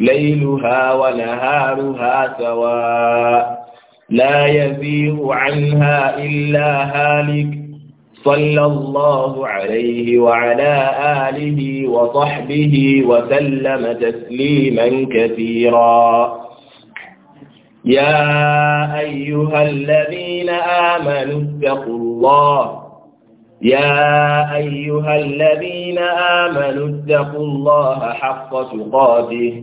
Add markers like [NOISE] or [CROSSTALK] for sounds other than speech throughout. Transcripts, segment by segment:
ليلها ونهارها سواء لا يزيغ عنها إلا هالك صلى الله عليه وعلى آله وصحبه وسلم تسليما كثيرا يا أيها الذين آمنوا اتقوا الله يا أيها الذين آمنوا اتقوا الله حق تقاته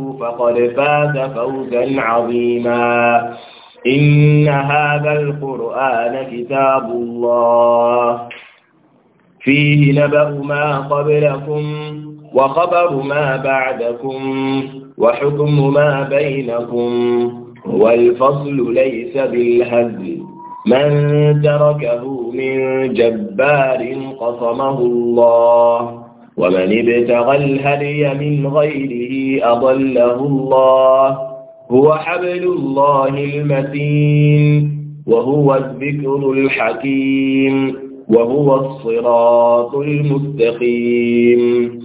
فقد فاز فوزا عظيما إن هذا القرآن كتاب الله فيه نبأ ما قبلكم وخبر ما بعدكم وحكم ما بينكم والفصل ليس بالهزل من تركه من جبار قصمه الله ومن ابتغى الهدي من غيره أضله الله هو حبل الله المتين وهو الذكر الحكيم وهو الصراط المستقيم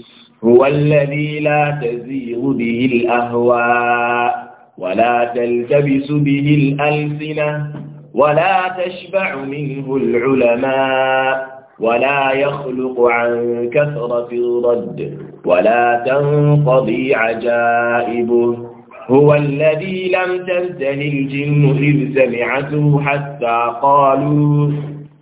هو الذي لا تزيغ به الأهواء ولا تلتبس به الألسنة ولا تشبع منه العلماء ولا يخلق عن كثرة الرد ولا تنقضي عجائبه هو الذي لم تنته الجن إذ سمعته حتى قالوا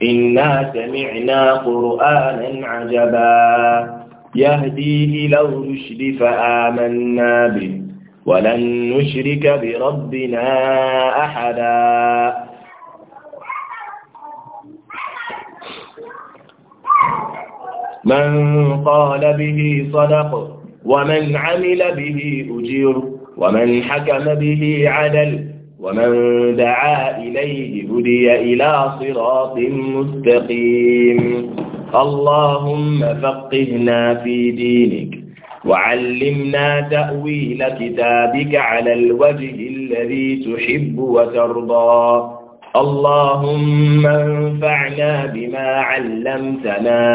إنا سمعنا قرآنا عجبا يهدي إلى الرشد فآمنا به ولن نشرك بربنا أحدا من قال به صدق ومن عمل به أجير ومن حكم به عدل ومن دعا إليه هدي إلى صراط مستقيم اللهم فقهنا في دينك وعلمنا تأويل كتابك على الوجه الذي تحب وترضى اللهم انفعنا بما علمتنا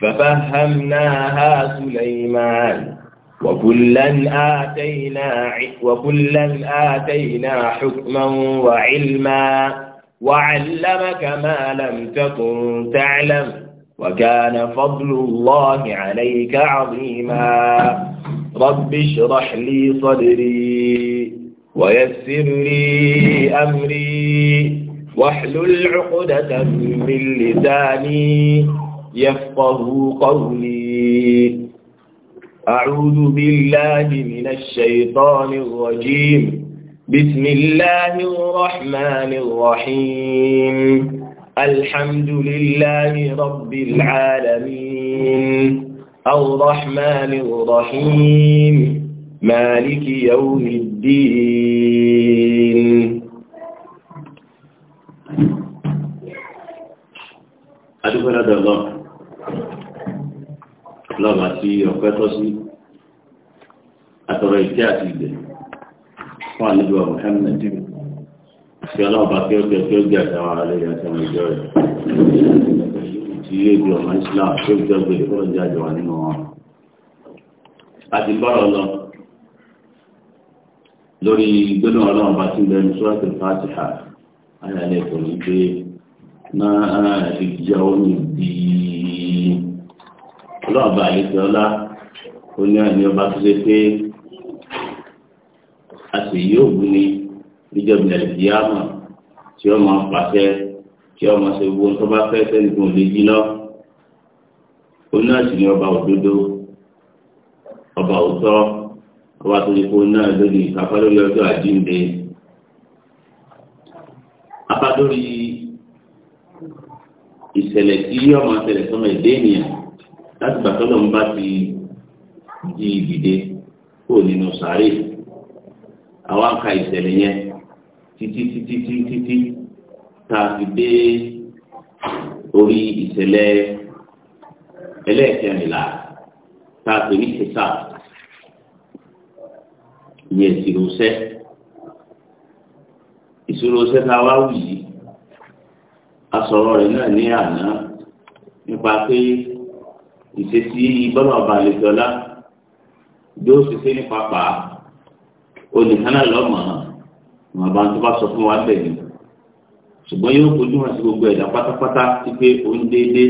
ففهمناها سليمان وكلا آتينا وكلا آتينا حكما وعلما وعلمك ما لم تكن تعلم وكان فضل الله عليك عظيما رب اشرح لي صدري ويسر لي أمري واحلل عقدة من لساني يفقهوا قولي أعوذ بالله من الشيطان الرجيم بسم الله الرحمن الرحيم الحمد لله رب العالمين الرحمن الرحيم مالك يوم الدين أدخل هذا الله lọ́ba tí ọ̀pẹ́ tọ́ sí àtọ̀rọ̀ ìtẹ́ àti ìgbẹ́ fún àlejò Muhammad tí ọlọ́ọ̀bá kí ó kẹ́ kí ó gbé àtàwọn ààrẹ àtàwọn ìjọ rẹ̀ tí yóò gbé ọmọ Islam tó gbé ọgbẹ́ ìfọ́n jáde wà nínú wọn. àti bọ́rọ̀ lọ lórí gbẹ́nu ọlọ́ọ̀bá tí ń bẹnu sọ́ọ́tì Fatiha ayálẹ̀ kò ní pé náà àti ìjà ó bíi ọlọ́ọ̀bà àlejò ọlá ó ní àní ọba tó ṣe pé a sì yóò bú ni níjọba ilẹ̀ ìyáàmà tí ó máa pàṣẹ tí ó máa ṣe gbogbo tó bá fẹ́ sẹ́nìkan ò lè jí lọ. ó ní àṣì ní ọba òdodo ọba òótọ́ ọba tó ṣe pé ó náà lórí ìkápá lórí ọjọ́ àjíǹde. apá lórí ìṣẹ̀lẹ̀ tí yóò máa ṣẹlẹ̀ sọ́mọ ìdé ènìyàn láti gbàtọ́ lọ́n bá ti di ìdìde kó nínú sàárè àwa ń ka ìṣẹ̀lẹ̀ yẹn títí títí títí tí tá a fi dé orí ìṣẹ̀lẹ̀ ẹlẹ́ẹ̀kẹrìnlá tá a pè ní ṣẹṣà ìyẹn ìṣirò ṣẹ́ ìṣirò ṣẹ́ tá a wá wù yìí a rẹ̀ náà ní àná nípa pé ìṣesí ìbọ́lọ̀ àbàlẹ̀jọ́lá yóò ṣiṣẹ́ ní pápá olùkánná lọ́mọ àwọn àbá tó bá sọ fún wa bẹ̀ ni ṣùgbọ́n yóò fojú hàn sí gbogbo ẹ̀dá pátápátá sí pé òun déédé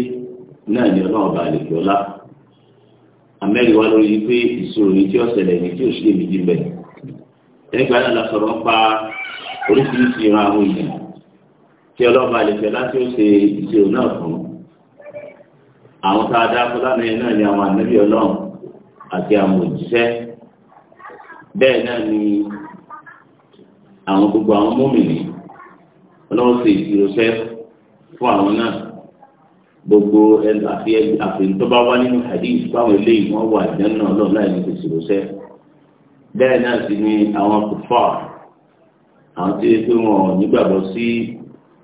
náà ní ọlọ́run àbàlẹ̀jọ́lá amẹ́rì wa lórí pé ìṣòro ní tí ó ṣẹlẹ̀ ní tí ó ṣe èmi jíbẹ̀ nígbà náà la sọ̀rọ̀ pa oríṣiríṣi ìran àwọn èèyàn tí ọlọ́run àbàlẹ̀jọ́lá tí ó ṣe ìṣòro náà fún un àwọn tá a dáko lánàá yẹn náà ni àwọn ànábì ọlọ́run àti àwọn òjíṣẹ́ bẹ́ẹ̀ náà ni àwọn gbogbo àwọn mọ́mìnì ọlọ́run sì ìrọsẹ́ fún àwọn náà gbogbo àfi àfihàn tó bá wá nínú hadith báwọn eléyìí wọ́n wà ìdáná náà lọ́ọ̀ láì ní kò sì rọsẹ́ bẹ́ẹ̀ náà sì ni àwọn kò àwọn tí wọ́n nígbàgbọ́ sí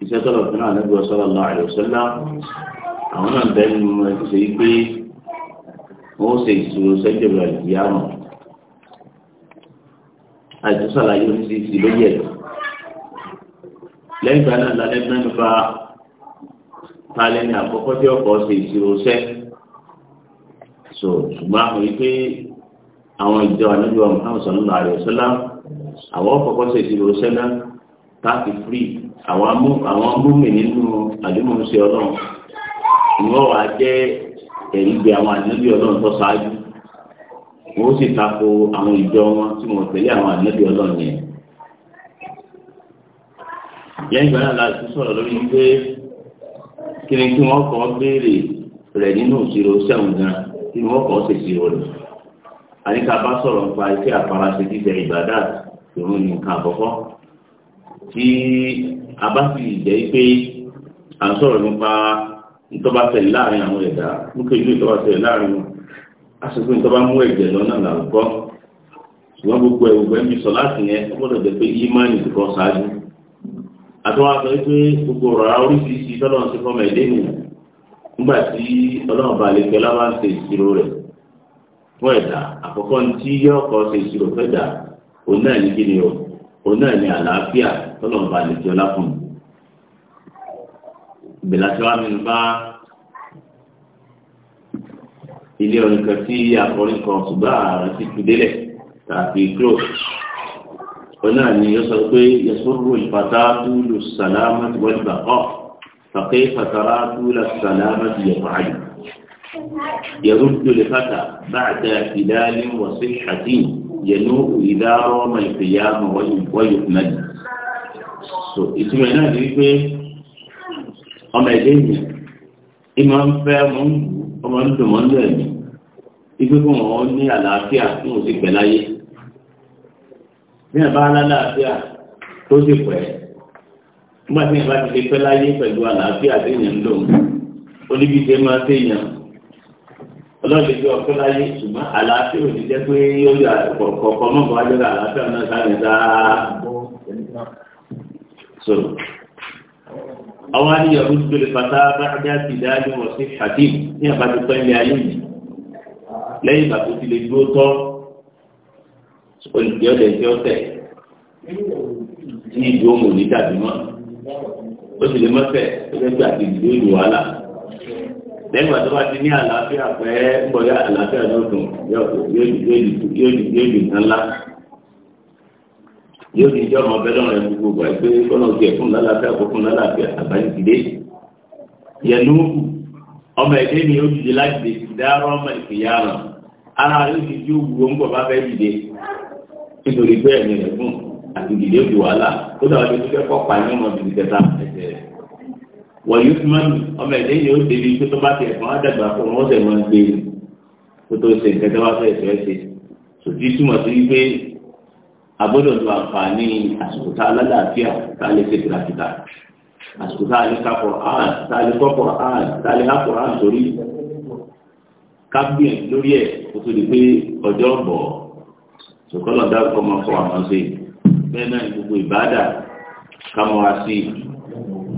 iṣẹ́ tọ́lọ̀ fún àwọn ànábì sallallahu alaihi wasallam àwọn náà bẹ́ẹ̀ ni mo ti ṣe pé wọ́n ṣe ìṣòro sẹ́jọba ìyáàmù àìtúsàlàyé oríṣiríṣi lórí ẹ̀ lẹ́yìn ìgbà náà lálẹ́ mẹ́nu bá talẹ́ ní àkọ́kọ́ tí ọkọ̀ ṣe ìṣòro sẹ́ so ṣùgbọ́n àwọn yìí pé àwọn ìjọ ànábì wa Muhammad sallallahu alaihi wasallam àwọn ọkọ̀ ṣe ìṣòro sẹ́ náà táàkì firi àwọn amúmi nínú àdúmọ̀ ṣe ọlọ́run. ìwọ jẹ́ ẹ̀rí gbé àwọn ànábì ọlọ́run tó ṣáájú wọ́n sì tako àwọn ìjọ wọn tí wọ́n tẹ̀lé àwọn ànábì ọlọ́run yẹn. lẹ́yìn ìgbà náà la ti sọ̀rọ̀ lórí kí ni kí wọ́n kọ́ béèrè rẹ̀ nínú ìṣirò sẹ́wọ̀n gan kí ni wọ́n kọ́ ṣèṣì rẹ̀. bá sọ̀rọ̀ nípa iṣẹ́ jíjẹ àkọ́kọ́ tí a bá sì jẹ́ pé à ìtọ́ba tẹ̀lé láàrin àwọn ẹ̀dá lókè ìlú ìtọ́ba tẹ̀lé láàrin wọn aṣojú ìtọ́ba mú ẹ̀jẹ̀ lọ́nà ṣùgbọ́n gbogbo ẹ̀ ẹ̀mí sọ láti yẹn gbọ́dọ̀ jẹ́ pé ìmánì ti kọ́ ṣáájú àtọ́wọ́ sọ pé gbogbo ọ̀rọ̀ oríṣiríṣi tọ́lọ́run ti fọ́mọ ẹ̀dẹ́ nìyẹn nígbà tí ọlọ́run lè bẹ̀lá tí wàá mìíràn bá ilé ọ̀nìkan tí àkọrin kan ṣùgbọ́n ààrẹ ti fi délẹ̀ tàbí kúrò ọ̀nà ni yóò sọ pé yasuru ìfàtà túlù sàlámà ti wọ́n gbà ọ́ fàkẹ́ ìfàtàrà túlù sàlámà ti yẹ̀fọ́ àyè يرد لفتى بعد هلال وصحة ينوء إذا رام القيام ويحمد. ìtumẹ̀ náà ni wípé ọmọ ẹ̀dẹ́ ènìyàn ìmọ̀ ń fẹ́ ọmọ ń bù ọmọ ń dùn mọ́ ń lẹ̀mí ibi fún wọn ní àlàáfíà fún òsì pẹ̀ láyé bí ẹ̀ bá lálàáfíà tó sì pẹ̀ nígbà tí ẹ̀ bá ti pẹ́ láyé pẹ̀lú àlàáfíà tí èèyàn ń lòun oníbi tí ẹ máa tẹ èèyàn ọlọ́ọ̀dẹ́ bí ọkọ láyé ṣùgbọ́n àlàáfíà ò ní jẹ́ pé yóò yà kọ̀ọ̀kan mọ́bọ̀ wájú àlàáfíà náà sáré dáa àwọn àníyàn ló ti lè fata bàdá ti dájú wọn sí hatim ní àbájọ pẹ́ ilé ayé yìí lẹ́yìn ìgbà tó ti lè dúró tọ́ olùdíọ́ lè jẹ́ ọ̀tẹ̀ tí ìdúró mò ní dàbí mọ́ ó sì lè mọ́tẹ̀ ó fẹ́ gbà ti dúró ìlú wàhálà lẹ́yìn ìgbà tó bá ti ní àlàáfíà pẹ́ ń bọ̀ yá àlàáfíà lọ́dún yóò lè yóò lè yóò lè nǹkan ńlá yóò di ìjọ ọmọ bẹ́ẹ̀ lọ́rùn ẹni gbogbo àìpé kọ́nà òkè ẹ̀kún lálàáfíà kókún lálàáfíà àbáyé ti dé. yẹnu ọmọ ẹ̀dẹ́ mi yóò dìde láti dè sí dárọ́ ọmọ ìfìyà rẹ̀ ara yóò di tí ó wu ó ń bọ̀ bá fẹ́ dìde nítorí pé ẹ̀mí rẹ̀ fún àti dìde òdi wàhálà ó dàbí ẹni tó fẹ́ kọ́ pààyàn ọmọ bìbí kẹta ẹsẹ̀ rẹ̀. wọ́n yóò fi máa ń ọmọ ẹ̀dẹ́ yóò débi pé tó bá ti ẹ̀fọn àdàgbà fún wọn ó sì máa ń gbé e. kó tó ṣe nǹkan tó bá fẹ́ agbọ́dọ̀ lo àǹfààní àsìkò tá a lálàáfíà tá a lè ṣe kìlàkìlà àsìkò tá a lè ka Kùránì tá a lè kọ́ Kùránì tá a lè há Kùránì sórí kábíyàn lórí ẹ̀ kó tó di pé ọjọ́ bọ̀ sòkòlọ̀ dárúkọ máa fọ àwọn ṣe bẹ́ẹ̀ náà gbogbo ìbáàdà kámọ́ra sí i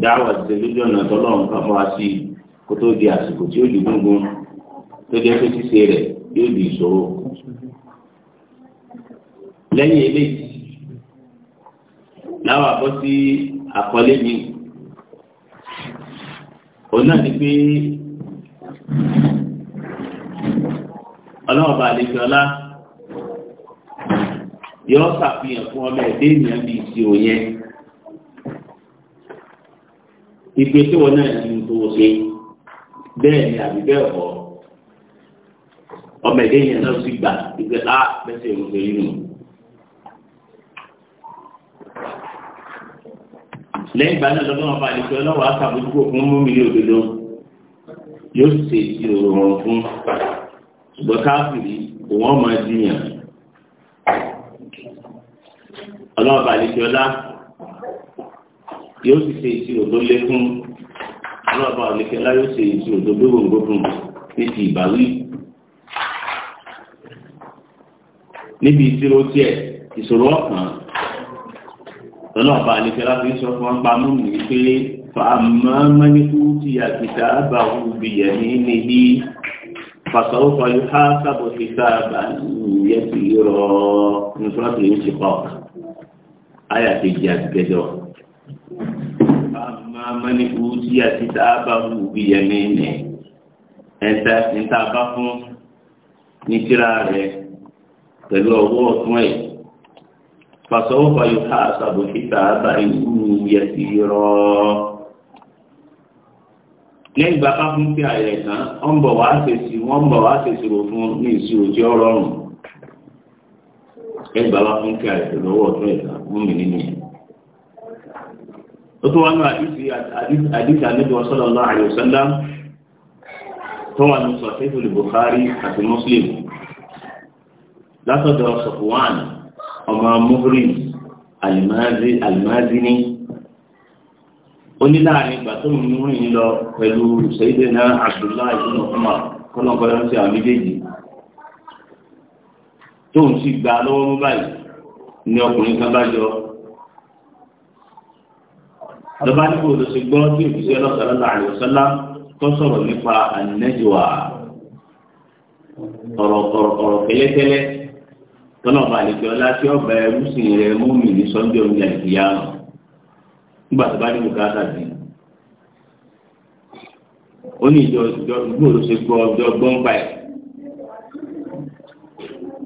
dáwà ṣe lójú ọ̀nà tọ́lọ́run kámọ́ra sí i kó tó di àsìkò tí ó di gbóngbóng tó jẹ́ pé ṣíṣe rẹ̀ yóò di ìṣòro lẹ́yìn eléyìí láwọn àbọ̀ sí àkọlé mi òun náà ni pé ọlọ́wọ́ bá àlejò ọlá yọ ṣàfihàn fún ọmọ ẹ̀dẹ́ ènìyàn bíi ìṣirò yẹn ìgbé tí wọn náà ti ń tó ṣe bẹ́ẹ̀ ni àbí bẹ́ẹ̀ kọ́ ọmọ ẹ̀dẹ́ yẹn náà sì gbà ìgbẹ́ ah, bẹ́sẹ̀ ìrùsẹ̀ yìí nù. lẹ́yìn ìgbà náà lọ́dún ọba àdìsí ọlọ́wọ́ àtàbójúkò fún mímílì òdodo yóò ṣe ìrò wọn fún ṣùgbọ́n káfíìrì òun ọmọ ẹdínyàn ọlọ́wọ́ ọba àdìsí ọlá yóò sì ṣe ìṣirò tó lé fún ọlọ́wọ́ ọba àdìsí ọlá yóò ṣe ìṣirò tó gbégbòǹgbò fún ní ti ìbáwí níbi ìṣirò tiẹ̀ ìṣòro ọ̀kan lọ́nà bá àlejò láti sọ fún wọn pa mú mi pé fàmà mẹ́nìkú ti àkìtà bá wùbí yẹ̀mí níbi fàṣọ́fà yóò há sábọ̀ sí sáàbà yẹ sí rọ nítorí tó yóò ṣe pọ̀ àyà kejì àti kẹjọ. fàmà ti àkìtà bá wùbí yẹ̀mí ní ẹ̀ńtà ẹ̀ńtà bá fún ní tíra rẹ̀ pẹ̀lú ọwọ́ ọ̀tún ẹ̀. فسوف ọkwa حسابا يسيرا lẹ́yìn ìgbà fún ya ààrẹ tán ó bọ̀ wá ṣèṣì wọ́n bọ̀ wá ṣèṣì rò fún ní ìṣirò tí ó lẹ́yìn ìgbà fún lọ́wọ́ ọ̀tún ẹ̀ka mú mi nínú yẹn. ó tún wá ní àdìsí tó wà Bukhari àti Muslim ọmọ muhri alimazi alimazini onílànà ìgbà tó ń mú yín lọ pẹ̀lú sayyidina abdullahi ibn umar kọ́nọ́kọ́nọ́ sí àwọn méjèèjì tó ń sì gba lọ́wọ́ mú báyìí ni ọkùnrin kan bá jọ lọ́ba níbo ló ṣe gbọ́ tí òṣìṣẹ́ lọ́sọ̀rọ̀ láàrin ọ̀sọ́lá tó sọ̀rọ̀ nípa ànínẹ́jọ̀wà ọ̀rọ̀ kẹlẹ́kẹlẹ́. tọ́lọ́mọ àlejò ọlá tí ọba ẹrú sì rẹ mú mi ní sọ́njọ́ ní àìsíyá nà nígbà tó bá ní bùkátà sí i. ó ní ìjọ ṣe gbọ́ ọjọ́ gbọ́ngbà ẹ̀.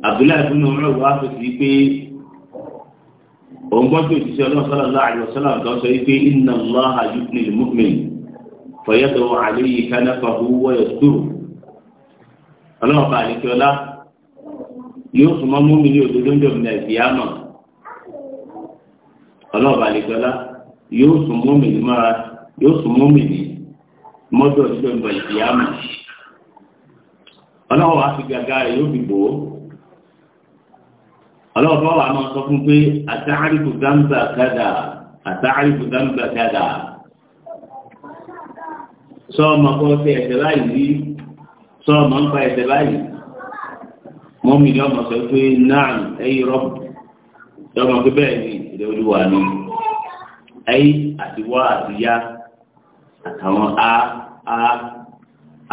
Abdullahi fúnni ọ̀rọ̀ wá pé òun ọlọ́run sọ́lá àjọ sọ́lá pé àlẹ́ yìí yóò súnmọ́ múmi ní òdodo ń dọ̀mí náà ìfìyà mọ̀ ọlọ́ọ̀bà àlejòlá yóò sún múmi ní mọ́ra yóò sún múmi ní mọ́dọ̀ ní dọ̀mí náà ìfìyà mọ̀ ọlọ́wọ́ á fi gàgà rẹ̀ yóò fi bò ó ọlọ́ọ̀bà wà máa sọ fún pé àtàrífù dáńbà kádà àtàrífù dáńbà kádà sọ ọmọ kọ́ ọ̀sẹ̀ ẹ̀sẹ̀ láì sọ ọmọ ń pa ẹ̀sẹ̀ láì mọ́mí ni ọmọ sọ pé náà ẹ̀yìn rọ́ọ̀bù ọmọ pé bẹ́ẹ̀ ni ìdè olúwa ni ẹ̀yìn àti wá àti yá àtàwọn á á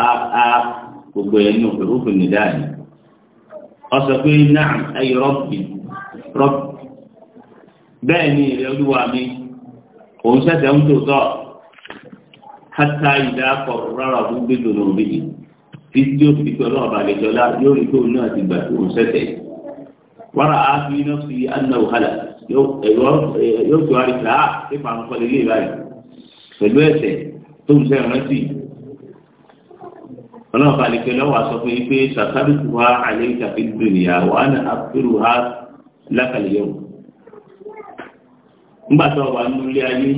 á á gbogbo ẹ̀ ní òfin òfin nìdá ni ọ sọ pé náà ẹ̀yìn rọ́ọ̀bù rọ́ọ̀bù bẹ́ẹ̀ ni ìdè olúwa mi òun ṣẹ̀ṣẹ̀ ń tòótọ́ hátà ìdá kọ̀ rárá ọ̀hún gbé òbí yìí títí yóò fi pẹ̀lú ọ̀bàlẹ̀jọ́lá yóò rí tóun náà ti gbà tó ń sẹ́sẹ̀. wàrà áfi iná fi anna wàhálà yóò tó wá rí pé a ah, pípa ń kọ́lé ilé báyìí pẹ̀lú ẹ̀sẹ̀ tó ń sẹ́yìn rántí. ọlọ́run balẹ̀jọ́ lọ́wọ́ a sọ fún yín pé sàkárì kù wá àlẹ́ ìtàkì dùnìyà wà á nà ha lákàlẹ̀ yẹ̀wò. ńgbà tó wà nílé ayé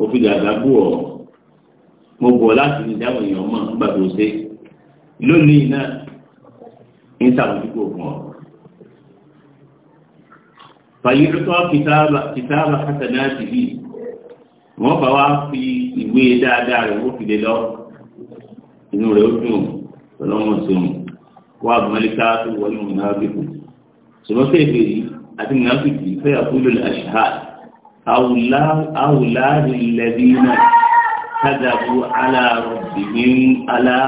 òfin dàgbà bù ọ mo bọ̀ láti ní dáhùn èèyàn mọ̀ nígbà tó ṣe é lónìí náà ń sàmójúkò fún ọ. fàyíkọ́ kìtàbà hasan láti bí wọ́n bá wá fi ìwé dáadáa rẹ̀ wọ́n fi lé lọ inú rẹ̀ ó dùn ọlọ́mọ sóun wọ́n àgbọ̀nmọ́lẹ́ká tó wọlé wọn náà bí kù. ṣùgbọ́n kéèké yìí àti mùnàfíkì fẹ́yà fúlò àṣìhà àwùlá ìlẹ́bí náà kájàbù aláàrùn ìgbìmọ̀ aláà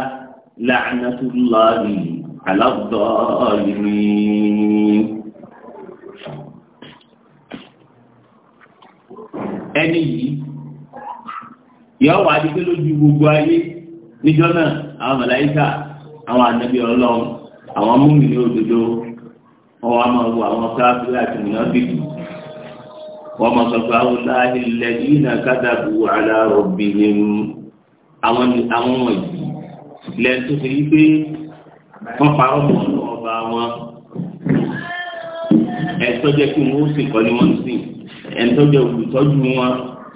la'natullahi ala zalimin. ẹni yìí yọ wà ní pé lójú gbogbo ayé níjọ́ náà àwọn màláíkà àwọn ànábì ọlọ́run àwọn múmi ní òdodo wọn wá máa wo àwọn káfíńtì àti mùnáfíìkì wọn máa sọ pé àwọn láàyè lẹ́yìn náà kádàbù ala rabbihim àwọn àwọn wọ̀nyí lẹ́yìn tó ṣe wípé wọ́n parọ́ mọ́ ọba wọn ẹ̀tọ́ jẹ́ kí wọ́n sì kọ́ ni wọ́n sì ẹ̀tọ́ jẹ́ olùtọ́jú wọn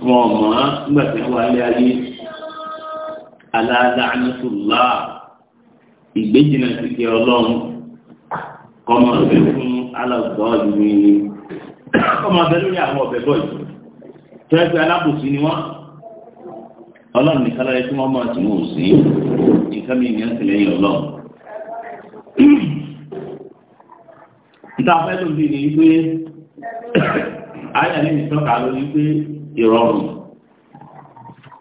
wọn mọ̀ án nígbà tí wọ́n wálé ayé aláàdá anásùlá ìgbéjìnà ti di ọlọ́run kọ́mọ ọ̀bẹ fún alágbọ́ ọ̀dùnmí kọ́mọ ọ̀bẹ lórí àwọn ọ̀bẹ bọ́ọ̀lù tẹ́lẹ̀ pé alábòsí ni wọ́n ọlọ́run nìkan lọ́yẹ tí wọ́n mọ̀ tí wọ́n sí nǹkan mi ìyẹn sì lẹ́yìn ọlọ́run. níta fẹ́ ló bí ni wípé ayé àlejò tọ́ka ló wípé ìrọ̀rùn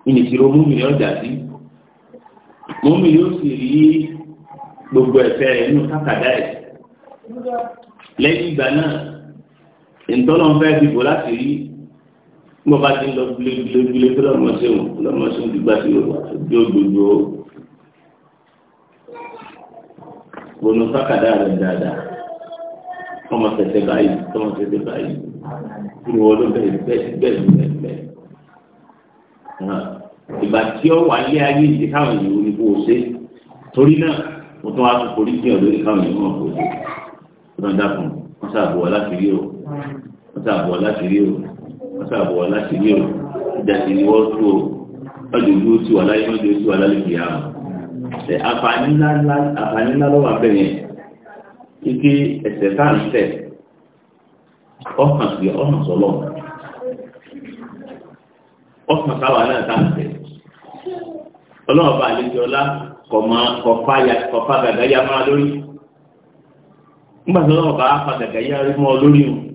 ìnìkìrò múmìnì ọjà sí múmìnì ó sì rí gbogbo ẹ̀fẹ́ inú kákàdá ẹ̀ lẹ́yìn ìgbà náà ìtọ́lọ́nfẹ́ dìbò láti rí mo bá ti lọ gbilegbile kí lọ́mọ sí wọn lọ́mọ sí wọn dìgbà tí yóò gbogbo bonu sákàdá rẹ dáadáa tọmọ tẹsẹ báyìí tọmọ tẹsẹ báyìí kí ni wọn ló bẹ̀rẹ̀ bẹ́ẹ̀ bẹ́ẹ̀ bẹ́ẹ̀ bẹ́ẹ̀ ìgbà tí ó wà lé ayé ìdí káwọn èèyàn ò ní kó o ṣe torí náà mo tún wá tún forí jìn ọ̀dọ́ ní káwọn èèyàn mọ̀ kó ṣe ó dáa fún wọn ṣàbùwọ̀ láti rí o wọn ṣàbùwọ̀ láti rí o wọ́n sábà wà láti rí o ìdásí ni wọ́n tó o ọjọ́ ìlú tí wà láyé ọjọ́ tí wà lálẹ́ kìí àmọ́ ẹ àǹfààní ńlá lọ́wọ́ abẹ́ yẹn kíkí ẹsẹ̀ tá à ń tẹ̀ ọkàn sí ọ̀nà sọlọ́ ọkàn táwa náà tá à ń tẹ̀ ọlọ́wọ́ bá àlejò ọlá kọ̀ọ̀fà gàgà yá máa lórí ńgbà tó lọ́wọ́ bá fà gàgà yá rí mọ́ lórí o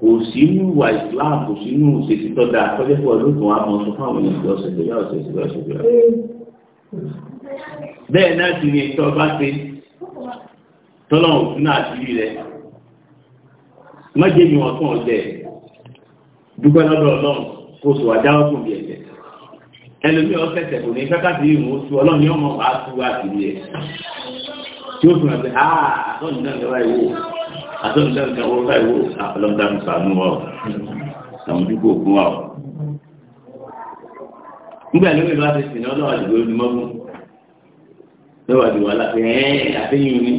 kò sínú ìwà islam kò sínú ṣètì tó dáa tọ́jẹ́pọ̀ olóògùn àmọ́ sọ fún àwọn ènìyàn ọ̀sẹ̀ tó yá ọ̀sẹ̀ tó yá ọ̀sẹ̀ tó yá. bẹ́ẹ̀ náà ti ní ìtọ́ bá ṣe tọ́lọ́hùn fún náà sí rí rẹ̀ mọ́jẹ́mi wọn tún ọ̀sẹ̀ dúpẹ́ lọ́dọ̀ ọlọ́run kó sọ àdá ọkùn bí ẹ̀jẹ̀ ẹlòmí ọ̀sẹ̀ tẹ̀ kò ní fẹ́ká sí ìrùn oṣù ọlọ́run yóò mọ̀ wá tú wá sí rí ẹ̀ tí ó fi hàn àtọ́nùsẹ́ nǹkan wọ́n báyìí wò ọlọ́dàmù sànú wa ọ̀ àwọn dúpọ̀ òkun wa ọ̀. nígbà ní wíwá ti sìn ọlọ́wà dìgbò ní mọ́gùn lọ́wà dìgbò aláfẹ́ ẹ̀ àtẹ́yìn mi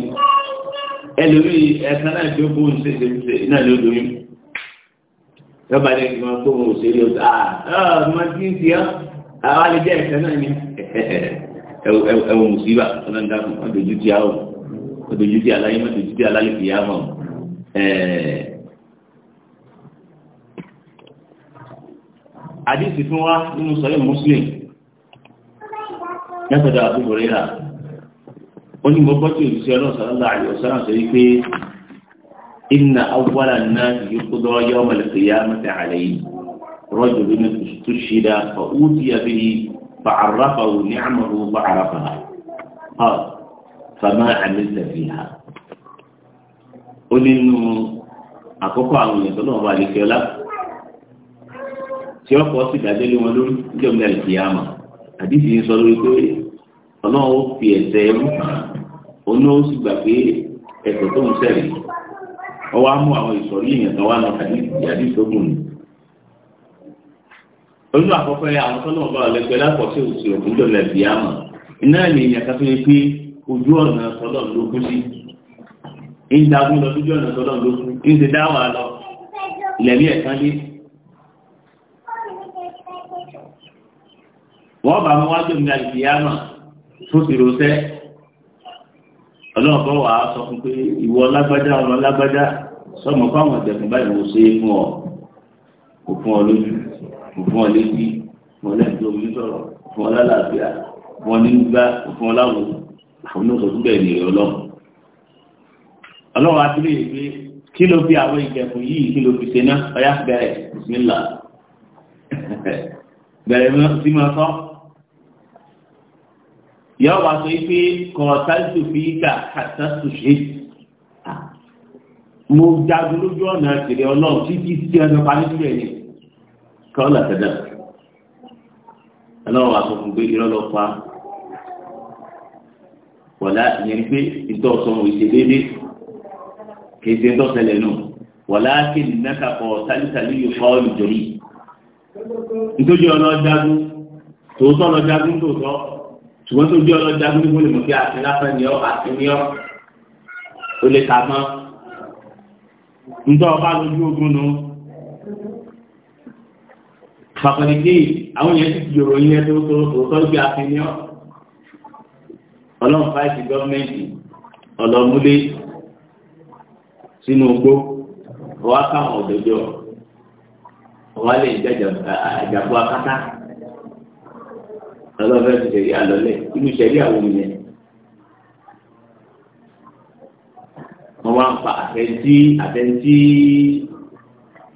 ẹlòmíì ẹ̀ka náà tí ó kún un ṣe ṣe ṣe náà ló dùn mí. lọ́ba ní ìgbìmọ̀ tó ń ṣeré ọ̀sẹ̀ àà ọmọ tí ń ti ọ́ àwọn alẹ́jẹ́ ẹ̀ka náà ni ẹ̀wọ̀n mùsíbà ọlọ́dàmù ọdójútì àwọn àdísì fún wá nínú sọ́yọ̀ muslim látọ̀dọ̀ àbúrò rírà ó ní gbogbo tí òṣìṣẹ́ ọlọ́sọ̀rọ̀lá àyọ̀sọ́rọ̀ sọ wípé inna awwala náà yóò kó dọ́ yọ ọmọ lẹ́sẹ̀ yá mẹ́ta àlẹ́ yìí rọ́jò ló ní tó ṣe dá fa ó ti yà bí fa'arrafahu ni'amahu fa'arrafaha fa ma amilta fiha ó nínú àkọ́kọ́ àwọn èèyàn tó wà lẹ́kẹ́ ọlá tí ọkọ̀ sì dájọ́ lé wọn lórí níjọ́ mi àìsí àmà àdìsí ń sọ lórí pé ọlọ́run ó fi ẹ̀sẹ̀ ẹrú oná ó sì gbà pé ẹ̀sẹ̀ tó ń sẹ̀rí ọwọ́ á mú àwọn ìsọ̀rí èèyàn kan wá lọ àdìsí ogun ni olú àkọ́kọ́ yẹ àwọn tọ́lọ́ ọba ọ̀lẹ́gbẹ́ lápọ̀sí òsì ìjagun lọ lójú ọ̀nà tọ́lọ́ ló kú ń ṣe dáwà lọ lẹ́bí ẹ̀kan lé. wọ́n bá mi wájú mi àti yámà tó ti rò sẹ́ ọlọ́run bọ́ wàá sọ fún pé ìwọ lágbájá ọmọ lágbájá sọmọ fáwọn ìdẹ̀kùn báyìí mo ṣe é fún ọ kò fún ọ lójú kò fún ọ létí mo lẹ́yìn tó mi sọ̀rọ̀ fún ọ lálàáfíà fún ọ nígbà fún ọ láwùjọ àwọn oníṣòwò bẹ́ẹ̀ nìyẹn ọlọ́run ọlọ́wọ́ àtúrò yìí pé kí ló fi àwọn ìjẹ̀kùn yìí kí ló fi ṣe náà ọ̀yá bẹ̀rẹ̀ bisimilá [LAUGHS] bẹ̀rẹ̀ sí máa sọ. yọ wá sọ yìí pé kọ̀ọ̀tàlùtù fi ìgbà kàtàtù ṣe mo jagun lójú ọ̀nà ìṣẹ̀lẹ̀ ọlọ́run títí sí ọjọ́ pa nítorí ẹ̀yìn kọ́ọ̀lá tẹ̀dá ọlọ́run wà sọ fún pé irọ́ lọ pa wọ̀lá ìyẹn pé ìtọ́ ìṣèlédé kéde tó ṣẹlẹ̀ nù wàláàkì nìmẹ́ka kọ tálítàlí yìí kọ́ ìjòyè nítorí ọlọ́jagun tòótọ́ ọlọ́jagun tòótọ́ ṣùgbọ́n tó bí ọlọ́jagun ní wọlé mọ̀ àti lásán ni ọ́ àti ní ọ́ ó lè ta tán ntọ́ ọba lójú ogun nù fàkọ̀dìdì àwọn yẹn ti jòrò yẹn tó tó tòótọ́ bí àti ní ọ́ ọlọ́run fáìsì gọ́ọ̀mẹ́ntì ọlọ́múlé sínú ogbó ọwọ́ káwọn òdòdó ọwọ́ lè jẹ́ àjàbọ akátá lọlọfẹ ti ṣẹlẹ̀ àlọlẹ inú ṣẹlẹ̀ àwọn ènìyàn wọn wá ń pa àtẹntí àtẹntí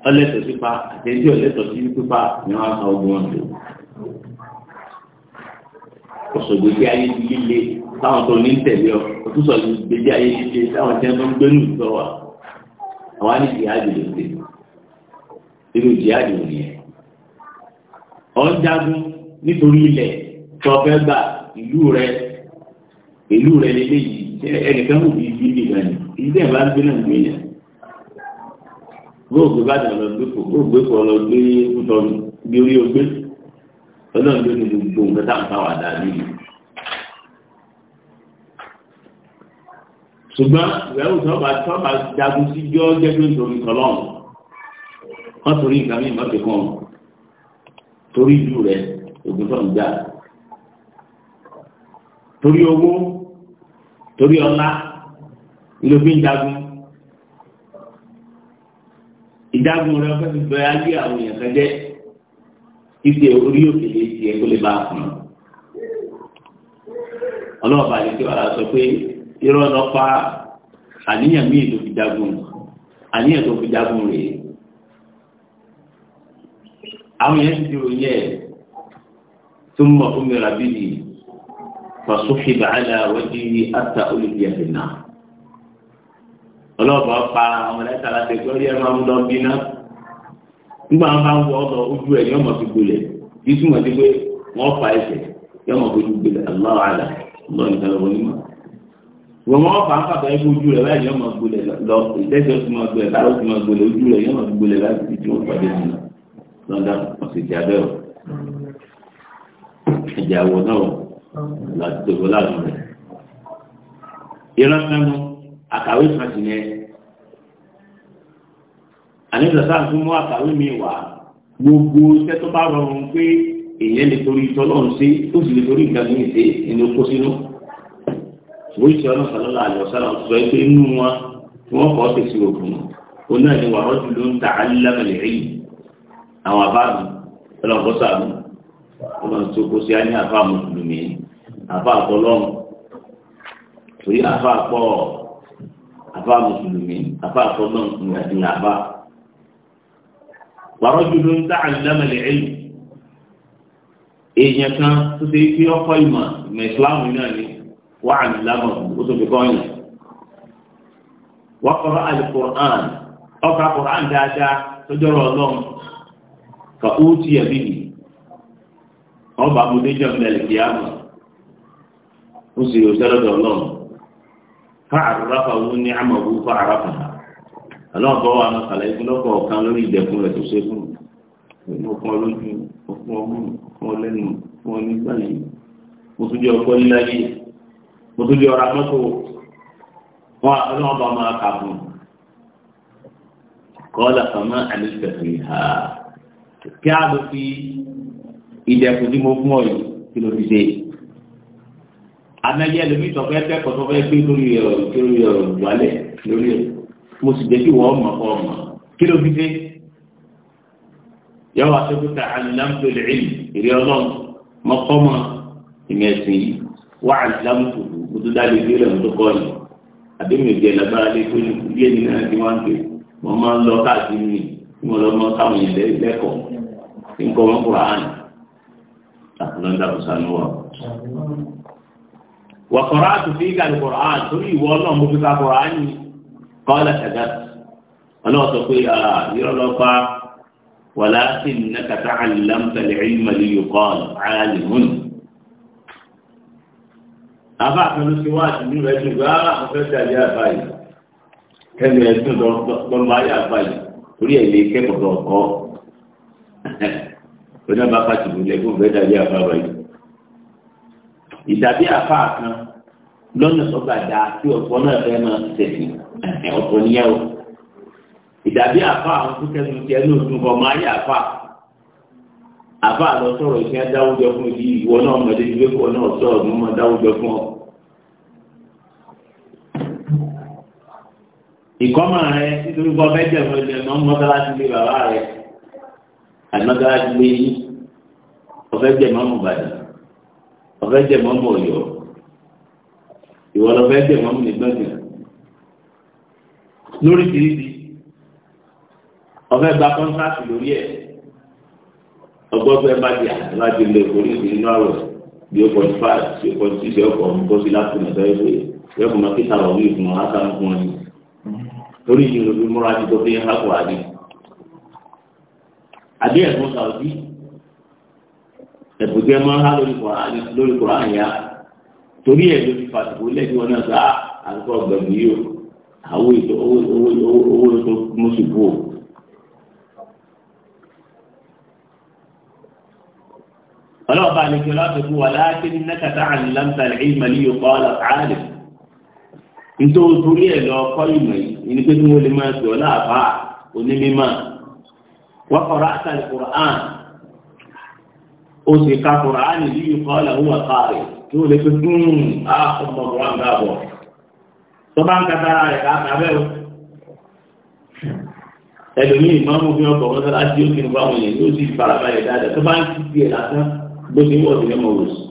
ọlẹtọsí pa àtẹntí ọlẹtọsí pípa ni wọn ka ogun wọn lò ọsọgbó tí ayé ti líle táwọn tó ní tẹ́lẹ̀ ọ òtúsọ gbèdé ayé ti lé táwọn tí wọn tó ń wa àwọn á ní jihadi ló dé irú jihadi ò nìyẹn ọ̀ ń jagun nítorí ilẹ̀ tó fẹ́ gbà ìlú rẹ ìlú rẹ lélẹ́yìí ẹnìkan kò fi ibi ibi gan ni ibi ẹ̀ bá ń gbé náà gbé yẹn gbóògbé bá dàn lọ gbé kò gbóògbé kò lọ gbé kútọ́ọ̀nù bí orí ogbé ọlọ́run ló ní gbogbo nǹkan táwọn táwọn àdáyé yìí. ṣùgbọ́n ìrẹ́wù sọ́ba sọ́ba jagun sí jọ́ jẹ́gbẹ́ nítorí kọlọ́n wọ́n torí nǹkan mí ìmọ̀ tẹ̀kọ́ torí ìlú rẹ̀ ogun tó ń jà torí owó torí ọlá ló fi ń jagun ìjagun rẹ̀ fẹ́ fi bẹ̀rẹ̀ ayé àwọn èèyàn kan jẹ́ títí orí òkè lè tiẹ̀ kó lè bá a fún ọlọ́ọ̀bà yìí tí wàá sọ pé irọ́ lọ pa àníyàn míì tó fi jagun àníyàn tó fi jagun rèé àwọn yẹn ti dúró yẹ tó mọ fún mi rabi di fasofi bàálà wájú ata olùdíyàfẹ náà ọlọ́ọ̀bà pa àwọn ẹ̀ta láti ẹ̀kọ́ rí ẹ̀rọ amúdọ́ bí náà nígbà wọn bá ń wọ ọ̀dọ̀ ojú ẹ̀ ní ọmọ fi gbolẹ̀ bí túmọ̀ sí pé wọ́n fa ẹsẹ̀ ní ọmọ fi gbolẹ̀ aláwọ̀ àdà lọ́ọ̀ nímọ̀ wọ́n wọ́n fà ń fàtà ikú ojú rẹ̀ báyìí yọ́n máa gbolẹ̀ lọ ìdẹ́sẹ̀ tó máa gbolẹ̀ láàrọ̀ tó máa gbolẹ̀ ojú rẹ̀ yọ́n máa gbolẹ̀ láti fi tí wọ́n pàdé nínú lọ́dà ọ̀sẹ̀dì abẹ́ ọ̀ ẹ̀jẹ̀ àwọ̀ náà láti tòkó láàrin rẹ̀. ìran mẹ́nu àkàwé kan sì yẹn àníṣe sáà tún mú àkàwé mi wá gbogbo iṣẹ́ tó bá rọrùn pé èèyàn lè torí ìtọ́lọ́run sí oríṣi ọ̀nà sàlọ́lá àlẹ́ ọ̀sán àwọn sọ pé inú wọn tí wọ́n kọ́ tẹ̀sí ògùn ó náà ni wàá rọ́jù ló ń ta alílámẹ̀lẹ̀ ẹ̀yìn àwọn àbáàmù ọlọ́gbọ́sà mi ọlọ́run tó kó sí á ní àfa mùsùlùmí àfa àtọlọ́run torí àfa àpọ̀ àfa mùsùlùmí àfa àtọlọ́run àti àfa. wàá rọ́jù ló ń ta alílámẹ̀lẹ̀ ẹ̀yìn èèyàn kan tó ṣe é fi ọkọ̀ ìmọ̀ ìmọ̀ ìsìláàmù náà ní wà á lámọ̀ ó tó fi kọ́yìn. wọ́n kọ́ alukur'an ọkọ̀ alukur'an dáadáa tó jọrọ ka ó ti bidi. bíbí baa amúdéjọ́ mẹ́lẹ̀ kí á mọ̀ ó sì yóò sẹ́lẹ̀ dọ̀ ọlọ́run ọ lójú ó fún ọ mú ó fún nígbà kò tó di ọ̀rọ̀ amọ́tò wọn àbẹ̀lẹ̀ wọn bá máa kà fún un kọ́lá fama àlùfẹ̀fẹ̀ ha kí a lọ fi ìdẹ̀kùn tí mo fún ọ yìí kí ló fi dé amẹ́yẹ lómi ìtọ́fẹ́ kẹ́kọ̀ọ́ tó fẹ́ gbé lórí ẹ̀rọ lórí ẹ̀rọ wálẹ̀ lórí ẹ̀rọ mo sì jẹ́ kí wọ́n mọ̀ ọ́ mọ̀ kí ló fi dé yàwó àtẹkùtà àlùlámùtò lẹ́yìn ìrẹ́ ọlọ́run mọ́kọ́mọ́ ìmẹ̀sìn wà mo tún dá lè gbé lẹ́nu tó kọ́ yìí àbí mi ò jẹ́ lágbára lé pé bí ni náà ti wá ń pè mo máa ń lọ káàkiri mi tí mo lọ mọ káwọn yẹn lẹ́kọ̀ọ́ tí ń kọ́ wọn kúrò àánì àtúndà kò sánú wa. n pe mo ma lɔ lo kaakiri mi àtúntì ìkàlù kọ́ra àánì sanu wa wa ka atunti ikalu a aani yi wɔ naa mo fi ka a kọ́ra àánì kọ́lá ṣàgá ọlọ́wọ́ sọ pé yọ̀rọ̀ lɔ pa wàlá na ka taa sí nàkàtà àlùlámùtàlẹ̀ ìmàlì lè mun. àbá kan ló ṣe wá àtìlú rẹ̀ tó gbá àwọn fẹ́ dàbí àbá yìí kẹ́mi ẹ̀sùn lọ́mọ ayé àbá yìí orí ẹ̀ lè kẹ́kọ̀ọ́ tó ọkọ́ ọjọ́ bá pàtì lulẹ̀ fún fẹ́ dàbí àbá yìí. ìdàbí àbá kan lọ́nà tó gbà dáa tí ọ̀pọ̀ náà fẹ́ máa tẹ̀sí ọ̀pọ̀ níyàwó. ìdàbí àbá àwọn tó kẹ́mi tiẹ̀ ní òtún ọmọ ayé àbá àbá lọ sọ̀rọ̀ ìfẹ́ dáwùjọ fún ìdí ìwọ náà mọ̀ ìkọ́mọ̀ rẹ nítorí bọ́ bẹ́ẹ̀ jẹ̀mọ́ jẹ̀mọ́ mọ́sálásí lé bàbá rẹ àìmọ́sálásí lé yín ọ̀fẹ́ jẹ̀mọ́ mọ̀ bàdàn ọ̀fẹ́ jẹ̀mọ́ mọ̀ ọ̀yọ́ ìwọ lọ́fẹ́ jẹ̀mọ́ mọ̀ nígbàgbọ́n lórí tìrìtì ọ̀fẹ́ gba kọ́ńtàkì lórí ẹ̀ ọgbọ́fẹ́ bàjẹ́ àtàlájì lè forí sí inú àwọ̀ bí ó pọ̀ ní fáà sí ó láti nàìjíríà torí yìí ló fi múra ti tó fi ń hàkùrà ní. àbí ẹ̀fọn sàwùjí ẹ̀bùjẹ́ máa ń há lórí kùrọ̀ àyà torí ẹ̀ ló fi fàtìkù lẹ́yìn wọn náà sá ah, àtúkọ̀ gbẹ̀mí yìí o àwọn ètò owó ètò mùsùlùmí o. ọlọ́ọ̀bá àlejò láti fún wa láti ní nàkàtà àlùlámsà ìlmàlì yóò kọ́ ọ́ lọ́tà nítorí torí ẹ̀ lọ kọ́ ìmọ̀ yìí ní pé kí wọ́n lè máa sọ láàbá onímọ̀ wọ́n kọ́ra àtàlẹ̀ kùrán ó sì ka kùrán yìí kọ́ làwọn wà káàrí kí wọ́n lè fi dùn á ọmọ kùrán bá bọ̀ tó bá ń katara rẹ̀ ká kábẹ́ o ẹlòmíì máa mú bí wọn kọ̀ wọ́n láti ó kí n bá wọn yẹn yóò sì farabalẹ̀ dáadáa tó bá ń kí tiẹ̀ lásán gbóṣe wọ́ọ̀dù lẹ́mọ̀ wòsàn.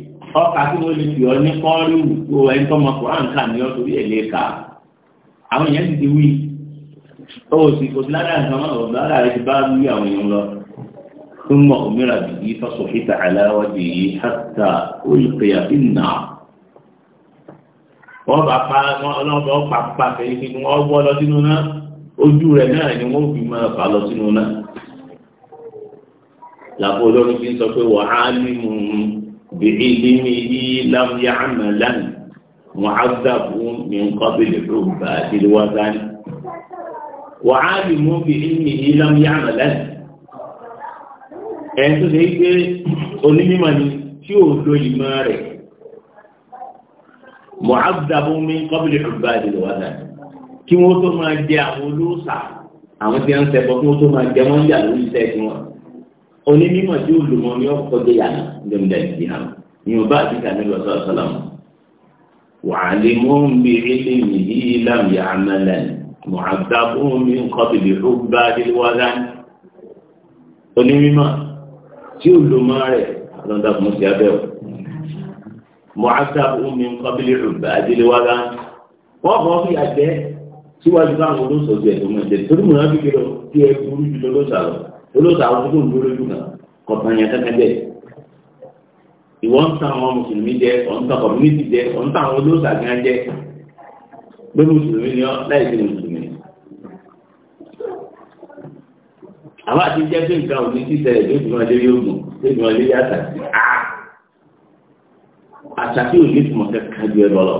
ọkà tí wọ́n lè fi ọ ní kọ́ọ̀rì wù ẹni tó mọ koran kà ní ọtún yẹ lè kà àwọn èèyàn ti ti wí ó sì kò sí nǹkan náà ti bá wí àwọn èèyàn lọ tó mọ òmíràn bìbí fọsọ ìta aláwọ̀ dì í hàtà olùkẹ́yà bí nà bá pa pàpà lọ sínú náà ojú rẹ̀ náà ni بعلمه لم يعملا معذب من قبل عباد الوثن وعالم بعلمه لم يعملا ẹ̀sùn lè gbé onímọ̀ ni tí ó lo ìmọ̀ rẹ̀ mọ̀hábùdàbù mi kọ́bìlì ọ̀gbà ìdìlọ́wọ́dà kí wọ́n tó máa jẹ àwọn olóòsà àwọn tí wọ́n ń ṣẹbọ kí wọ́n tó máa jẹ wọ́n yà lórí iṣẹ́ tí onímọ̀ tí ó lùmọ̀ ní ọkọ̀ dé yàrá lẹ́mdà ìdí hàn ní ọba àdìgá nílò sọ́sọ́lámù wàhálìmọ́ bí ilé mi yìí lám yà àmàlẹ̀ mọ̀àdàbọ̀ mi ń kọ́ bìbì ó bá délúwádá onímọ̀ tí ó lùmọ̀ rẹ̀ lọ́dà fún ti abẹ́ o mọ̀àdàbọ̀ mi ń kọ́ bìbì ó bá délúwádá wọ́n kọ́ fi àjẹ́ síwájú káwọn olóṣòwò ẹ̀ tó mọ̀ jẹ́ torí mọ̀ náà fi kéré tí ẹ burú jù lọ́sàrọ̀ olóòtú àwọn tó ń dúró lójú kan kọ̀ọ̀kan yẹn kẹ́kẹ́ bẹ́ẹ̀ ìwọ ń tan àwọn mùsùlùmí jẹ ọ̀ ń tan kọ̀míníìtì jẹ ọ̀ ń tan àwọn olóòtú àgbẹ̀yàn jẹ pé mùsùlùmí ni ọ láì sí mùsùlùmí. àwọn àti jẹ́ pé nǹkan òní ti ṣẹlẹ̀ tó ìgbìmọ̀ lórí ogun tó ìgbìmọ̀ lórí àtàkì á àtàkì òní ti mọ̀ kẹ́kẹ́ ju ẹ lọ́lọ́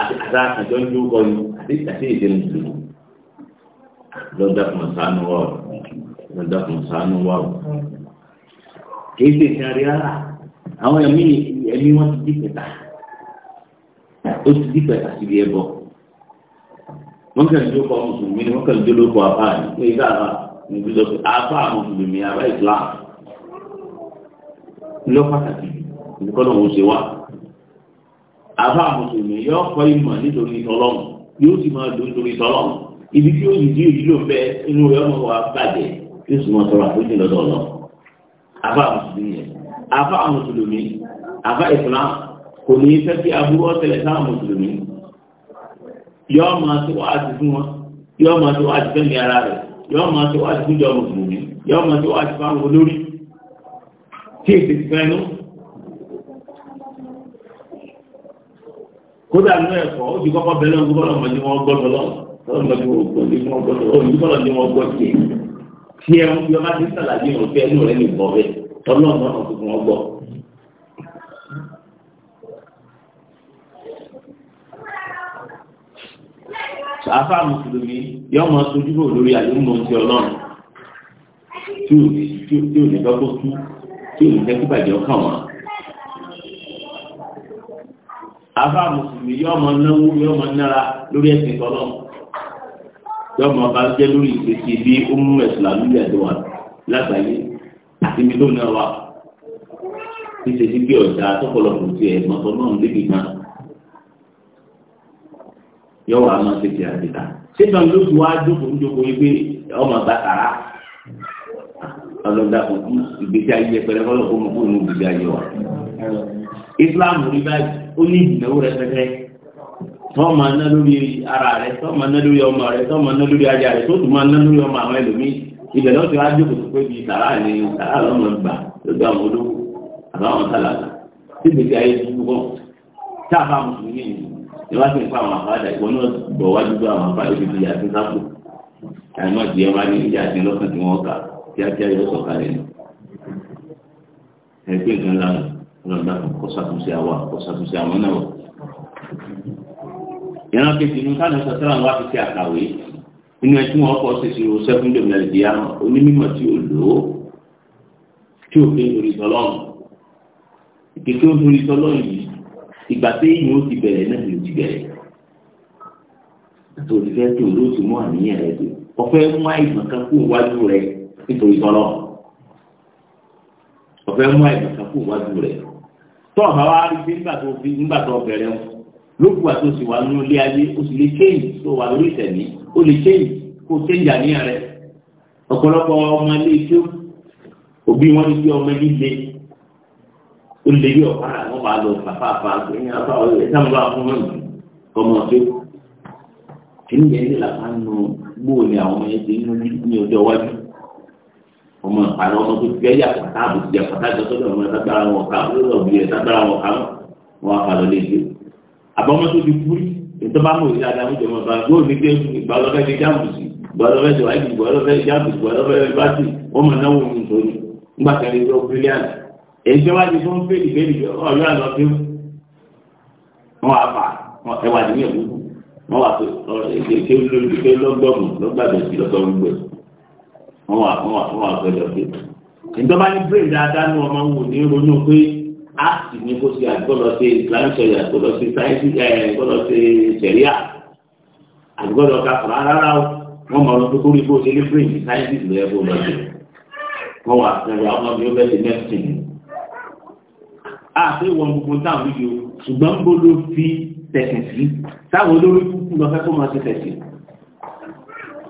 àti àtàkì àjọ ń dúró kọ́ni àti àti lọ́dọ̀kùn sánú wọ́ọ̀rọ̀ lọ́dọ̀kùn sánú wọ́ọ̀rọ̀ kìí ṣe ìṣẹ́ rí rárá àwọn ẹ̀mí ẹ̀mí wọn ti dìpẹ̀tà ó ti dìpẹ̀tà sí ilé ẹbọ wọn kàn jó kọ mùsùlùmí ni wọn kàn jó lóko àbá ní pé ìdá àbá ní ìbí lọ́sọ̀ àbá mùsùlùmí àbá Islam lọ pàtàkì nǹkan náà wọ́n ṣe wá àbá mùsùlùmí yọ ọkọ ìmọ̀ nítorí tọlọ́mù yóò sì máa dùn nítorí tọlọ́mù ibi tí ó yìí di èyí ló fẹ́ inú rẹ̀ ọmọ wa bàjẹ́ kí o sì mọ sọ̀rọ̀ àpéjì lọ́dọ̀ lọ. àbá mùsùlùmí yẹn àbá mùsùlùmí àbá ìsìlámù kò ní í fẹ́ kí aburú ọ̀tẹlẹ̀ sáà mùsùlùmí yóò máa tó wáàtí fún wọn yóò máa tó wáàtí fẹ́mi ara rẹ̀ yóò máa tó wáàtí fún ìjọ mùsùlùmí yóò máa tó wáàtí fáwọn olórí tí èsì ti fẹ́ nú. kódà nínú ẹ̀kọ́ ó ti kọ́kọ́ bẹ̀rẹ̀ ọgbọ́n ọmọdé wọn gbọ́dọ̀ lọ́wọ́ olùkọ́lọ́ ni wọ́n gbọ́ tiẹ̀ tiẹ̀ ń bí ọba ti sàlàyé wọn fẹ́ ẹnu rẹ̀ lè bọ̀ bẹ́ẹ̀ ọlọ́run náà tuntun wọn gbọ́. àfa mùsùlùmí yóò máa sojú bò lórí àyùmọ̀ ti ọlọ́run tí ò ní dọ́gbọ́n tú tí ò ní jẹ́ kí bàjẹ́ ọkàn wọn. àfa mùsùlùmí yóò máa náwó yóò máa nára lórí ẹ̀sìn tọ́lọ́run. yọ ọmọ ọba jẹ́ lórí ìgbésí bí ó mú ẹ̀sùn àlúyẹ̀ wa lágbàáyé àti ibi tó náà wà bí ọ̀dà tọ́pọ̀lọpọ̀ ti ẹ̀ mọ̀tọ́ náà ń débi kan yọ wà á máa ṣe ṣé báyìí ló ti wá jókòó jókòó yìí pé ìgbésí ayé ìgbésí ayé wa Islam rí báyìí ó ní tọ́ máa ná lórí ara rẹ̀ tọ́ máa ná lórí ọmọ rẹ̀ tọ́ máa ná lórí ajá rẹ̀ tó tún máa ná lórí ọmọ àwọn ẹlòmíì ibẹ̀ lọ́ọ́ ti wá jókòó tó pé bíi sàrà ni sàrà lọ́mọ gbà lójú àwọn olówó àbáwọn sàlàkà tí gbèsè ayé dúdú kọ́ tá a bá mùsùlùmí ni ìwà sí nípa àwọn àfáàdà ìwọ náà bọ̀ wájú bá àwọn àfáàdà òbí ti yàtí sáfù àìmọ́ ti ẹ̀ máa ní ìjà àti lọ́sàn tí wọ́n kà kíákíá yóò sọ̀ka rẹ̀ nù. ẹgbẹ́ ìgbọ́n lánàá ọlọ́dà kò sàtúnṣe àwọn náà ìran kejì ní káàdì sọ̀tẹ́rà wá fi ṣe àkàwé nínú ẹtí wọn kọ́ ṣe ṣòro sẹ́fún dèmí nàìjíríà onímọ̀ tí ò lò ó tí ò fi ń lórí tọ́lọ́run ìkéké ó lórí tọ́lọ́run yìí ìgbà tí èyí ó ti bẹ̀rẹ̀ náà ló ti bẹ̀rẹ̀ àti òṣìṣẹ́ tí ò ló ti mú àníyàn rẹ̀ tó ọ̀fẹ́ mú àìsàn kan kú iwájú rẹ̀ nítorí tọ́lọ́run ọ̀fẹ́ mú àìsàn kan kú iwájú rẹ̀ tó ọ̀bá wa rí sí nígbà tó bẹ̀rẹ̀ wọn lókùwà tó sì wà nínú ilé ayé o sì lè kéyìn tó wà lórí ìtẹ̀mí o lè kéyìn kó o kéyìn àníyàn rẹ ọ̀pọ̀lọpọ̀ ọmọ ilé tó òbí wọn ti ọmọ ẹni le o lè rí ọ̀pá rà wọ́n bá lọ fàfàfà ẹ̀yìn afá ọ̀rẹ́ sáwọn bá fún wọn ọmọ tó kìíní yẹn ní làbá nù gbóò ní àwọn ọmọ yẹn ti ní ọjọ́ iwájú ọmọ àlọ́ ọmọ tó fẹ́ yà pàtàkì àbùsí yà pàtàkì ọ̀sọ́dọ̀ ọmọ ẹ̀ tágbára wọn kà lórí ọ̀bí ẹ̀ tágbára wọn kà wọn wà fà lọ lé ìgbé àbọ̀mọ́ tó ti kú rí ètò bá mọ̀ ìyá àdáwọ̀ ìjọba bá yóò ní pé ìgbàlọ́fẹ́ ti jáàmù sí ìgbàlọ́fẹ́ ti wáyé ìgbàlọ́fẹ́ ti jáàmù sí ìgbàlọ́fẹ́ ti bá sí wọ́n mọ̀ náwó ní ìtòní ńgbà kẹrin ló brilliant èyí tí wọ́n ti fún fèlì fèlì ọ̀yọ́ àlọ́ fi wọ́n wà fà ẹwà ní ẹ̀kú wọ́n wà pé èké lóríṣiṣẹ́ lọ́gbọ̀mù lọ́gbàgbẹ́ sí lọ́gbọ̀mùgbẹ́ wọ́n wà wọ́n wà wọ́n wà pẹ́lú ọ̀gbẹ́ áàtì ní kó ṣe àgbọ̀dọ̀ ṣe islamic ṣẹlẹ̀ àgbọ̀dọ̀ ṣe sáyẹ́nsì ẹ̀ eh, àgbọ̀dọ̀ ṣe ṣẹ̀ríà àgbọ̀dọ̀ ká fara rárá o wọ́n mọ̀ ọ́n tó kórìí kó ṣe ní fíríǹsì sáyẹ́nsì ló yẹ kó lọ sí wọ́n wà sẹ́wọ̀n àwọn ọmọ yóò bẹ́ẹ̀ mẹ́sìn ni. wọn gbogbo táwọn yìí o ṣùgbọ́n ń bolo fi tẹ̀sìn sí táwọn olórí kúkú lọ fẹ́ kó máa ṣe tẹ̀sìn.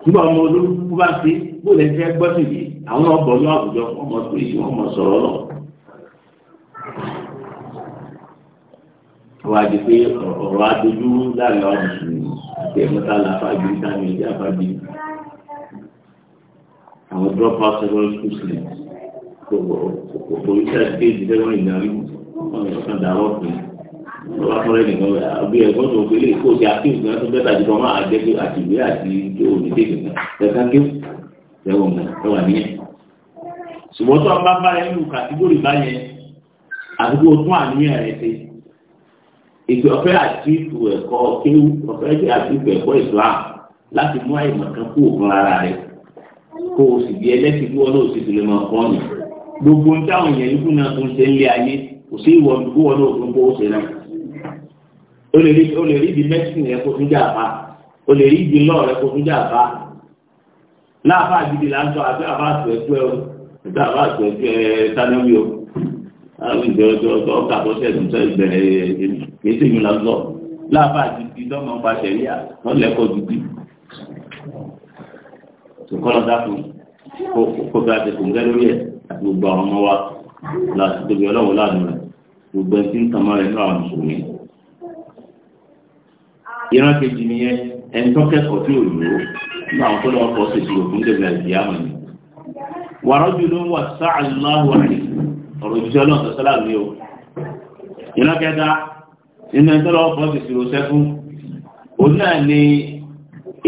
nígbà ọmọ olórí kúkú bá ṣe bó lẹ́sẹ̀ gbọ́sìn yìí àwọn ọ̀bọ̀ ní àwùjọ wọ́n mọ̀ pé wọ́n mọ̀ sọ̀rọ̀ náà wọ́n á di pé ọ̀rọ̀ adójú láàrin àwọn mùsùlùmí àti ẹ̀mọ́ta làfàgbé sáré ẹ̀jẹ̀ àfàgbé àwọn drop out several school students kò research page seven ìdarí ọ̀kan dàrọ́ pé wọ́n bá fọ́nrẹ́ nìkan rẹ̀ àbí ẹ̀gbọ́n tó gbélé kó ti àkíyèsí náà tó bẹ́tà jùlọ máa jẹ́ pé àtìwé àti tó òní tètè kan ẹ̀ka ké ẹ̀wọ̀n mọ̀ ẹ̀wà níyẹn. ṣùgbọ́n tó a bá bá ètò ọ̀fẹ́ àtìkù ẹ̀kọ́ kéwù ọ̀fẹ́ àtìkù ẹ̀kọ́ islam láti mú àyèmọ̀ kan kú òkun ara rẹ kó o sì di ẹlẹ́sìn bí wọn náà sì tìlẹ̀ mọ̀ kọ́ ni gbogbo ń táwọn èèyàn yìí fún náà tó ń ṣe ń lé ayé kò sí ìwọ bí wọn náà fún kówó ṣe náà o lè rí ibi mẹ́sìn rẹ kó fún jàpá o lè rí ibi lọ́ọ̀ rẹ kó fún jàpá láàbà gidi là ń sọ àbẹ́ àbá àtúwẹ̀tú ẹ àwọn ìjọ ọjọ́ ọjọ́ ọ̀gá tó ṣẹ̀ tuntun ìbẹ̀rẹ̀ kìí ṣe mi lọ́sọ̀ láàbà títí dọ́mọ ń paṣẹ rí à lọ́lẹ́kọ̀ọ́ títí kọ́lọ́ dákun kó bí a ti kùn gẹ́lórí ẹ̀ àti gbogbo àwọn ọmọ wa láti tóbi ọlọ́wọ́ láàánú rẹ̀ gbogbo ẹni tí ń tàn máa rẹ̀ ní àwọn mùsùlùmí. ìran kejì nìyẹn ẹni tó kẹ́kọ̀ọ́ tí ò lò ó ní àwọn tó lọ́wọ́ kọ́ ṣèṣirò fún dèbè àti ìyá wọn ni. wàrọ́jú ló ń wà sáà láhùn àyè ọ̀rọ̀ òjíṣẹ́ ọlọ́run tó sọ́lá mi o iná kẹta nínú ẹni tọ́lọ́ ti ṣòro ṣẹ́ fún òun náà ni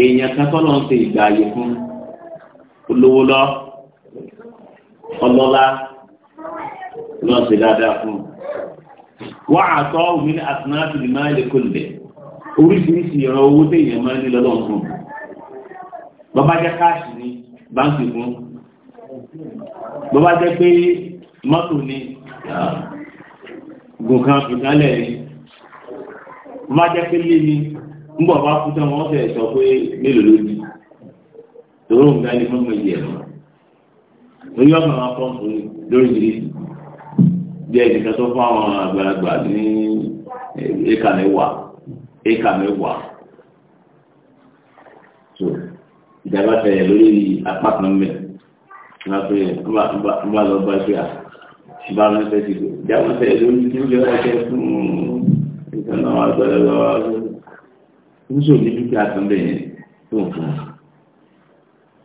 èèyàn kan tọ́lọ́ ń ṣe ìgbà ààyè fún olówó lọ ọlọ́lá lọ́n ṣe dáadáa fún wọ́n àtọ́ omi ní àtúnáàtì ní máa lè kó lẹ̀ oríṣiríṣi ìran owó téèyàn máa ń ní lọ́lọ́run fún bàbá jẹ́ káàṣì ní báńkì fún bàbá jẹ́ pé mọ́tò ní gùnkan ìdálẹ̀ rí má jẹ́ pé lé ní ńgbọ̀ bá kú tán wọ́n fẹ́ sọ pé mélòó ló di tòró ń dá ní mọ́mọ́ ìyẹ̀ mọ́ orí ọ̀sán máa pọ̀ fún lórí ìrísí bí ẹnìkan tó fún àwọn àgbàlagbà ní éka mẹ́wàá éka mẹ́wàá tó ìjàmbá tẹ̀lé lórí apá kan mẹ́ wọ́n bá lọ bá ṣe àṣà ìbáraẹnsẹ ti lò jáwọnsẹ lórí tí ó lè ọjọ́ fún ìtànà àgbẹrẹ lọ́wọ́ níṣò ní dúkìá tó ń bẹ yẹn tó ń fún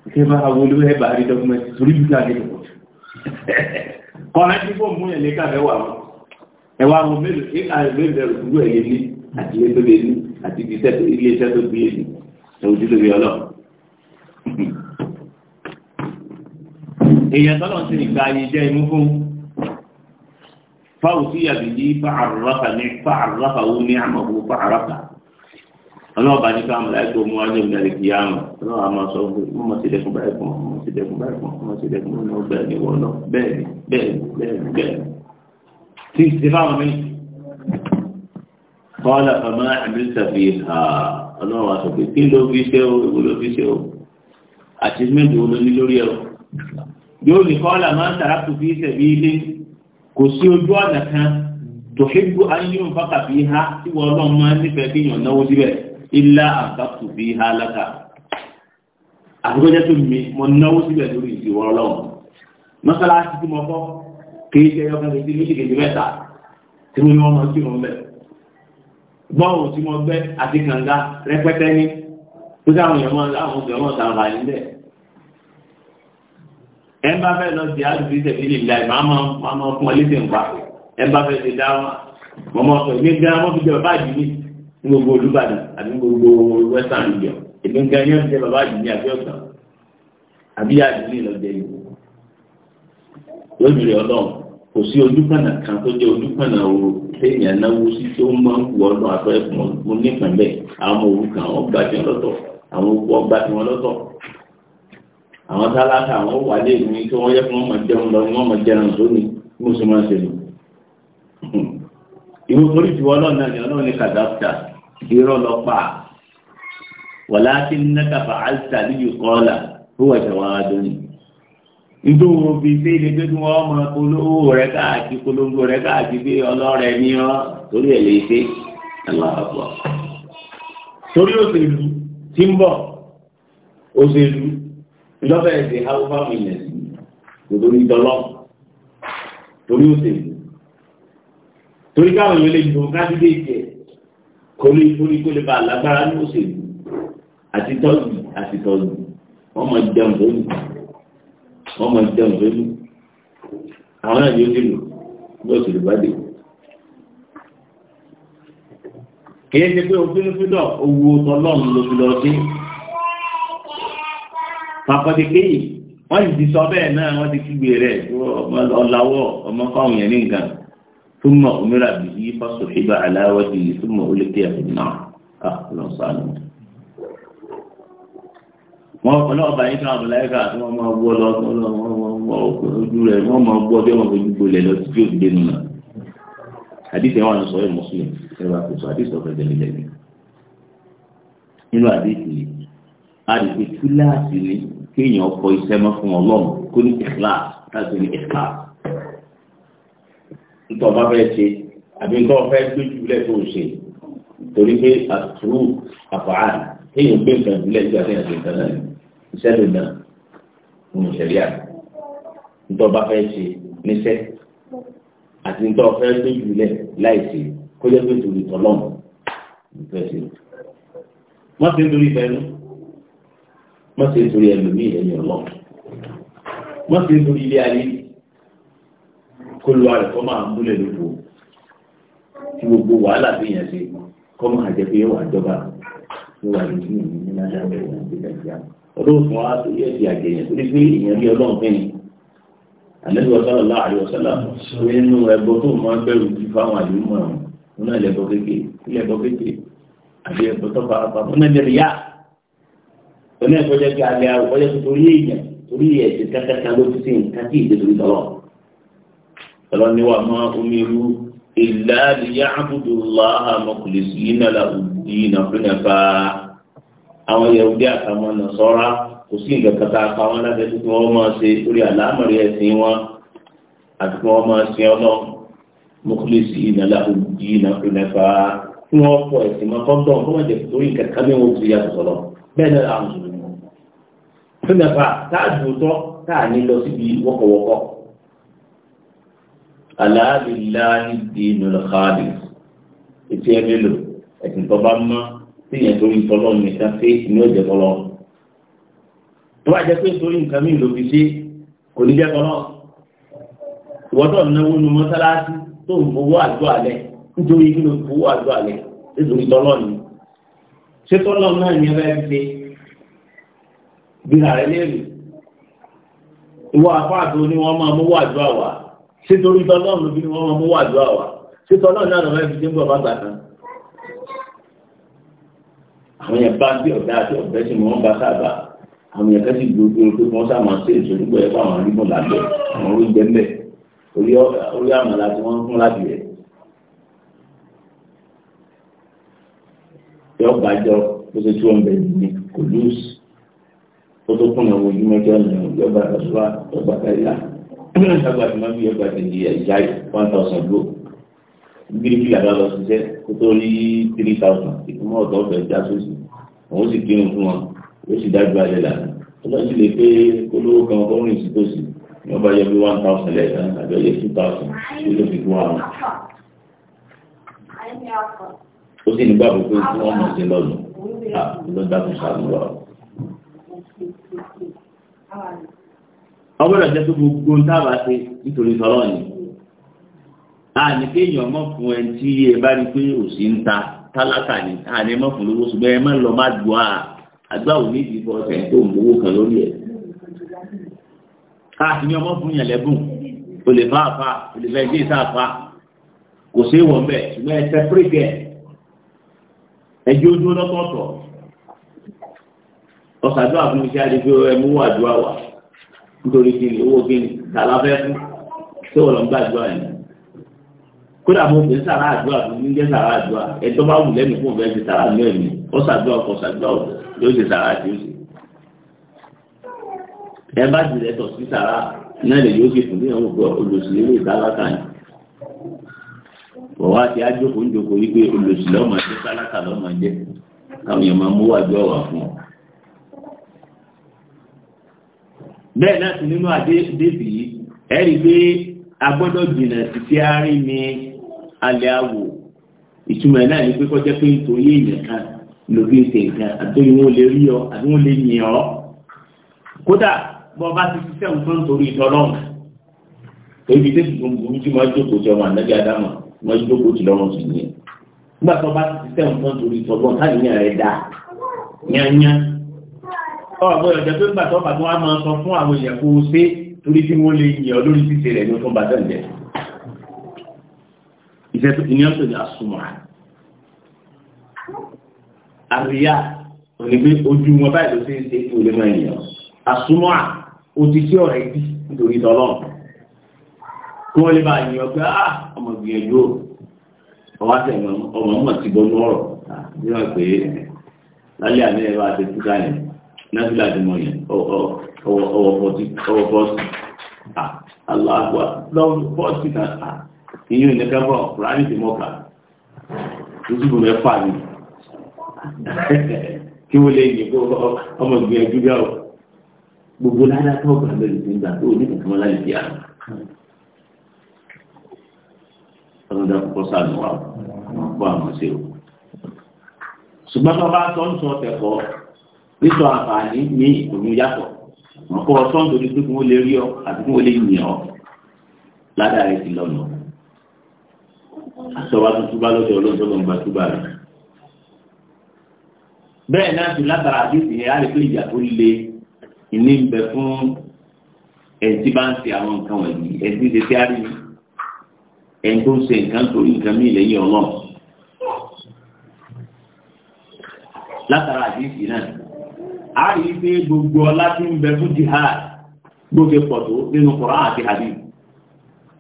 un ṣé bá wọlé ẹ bá rí dọkúmẹtì torí dúkìá ní ìlú kọ́nà tí fóònù mú yẹn lè ká ẹwà wọn ẹwà wọn mélòó ẹka mélòó ẹrù gbogbo ẹ̀yẹ ní àti ilé tó lé ní àti ilé iṣẹ́ tó gbé ní ẹwù tí tó èèyàn tọ́lọ́ sí ìgbà ayé jẹ́ imú fún fáwùsíyà bìí fàárọ̀fà ní fàárọ̀fà ó ní àmọ̀kú fàárọ̀fà ọlọ́ọ̀bá ní káwọn mọ̀láìkò mú wájú ìgbàlẹ̀ kì í àmọ̀ ọlọ́wà máa sọ pé mo mọ̀ sí dẹkùn báyìí fún mo mọ̀ sí dẹkùn báyìí fún mo mọ̀ sí dẹkùn báyìí fún bẹ́ẹ̀ ni wọ́n lọ bẹ́ẹ̀ ni bẹ́ẹ̀ ni bẹ́ẹ̀ ni bẹ́ẹ̀ ni. tí ìṣe fáwọn mi kọ́lá fama àmìlísà fi hà ọlọ́wà sọ pé kí ló fi ṣe o èwo fi ṣe o àti mẹ́tò wo ló ní lórí ẹ̀ o yóò ní kọ́lá máa ń tàrà kò sí ojú ọ̀nà kan tòṣèlú ayélujára fàkà fi ha tí wọ́n lọ mọ́ nífẹ̀ẹ́ kí yàn náwó síbẹ̀ ilá àbákù bí ha lákà àtúkọ́ tó mi mo náwó síbẹ̀ lórí ìwọ ọlọ́run mọ́sálásí tí mo kìí ṣe mẹ́ta tí mo ní bẹ́ẹ̀ tí mo gbẹ́ àti kànga rẹpẹtẹ ní bẹ́ẹ̀ ẹ bá fẹ́ lọ sí àdùbí sẹ̀fílì láì máa máa fún ọ létí nǹkan ẹ bá fẹ́ ṣe dáhùn mọ́ mọ́ sọ èmi gan wọ́n fi jẹ bàbá àjì ní gbogbo Olúbàdàn àbí gbogbo western region èmi gan yẹn fi jẹ bàbá àjì ní àbí ọ̀sán àbí àjì ní ìlọ́jẹ́ yìí lójúlẹ̀ ọlọ́run kò sí ojúkànnà kan tó jẹ́ ojúkànnà ooru téèyàn náwó sí tó máa ń wù ọlọ́run àtọ́ ẹ̀fọn mo nípìn bẹ́ẹ̀ àwọn òwú kan ọgbà tí wọ́n lọ́tọ̀ àwọn ọgbà tí wọ́n lọ́tọ̀ àwọn tálákà àwọn wà lè ní kí wọ́n yẹ kí wọ́n mọ̀ jẹun lọ ni wọ́n mọ̀ jẹun lónìí mo sì máa ṣe lò. ìwé orí ti wọ́n lọ́nà ni ọlọ́run ní kàdáfíà irọ́ lọ pa wọ̀lá tí ní àìsà níbi kọ́ọ̀là ó wà jẹ̀wọ́n adóni. ìjọ wo fi ṣe ilé pé kí wọ́n mọ polówó rẹ káàkiri polówó rẹ káàkiri pé ọlọ́rẹ ní ọ torí ẹ̀ lè ṣe torí òṣèlú tí ń bọ̀ ìjọba ẹ̀sìn haúfà mílẹ̀ kò torí ìjọlọ́ torí òṣèlú torí káwọn èèyàn lè jù kádídéètì ẹ̀ kó lè torí kó lè bá lágbára ní òṣèlú àti tọ́jú àti tọ́jú wọ́n mọ̀ jẹun tó lù wọ́n mọ̀ jẹun tó lù àwọn náà yóò dìlù bí òṣèlú bá dé. kì í ṣe pé òfin fúdọ̀ owó tọlọ́run ló fi lọ sí pàkọ́dé kéyì wọ́n sì ti sọ bẹ́ẹ̀ náà wọ́n ti kígbe rẹ̀ ọ̀làwọ̀ ọmọ fáwọn yẹn ní nǹkan fún mọ̀ òmìnira bìí fọ́sọ̀ ìgbà aláwọ̀ di fún mọ̀ olókè ẹ̀fìn náà ọlọ́sàn-án wọn ọlọ́ọ̀bà yìí fún abúláyíká tí wọ́n máa wọ́ lọ ojú rẹ̀ wọ́n máa wọ́ bí wọ́n fojú gbolẹ̀ lọ sí yóò gbé nínú àdìsẹ́ wọn sọ ẹ̀ mùsùlùmí ẹ bá kò sọ àdìsẹ́ ọ̀fẹ́ tẹ̀lé lẹ́nu nínú àdìsẹ́ yìí a lè fi túláàsì ní kéèyàn kọ iṣẹ́ mọ́ fún ọlọ́run kó ní ikhlas láti ní ikhlas nítorí ọba fẹ́ ṣe àbí nǹkan ọ̀fẹ́ gbójú lẹ̀ tó ṣe torí pé àtúrò àfààní kéèyàn gbé nǹkan ìbílẹ̀ nígbà tí èèyàn ṣe nǹkan náà iṣẹ́ lè nà nínú ìṣẹ̀lẹ̀ àná nítorí ọba fẹ́ ṣe níṣẹ́ àti nítorí ọfẹ́ gbójú lẹ̀ láìsí kó jẹ́ pé torí tọ́lọ́mù nítorí ṣe wọ́n ti ń torí ìfẹ́ nù má ṣe torí ẹlòmíì ẹ̀yìn ọlọ́ má ṣe torí ilé ayé kó lu ara kọ́ máa múlẹ̀ lóko tí gbogbo wàhálà tó yẹn ṣe kọ́ máa jẹ́ pé wà jọba ló wà ní kíni ní ládàbẹ̀ wọn ti dàgbà ọdún fún wa tó yẹ ti àjẹyàn torí pé èèyàn bí ọlọ́run fẹ́ ni àlejò ọ̀sán ọ̀la àríwọ̀sálà nínú ẹbọ tó máa bẹ̀rù ti fáwọn àdúgbò náà wọn náà lẹ́bọ kékeré ilé ẹbọ kékeré àbí ẹbọ tó fara pamọ́ náà jẹ́ ríyà oní ẹ̀kọ́ jẹ́ kí alẹ́ àrùn kọjá tó torí èèyàn torí ẹ̀sìn kẹ́kẹ́kẹ́ ló ti sìn kátì ìdẹ́torí tọ́lọ́ tọ́lọ́ ní wà máa omi irú ìlà àdìyá àbùdùlá àmọkùlẹ̀sì yìí nàlà òdì nàfẹ́nàfà àwọn yẹ̀wùdí àtàwọn nàṣọ́ra kò sí ìgbẹ̀kọ̀ tá a pa wọn lábẹ́ tó wọ́n máa ṣe lórí àlámọ̀rí ẹ̀sìn wọn àti kí wọ́n máa ṣe ọlọ́ mọ́kúlẹ́sì ìnàlá òdì nàfẹ́nàfà kí wọ́n pọ̀ ẹ̀sìn mọ́kọ́ńtọ̀ kó má jẹ́ torí kẹ̀kẹ́ mi wọ́n ti yàtọ̀ sọ̀rọ̀ bẹ́ẹ̀ náà àwọn fúnẹ̀fà táàdù tọ́ táà ní lọ síbi wọ́kọ̀wọ́kọ́ aláàbìláàní dínú lọ́kàdì ètí ẹgbẹ́ lò ẹ̀sìn tó bá mọ́ tí yẹn torí tọ́lọ́ nìkan sí ní ọ̀jẹ̀ tọ́lọ́ tó bá jẹ́ pé torí nǹkan mí ló fi ṣe kò ní jẹ́ tọ́lọ́ ìwọ́tọ̀ náwó nu mọ́sálásí tó ń fowó àjọ alẹ́ nítorí kí ló fowó àjọ alẹ́ nítorí tọ́lọ́ ni ṣé tọ́lọ́ náà ní ẹ bíra rẹ̀ léèrè ìwọ àfáàtò ni wọ́n máa mú wàjú àwà ṣé torí tọ́lọ́run bí ni wọ́n máa mú wàjú àwà ṣé tọ́lọ́run náà lọ́wọ́ ẹbí tí ń bọ̀ bá gbàgbà àwọn yẹn bá ń bí ọ̀dá àti ọ̀bẹ sí wọn bá sábà àwọn yẹn kẹ́sì gbogbo pé wọ́n sábà ṣe ìṣòdúgbò ẹ̀fọ́ àwọn arígbọ̀n lábẹ́ àwọn oúnjẹ ń bẹ̀ orí àmàlà tí wọ́n ń fún láti rẹ̀ yọ̀ọ́ bàjọ́ bó ṣe tú ọ̀bẹ ní kò lóòsì ó tó kúnlẹ̀ wo ojú mẹ́jọ ní ìjọba àṣùwà ìjọba ẹ̀yà ìjọba tí wọ́n fi ìjọba ti di ẹ̀yà one thousand ló gbírígbí àdá lọ ṣiṣẹ́ kó rí three thousand ìtumọ̀ ọ̀tọ̀ ọ̀fẹ́ já sósì òun sì kírun fún wọn ó sì dájú alẹ́ lànà ó lọ sí lè pé olówó kan kọ́rin sí tòsí ní ọba yẹ bí one thousand lẹ́ẹ̀kan àbẹ̀ yẹ two thousand ó lè fi kún àwọn. ó sì nígbàgbọ́ pé kí wọ́n mọ̀ sí lọ́dún ló ọgbọ́dọ̀ jẹ́ tó gbogbo tábà ṣe nítorí sọ́lọ́ ni àní kéèyàn mọ̀ fún ẹni tí ẹ bá rí pé òsì ń ta tálákà ni àní mọ̀ fún lówó ṣùgbọ́n ẹ má lọ má dùn á àgbà òní ìdìbò ọ̀sẹ̀ tó ń gbowó kan lórí ẹ̀ káàkiri ọmọ fún yẹn lẹ́bùn o lè fa àfa o lè fẹ́ dé ìsáàfa e kò sí ìwọ̀n bẹ́ẹ̀ ṣùgbọ́n ẹ sẹ́pẹ́rẹ́tì ẹ̀ ẹjọ́ ojú lọ́tọ̀ọ̀tọ̀ ọ̀sàdúrà fún mi ṣe àdìgbò ẹmú wà dùn àwà nítorí kí ni owó kí ni tààlà fẹ́ fún tí wọ́n lọ ń gbàdúrà yìí kódà mo fi sàrà àdúrà fún mi jẹ́ sàrà àdúrà ẹ̀tọ́ bá wù lẹ́nu fún ọ̀fẹ́ ti sàrà ní ẹ̀mí ọ̀sàdúrà kọ̀ ọ̀sàdúrà yóò ṣe sàrà àti yóò ṣe ẹ bá ti rẹ̀ tọ̀ sí sàrà náà lè yóò ṣe fún mi àwọn olùsílẹ̀ ilé ìtàlákà yìí wọ́n wá ti ájókòó ń jókòó yí pé olùsílẹ̀ ọmọ sálákà lọ́mọ káwọn èèyàn máa mú wájú ọ̀wà fún ọ bẹ́ẹ̀ náà sì nínú àdébì yìí ẹ̀rí pé a gbọ́dọ̀ jìnà sí tí a rí ní alẹ́ àwò ìtumọ̀ náà ni pé kọjá pé nítorí èèyàn kan lòbí ń ṣe nǹkan àti wọn lè rí ọ àti wọn lè yìn ọ kódà bọ́ bá ti ṣiṣẹ́ nǹkan torí ìtọ́lọ́mù ebi tẹ́ ti gbogbo ojú máa jókòó tí ọmọ ànábì adámọ̀ máa jókòó tí lọ́rùn sí ni nígbà tó bá ti ṣiṣẹ́ nǹkan torí ìtọ́lọ́mù táyì ọgbọ́ ìjẹ́ pé gbà tọ́pàá tó wá máa sọ fún àwọn èèyàn kó ṣe torí tí wọ́n lè yẹ̀ lórí ṣíṣe rẹ̀ ní ó tó bá tẹ̀ jẹ́ iṣẹ́ tó ní ọ̀sẹ̀ ní àsùnmọ̀ àríyá òní pé ojú wọn báyìí ló ṣe ń ṣe kí olè máa yẹ̀ àsùnmọ̀ ó ti ṣe ọ̀rẹ́ bí nítorí tọ́lọ́ kí wọ́n lè bá yẹ̀ pé ah, ọmọ ìgbìyànjú ọwọ́ àtẹ̀yìn ọmọ mọ̀ ti bọ́ ní ọ̀rọ̀ ah, lálẹ́ àmì ẹ̀rọ àti náfìlà ti mọ̀ yẹn ọwọ́ fọ́tí ọwọ́ fọ́tí aláàgbà lọ́wọ́ fọ́tí náà ìyún ìdẹ́gbẹ́bọ̀ ránì ti mọ́ka lóṣùgbọ́n mẹ́fà ni kí wọ́n lè yìn kó ọmọ ìgbìyànjú bí ọ̀rọ̀ gbogbo ládàá tó gbà lórí ti ń gbà tó ní kankan láyé bí àná ọdún dá púpọ̀ sáà nù wà ó wà á mọ̀ sí o ṣùgbọ́n tó bá tọ́ ń sọ tẹ̀kọ́ sísọ àǹfààní ní ìpinnu yàtọ̀ mọ̀kọ́ ọ̀sán torí pé kún ó lè rí ọ àti kún ó lè yìn ọ ládàá rẹ ti lọ́nà àtọwá tuntun bá lọ́sọ̀ ọlọ́sọ̀ lọ́n gba túbà rẹ. bẹ́ẹ̀ náà sì látara àdéhùn yẹn á lè pé ìyà tó le ìní ń bẹ fún ẹni tí bá ń ṣe àwọn nǹkan wọ̀nyí ẹni tí ń ṣe tí a rí ẹni tó ń ṣe nǹkan torí nǹkan mí lẹ́yìn ọlọ́run látara àdéhùn náà. a rí gbogbo ọlá tí ń bẹ fún jihad bó ṣe pọ̀ tó nínú àti hadith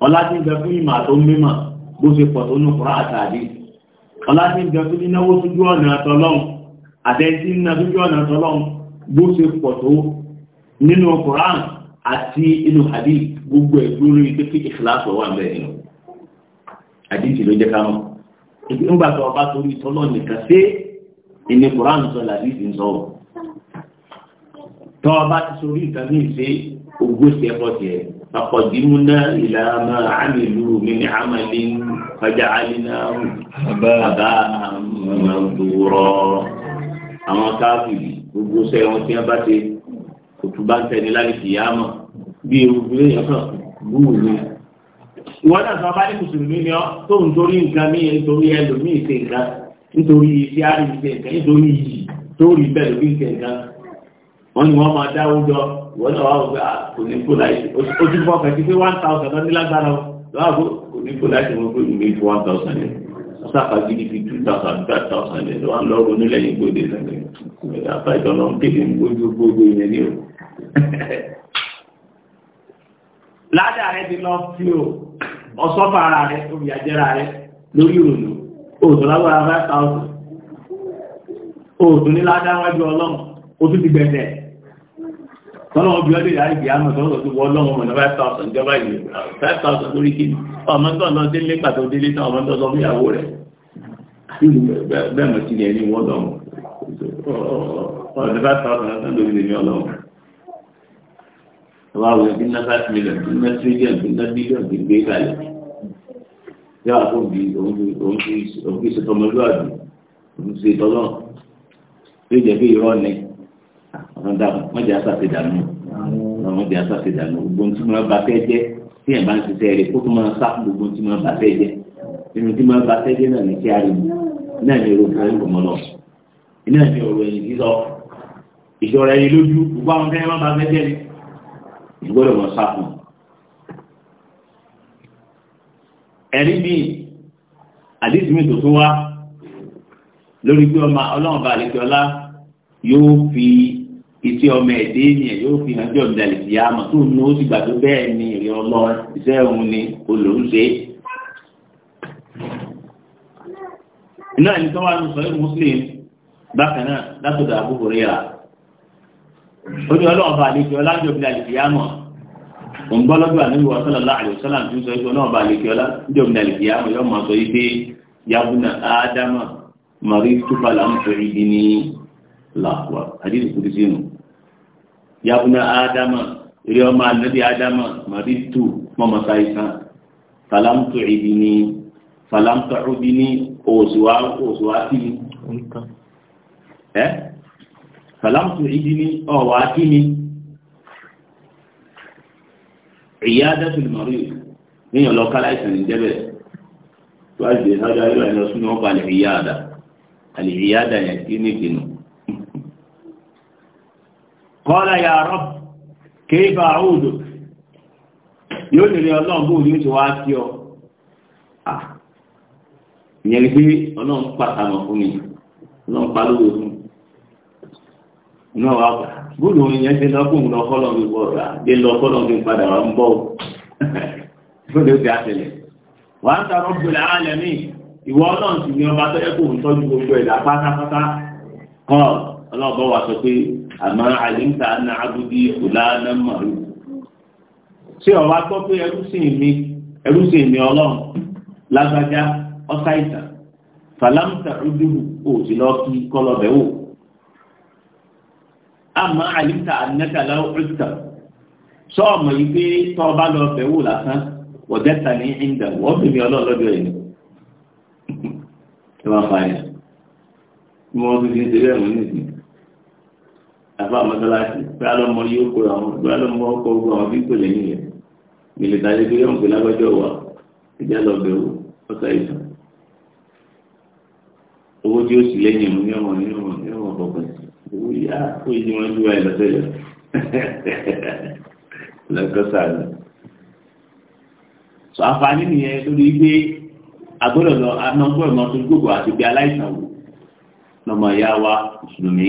ọlá tí ń bẹ fún ìmọ̀ àtó mímọ̀ bó ṣe pọ̀ tó nínú Kùránì àti hadith ọlá tí ń bẹ fún nínáwó sójú ọ̀nà àtọ́lọ́hún ọ̀nà àtọ́lọ́hún bó ṣe pọ̀ tó nínú gbogbo ẹ̀ dúró lórí pé kí wà ló ká mọ̀ nígbà tó tọ́ ọ bá ti sori nǹkan ní ìṣe ogóṣe ẹ̀kọ́ tiẹ̀ àkọ́dìmú náà ìlànà àmìlú mi ní àmàlí ọjà àlìná bàbá àmàlúrọ̀ àwọn káfíìrì ogóṣe wọn tí wọn bá ti òtú bá ń tẹni láti fi yá mọ̀ bí ewu gbé yẹn kàn búrú ni. ìwọ náà sọ bá ní ni ọ tó ń torí nǹkan mí nítorí ẹlòmíì ṣe nǹkan nítorí iṣẹ́ àríwíṣẹ́ nǹkan nítorí iyì tó rí bẹ́ẹ̀ lórí nǹkan wọ́n ní wọ́n máa dá oúnjọ ìwọ́n náà wà wọ́n kò ní kó láì ó ti fọ́ kẹ́kí pé one thousand lọ́ní lágbára o lọ́wọ́ kò ní kó láì wọ́n pé ìwé fi one thousand yẹn wọ́n gidi fi two thousand three thousand yẹn wọ́n lọ ronú lẹ́yìn gbòde lẹ́yìn àbájọ náà kéde gbogbo gbogbo yẹn ni o. [LAUGHS] ládàá rẹ ti lọ fi o ọsọfà ara rẹ omi àjẹrà rẹ lórí òòlù òòlù lágbára five thousand òòlù ní ládàá wájú ọlọ́run ó tún ti gbẹ̀dẹ̀ tọ́lọ́ wọn bí ọdún ìyá ìgbé àmọ́ sọ́dọ̀ tó wọ́ lọ́wọ́ ọ̀nà five thousand jọba ìlú five thousand lórí kíni ọmọ tó lọ sí nígbà tó délé tán ọmọ tó sọ fún ìyàwó rẹ̀ bẹ́ẹ̀ mọ̀ sí ni ẹni wọ́n lọ́wọ́ ọ̀nà five thousand lọ́sán lórí lèmi ọlọ́wọ́ ọba àwọn ẹbí ná five million bí ná àwọn dàmú wọ́n jẹ́ àṣàṣe dànù wọ́n jẹ́ àṣàṣe dànù gbogbo tí wọ́n bá fẹ́ jẹ́ tí ẹ̀ bá ń ṣiṣẹ́ rẹ̀ kó tó máa sá gbogbo tí wọ́n bá fẹ́ jẹ́ nínú tí wọ́n bá fẹ́ jẹ́ náà ní kí náà ní èrò kan ìgbọ̀mọ́ lọ iná ní ọ̀rọ̀ ẹ̀yìn sísọ ìjọra ẹni lójú gbogbo àwọn tẹ́lẹ̀ má bá fẹ́ ni ìgbọ́dọ̀ mọ̀ sá fún ẹ̀rí bíi àdéhùn mi tó tún wá lórí pé ọlọ́run bá àlejò ọlá yóò fi ìṣe ọmọ ẹ̀dẹ́ ènìyàn yóò fi hàn jọ̀ ìdàlẹ̀ ìyá àmọ́ tó ní ó ti gbà tó bẹ́ẹ̀ ni èrè ọlọ iṣẹ́ òun ni olóńṣe. iná ẹni tó wà ní sọ́yìn muslim bákan náà látọ̀dọ̀ àbúkù rírà ó ní ọlọ́ọ̀bà àlejò ọlájọ́ ìdàlẹ̀ ìyá àmọ́ òun gbọ́ lọ́dọ̀ àníbi wà sọ́lá láàrin òṣèlá tó ń sọ pé ọlọ́ọ̀bà àlejò ọlájọ́ ìdàlẹ̀ ìyá àmọ́ yóò máa sọ yí pé yabuna ádámà màrí túfàlà ń fẹ́ ìdí ní làkúà àdéhùn kùdí sínú yabuna ádámà eré ọmọ ànábì ádámà màdìtù mọ́mọ́sá ìsàn fàlámtò ìdí ní fàlámtò ibini, ní òṣùwà òṣùwà sí mi. ẹ fàlámtò ìdí ní ọ̀wà sí mi. ìyá adáfẹ́lì mọ̀rí níyàn lọ kálá ìsàn ìjẹ́bẹ̀ tó a jẹ́ sáájú ayélujára ìlọsùn ní wọ́n pa àlè ìyá àdá àlè ìyá àdá yẹn kí ní ìdènà. قال يا رب كيف òòdò يقول لي الله ọlọ́run لي yóò ti wá sí ọ ìyẹn ni pé ọlọ́run pàtàkì fún mi ọlọ́run palówó fún náà wà gbà bóòlù òun yẹn ti lọ́kùn lọ kọ́lọ́ mi bọ̀ rà dé lọ kọ́lọ́ mi padà wà ń bọ̀ ó bóòlù ó ti àtẹlẹ wàá ń ta rọ́bù mi ìwọ ọlọ́run sì ni ọba tọ́jú ń tọ́jú gbogbo ẹ̀dá pátápátá kọ́ ọlọ́run bọ̀ sọ pé. àmọ́ alimta ní abúdí fúlànà màrú. ṣé ọba gbọ́ pé ẹrúsìn mi ẹrúsìn ọlọ́run lágbájá ọ̀sá ìtàn fàlámùtà ọdún òsì lọ kí kọlọ́bẹ̀ wò. àmọ́ àyíǹta ànẹ́kàlá ọ̀sà sọ́ọ̀mù yìí pé tọ́ọ̀bá lọ bẹ̀ wò lásán ní ìndà wọ́n fi mi ọlọ́run yìí àfa àmọ́tọ́láṣí pé alọ́mọ yóò kó àwọn pé alọ́mọ ọkọ̀ ogun àwọn bí kò lẹ́yìn rẹ̀ mìlítà lè fi yọ̀ǹpẹ̀ lágbájọ́ wa ìjà lọ bẹ̀rù ọ̀sà ìsàn owó tí ó sì lẹ́yìn mú yọ̀mọ̀ yọ̀mọ̀ yọ̀mọ̀ kọ̀ọ̀kan owó yá ah, ó yí wọn ju àìlọ́tẹ̀lẹ̀ [LAUGHS] lọ́kọ́sà ni. sọ àǹfààní nìyẹn lórí gbé agbọ́dọ̀ lọ anáwó ẹ̀mọ́ tó gbogbo àti gbé aláìsàn wò lọ́mọ ìyá wa mùsùlùmí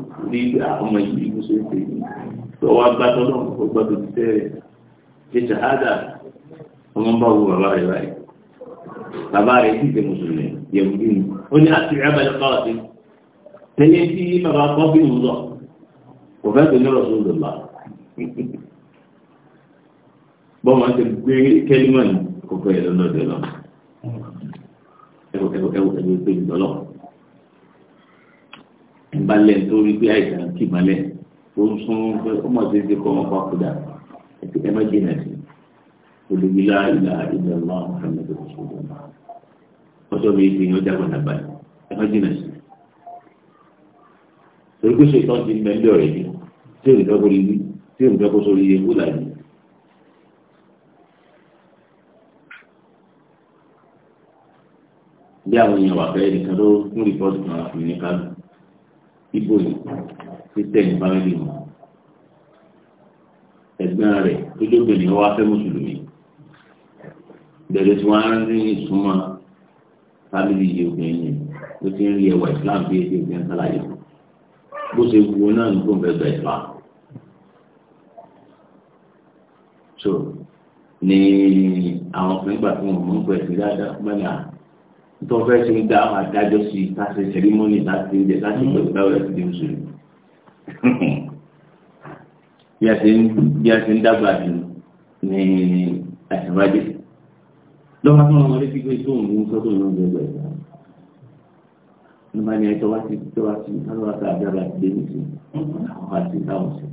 rí ọmọ yìí bó ṣe ń pè ní lọ́wọ́ agbátọ́ náà kò gbọ́dọ̀ ti tẹ́ rẹ̀ ṣe ṣàhádà ọmọ bá wo bàbá rẹ̀ báyìí bàbá rẹ̀ sì ṣe mùsùlùmí yẹ̀wù bí mi ó ní àti ìrẹ́bẹ̀lẹ̀ kọ́ ọ̀sìn tẹ́lẹ̀ ìbálẹ̀ nítorí pé àìsàn kì mọ́lẹ̀ tó ń sún pé ó mọ̀ sí ti kọ́ wọn papòdà ẹ̀sì ẹ̀mẹ́jì náà sí olùgbìlá ìlà ìlà ọlá ọ̀hánà tó ṣe wọn. ọjọ́ mi ti yan jágbọ́n náà báyìí ẹ̀mẹ́jì náà sí. torí pé ṣètò ti mẹ́lẹ̀ ọ̀rẹ́ mi tí ò ní fẹ́ kó rí tí ò ní fẹ́ kó sórí iye kó láyé. bí àwọn èèyàn wà fẹ́ nìkan ló mú rìpọ́ọ̀tì kan àfihàn kálù ibo yìí kristian family mu ẹ̀gbọ́n rẹ̀ lójóbìnrin wa fẹ́ mùsùlùmí bẹ̀rẹ̀ tí wọ́n á rí ìsúnmọ́ family yìí obìnrin yẹn ó ti ń rí ẹwà islam bí ẹbí obìnrin sálàyé bó ṣe wo náà ní kó n fẹ́ gba ìfà so ní àwọn ọkùnrin gbà tí wọ́n mú pẹ̀lú dáadáa mẹ́ta tó fẹ́ ṣe ń dá àwọn adájọ́ sí i láti sẹ́rímọ́nì láti ń jẹ láti pẹ̀lú báwọn ẹ̀sìn ní oṣù bí a ṣe ń dàgbà ní àṣàbájẹ́ lọ́wọ́ tó wọn lè fi gbé tó ń mú sọ́tò náà gbẹgbẹ́ ìgbà nígbà ní ẹjọ́ wá sí tó wá sí káwọn wá sí àbíyábá ti dé nìsín àwọn wá sí táwọn sí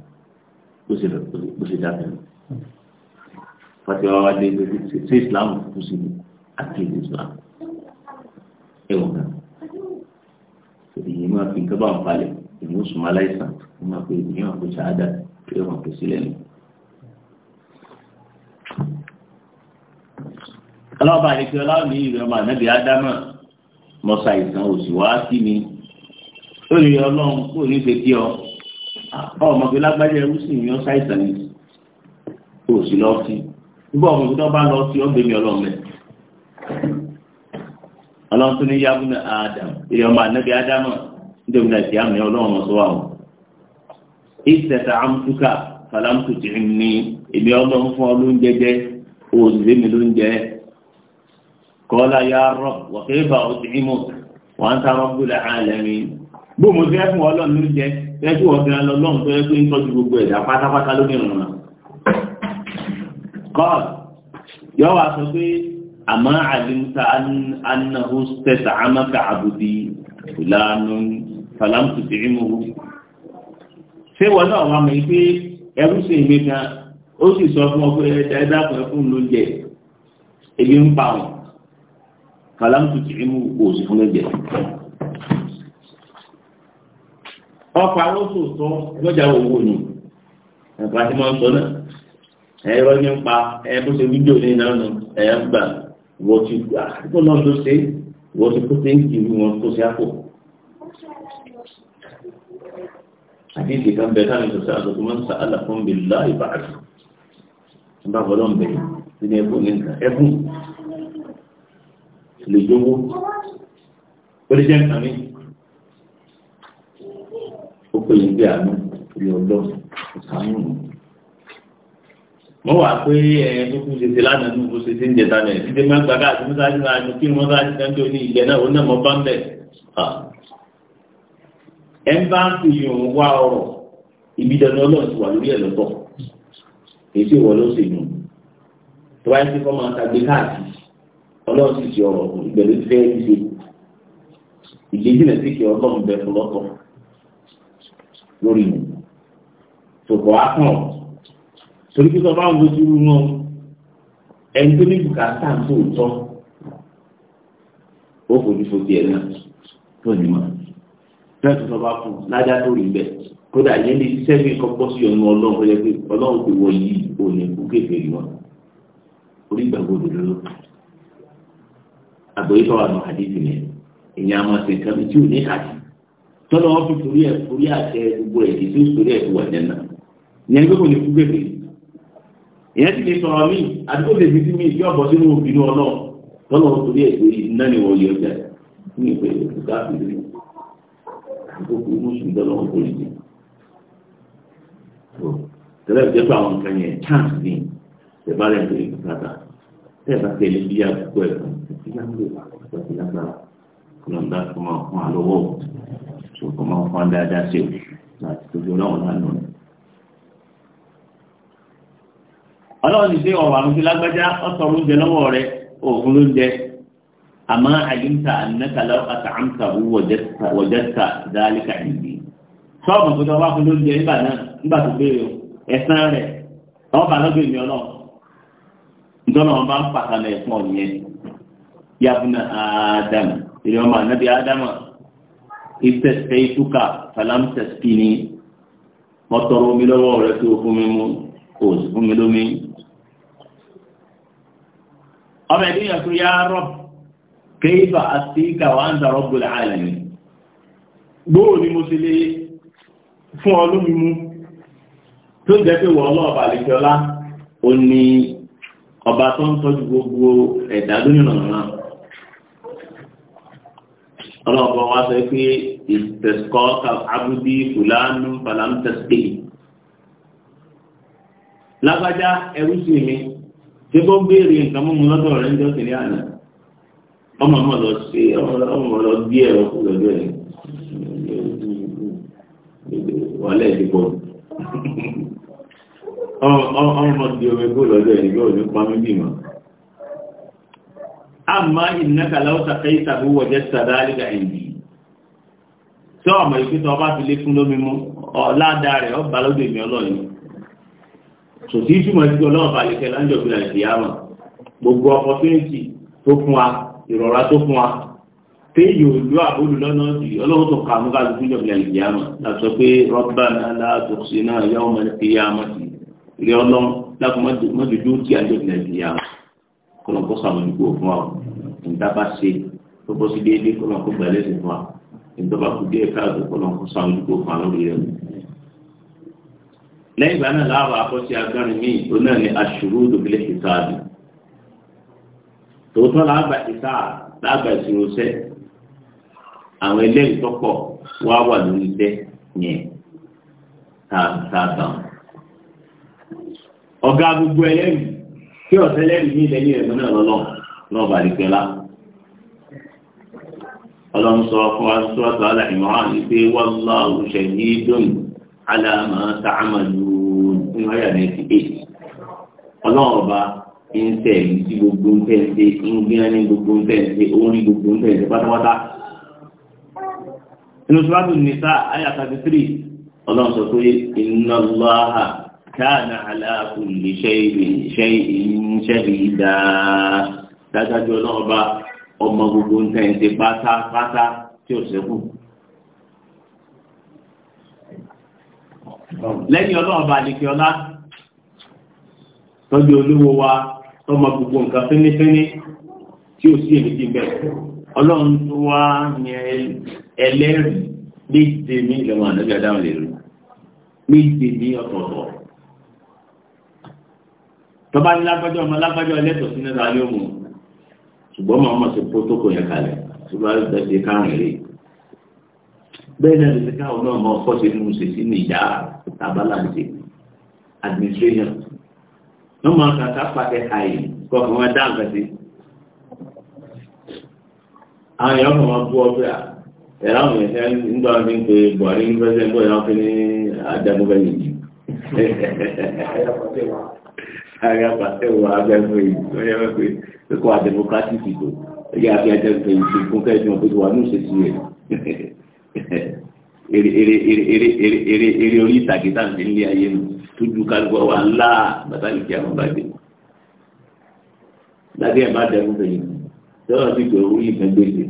bó ṣe dábẹ́ lọ. fatiwa wa dé ṣe islam kù sí àti ìlú islam ẹwọ kan èyí máa fi nǹkan bá ń palẹ̀ èyí ó sùn aláìsàn ó máa pe èyí máa pe ṣáádà èyí máa pe sílẹ̀ ni. ọlọ́ọ̀bà àti ìṣẹ́ ọlọ́ọ̀ni ìrẹ̀ ọmọ ànábì ádámà mọ̀sá ìsàn òsì wá sí mi lórí ọlọ́run kò ní ṣe kí ọ ọmọ fi lágbájá ẹrú sì ní ọ̀sá ìsàn ni òsì lọ́ọ́ sí nígbà ọmọ fi tó bá lọ sí ọ́ bẹ́ẹ̀ mi ọlọ́run tún ní yábùnà ádámù ìrẹ ọmọ ànábì ádámù nítorí náà ìyá mi ọlọ́run ọ̀sọ́ wa o. ìṣẹ̀tà amútúkà fàlámùtù tì ń ní èmi ọlọ́run fún ọ lóúnjẹ jẹ òòlùwé mi lóúnjẹ. kọ́lá yá rọ̀ wọ̀kẹ́fà òsìmọ̀ wọ́n ń sáwọn gbọ́dọ̀ àlẹ́mi. bó mo fẹ́ fún ọlọ́run lóúnjẹ fẹ́ kí wọ́n fẹ́ràn lọ́lọ́run tó yẹ pé ń tọ́jú gbogbo ẹ̀dá pátápátá lómìnira. kọ́ọ̀ yọ wá sọ pé àmọ́ àlìmúta annahu stẹ̀sà amaka àbùdí ìlànà fàlámùtù sí ìmúhu. ṣé wọn náà wà mí pé ẹrú sí ìgbé kan ó sì sọ fún ọ pé ẹ̀dá kan fún lóúnjẹ ebi ń pa wọn fàlámùtù sí ìmúhu kò sí fún lóúnjẹ. ọkọ̀ àwọn sòtọ́ lọ́jà owó ni ẹ̀ka tí wọ́n sọ náà ẹ̀rọ ní ń pa ẹ̀ bó ṣe ní ìnáwó ẹ̀yà ń gbà wọ́n ti gbà kó náà ló ṣe wọ́n ti kó ṣe ń kiri wọn kó ṣe àpò. àdéhìí kan bẹ táwọn ìṣòṣà àtọkùn máa ń sa àlàfún bí lá ìbàdàn nígbà bọ́lá ń bẹ̀rẹ̀ sínú ẹkùn ní nǹkan ẹkùn lè jówó ó lè jẹ́ nǹkan mi ó pè wọ́n wà pé ẹ̀ kúkú ṣèṣe lánàá nù bó ṣèṣe ń jẹ tánẹ̀ títí máa gbàgbà àti mọ́sáájú náà àti kí mọ́sáájú náà tó ní ìgbẹ́ náà ó náà mọ́ bá ń bẹ̀. ẹ ń bá ń fi yòó wá ọrọ̀ ibi dandan ọlọ́run ti wà lórí ẹ̀ lọ́tọ̀ èsì ìwọ ló ṣe yùn tó wáyé sí kọ́ máa káàkiri ọlọ́run sì ti ọ̀rọ̀ ìgbẹ̀lú fẹ́ ṣe ìgbésílẹ̀ sí kí ọlọ́run bẹ fún lọ́tọ̀ lórí mi tòkọ̀ á kàn ọ́ torí pé sọ́bá àwọn ojú wọn ẹni tó ní bùkátà tó tọ́ ó fojú fojú ẹ̀ náà tó ní mọ́ bẹ́ẹ̀ tó sọ́bá fún lájá tó rí bẹ́ẹ̀ kódà yẹn ní sẹ́fì kọ́kọ́ sí ọ̀nà ọlọ́run ó yẹ pé ọlọ́run ti wọ yìí ò ní kú kékeré wọn orí ìgbàgbọ́ òdodo ló àgbọ̀yé tó wà ní àdéhùn yẹn èèyàn àmọ́ ṣe tí ò ní kàdí tọ́lọ́ fi torí ẹ̀ torí àṣẹ gbogbo ẹ̀ tí ó torí ẹ̀ tó wà jẹ́ náà ìyẹn gbogbo ní kú kékeré ìyẹn ti lè sọ̀rọ̀ mí àdúgbò lè fi sí mi ìdí ọ̀bọ̀ sínú ìbínú ọlọ́ lọ́nà torí ẹ̀ pé iná ni wọ́n yọ ọjà ní ìpè ìgbà àbílẹ̀ àgbókù mùsùlùmí lọ́nà òkòlì ni. tẹ́lẹ̀ jẹ́ pé àwọn nǹkan yẹn chance ni ìbálẹ̀ ìpè ìgbàdà tẹ́lẹ̀ bá tẹ̀lé bí àgbókò ẹ̀ kan títí láńgbè àti lágbára kọlọ́ńdà kọ́ máa fún àlọ́wọ́ kọ́ máa fún àdáadáa sí ò láti tójú ọlọ́run lánàá ọlọ́run ti dé ọ̀rọ̀ àwọn ti lágbájá ọ̀sọ̀rọ̀ oúnjẹ lọ́wọ́ rẹ òògùn ló ń jẹ àmọ́ àyíǹta ànínàkàlà àtàǹtà wọ̀jẹ́ta dálíkà nìyí. sọ́ọ̀mù tó tọ́wọ́ fún lóúnjẹ nígbà náà nígbà tó béèrè ẹ̀sán rẹ̀ ọba wọn bá ń ọ̀nìyẹn ádámù ìrìn ọmọ ànábì ádámù ìtúkà ni mọ́tọ́rọ̀ omi lọ́wọ́ rẹ̀ tó fún mi mú kò fún mi lómi ọmọ ẹ̀dínyàn tó yá rọ̀ kéèfà àti ìkàwà ń darọ̀ gbòlẹ̀ àlàyé gbóò ni mo ti lè fún ọ lómi mú tó jẹ́ pé wọ́n lọ́ọ̀bà àlejòlá ó ní ọba tó ń tọ́jú gbogbo ẹ̀dá lónìí náà ọlọ́ọ̀bọ̀ wa sọ pé ìtẹ̀sọ́ abúdí fúlánú falamtẹ́sì lágbájá ẹrú sí mi tí kò béèrè nǹkan mú mu lọ́dọ̀ rẹ̀ ń jọ kiri àná ọmọ ọmọ lọ sí ọmọ lọ bí ẹ̀rọ kú lọ́dọ̀ rẹ̀ wọlé ìdìbò ọmọ di omi kú lọ́dọ̀ rẹ̀ yóò ní pamí bímọ. àmọ́ ìnáka lọ́wọ́ sàkẹ́ ìtàbí wọ̀jẹ́ sàdá àlìkà ẹ̀yìn tí ọmọ ìpínlẹ̀ ọba fi lé fún lómi mú ọ̀ládàá rẹ̀ ọba kò sí ìtumọ̀ sí ọlọ́run balẹ̀ kẹ́ láńjọ́ fi náà ṣì yá mọ̀ gbogbo opportunity tó fún wa ìrọ̀rá tó fún wa téèyì òjò àbólù lọ́nà sí ọlọ́run tó ka mú káàdùn fún ìjọba ìyá mọ̀ láti sọ pé rọ́bà náà látòkùsí náà yá ọmọ ní kéyà mọ̀ sí ilé ọlọ́run láti mọ́jọ́jú tí àjọ ìjọba ìyá mọ̀ kọ́nà kó sàmójú kúrò fún wa ìdábà ṣe tó bọ́ sí déédéé kọ́nà kó gbà lẹ́sìn fún wa ìdọ́bà kú dé káàdùn kọ́nà kó sàmójú kúrò fún wa lórí rẹ̀ lẹ́yìn ìgbà náà láàbà àkọsí agbárin míì tó náà ní aṣòro òdòbílẹ̀ ìsáàdì tòótọ́ láàbà ìsáà láàbà ìṣirò àwọn ẹlẹ́rìí tọ́pọ̀ wá wà lórí iṣẹ́ yẹn tààtàn ọ̀gá gbogbo ẹlẹ́rìí tí ọ̀sẹ̀ ẹlẹ́rìí ní ilẹ̀ ní ẹ̀mọ́ náà lọ́lọ́ náà pẹ́lá ọlọ́run sọ fún wa sọ́ọ́tà aláìmọ́ aláàmà sàmàlú ní wáyà ninety eight ọlọ́run ọba ń tẹ̀ ní gbogbo ń tẹ̀ ṣe ń gbéra ní gbogbo ń tẹ̀ ṣe ó ń rí gbogbo ń tẹ̀ ṣe pátápátá. inú sọ́wọ́tò nìsa àyà thirty three ọlọ́run sọ pé inna Allaha kana ala kulli shay'in shay'in shahida dájájú ọlọ́run ọba ọmọ gbogbo ń tẹ̀ pátápátá tí ò sẹ́kù. lẹ́yìn ọlọ́run bá àdìkì ọlá tọ́jú olówó wa tọ́mọ gbogbo nǹkan fínífíní tí ò sí èmi ti bẹ̀ ọlọ́run tó wá ní ẹlẹ́rìí méje ní ìlẹ̀wọ̀n àdájọ́ adáwọn lè rí méje ní ọ̀tọ̀ọ̀tọ̀ tọ́ba ní lágbájọ́ ọmọ lágbájọ́ ẹlẹ́tọ̀ọ́ sínú ẹ̀dá yóò mú ṣùgbọ́n màá mọ̀ sí pótókò yẹn kalẹ̀ ṣùgbọ́n àlùfẹ́ ṣe káàrin rèé bẹ́ẹ̀ ni lè káwọn náà mọ ọkọ̀ ṣe mú ṣe sí ní ìyá tabalanti administration wọ́n máa kàkà pàtẹ àyè kọ̀ọ̀kan wọn dá nǹkan àwọn èèyàn kan máa bú ọgbẹ́ à ẹ̀rọ àwọn èèyàn nígbà wọn fi ń pe Buhari ní president bóyá wọn fi ní ajagunfẹ́ yìí. àyà pàtẹ wà ajagunfẹ́ yìí wọ́n yẹ wọ́n pe kó a democratic ìbò ẹ̀yà àti ajagunfẹ́ yìí ṣe fún kẹ́hìn tí wà ní òṣèṣì rẹ̀ eré [LAUGHS] eré eré eré eré eré eré orí ìtàgé tá à ń fi lé ayé nu tójú kálukọ wa ńlá bàtà lè fi àwọn bàjẹ́ lábẹ́ ẹ̀ má dẹ́kun fẹ̀yìn tí wọ́n ti gbé orí ìfẹ́ gbèsè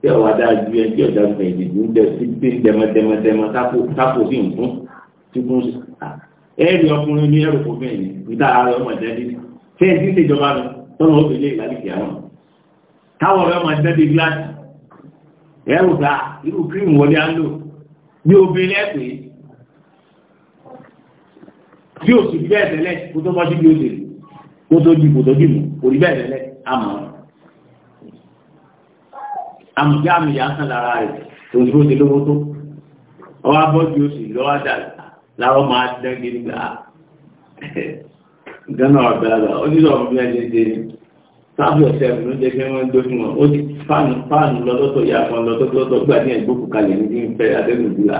tí ọ̀ wá dáa ju ẹjọ́ ọ̀dà fẹ̀yìn ìdìbò ń dẹ sí pé dẹmọdẹmọdẹmọ tápò sí nǹkan tí kún sí. ẹ̀rí ọkùnrin ní ẹ̀rù kò fẹ̀yìn níta ara ọmọ ìdẹ́bí fẹ́ẹ̀ tí ń ṣèjọba lọ tọ́nà ó fi lé ìlànà ìkẹ́ àwọn táwọn ọ̀rẹ́ ọmọ ìdẹ́bí gíláàsì ẹ̀rù gba irú kírìmù wọlé á ní obìnrin ẹ̀pẹ́ bí o sì bí bẹ́ẹ̀ tẹ́lẹ̀ kó tó bọ́jú bí o lè kó tó di kó tó dì mú kò rí bẹ́ẹ̀ tẹ́lẹ̀ àmọ́ àmùjá àmì yà ń sàn lára rẹ̀ tó ń dúró de lówó tó ọwọ́ abọ́jú o sì lọ́wọ́ dà láwọ́ máa dán gidi gbà [LAUGHS] gánà ọ̀gbẹ́lá ó ní sọ̀rọ̀ bí wọ́n ṣe sáàbù ọ̀sẹ̀ ló jẹ́ pé wọ́n gbé fún wọn ó ti fáànù fáànù lọ́dọ́tọ̀ ìyá kan lọ́dọ́tọ̀ gbà ní ẹ̀gbókù kalẹ̀ ní ìfẹ́ adẹ́nudùlà.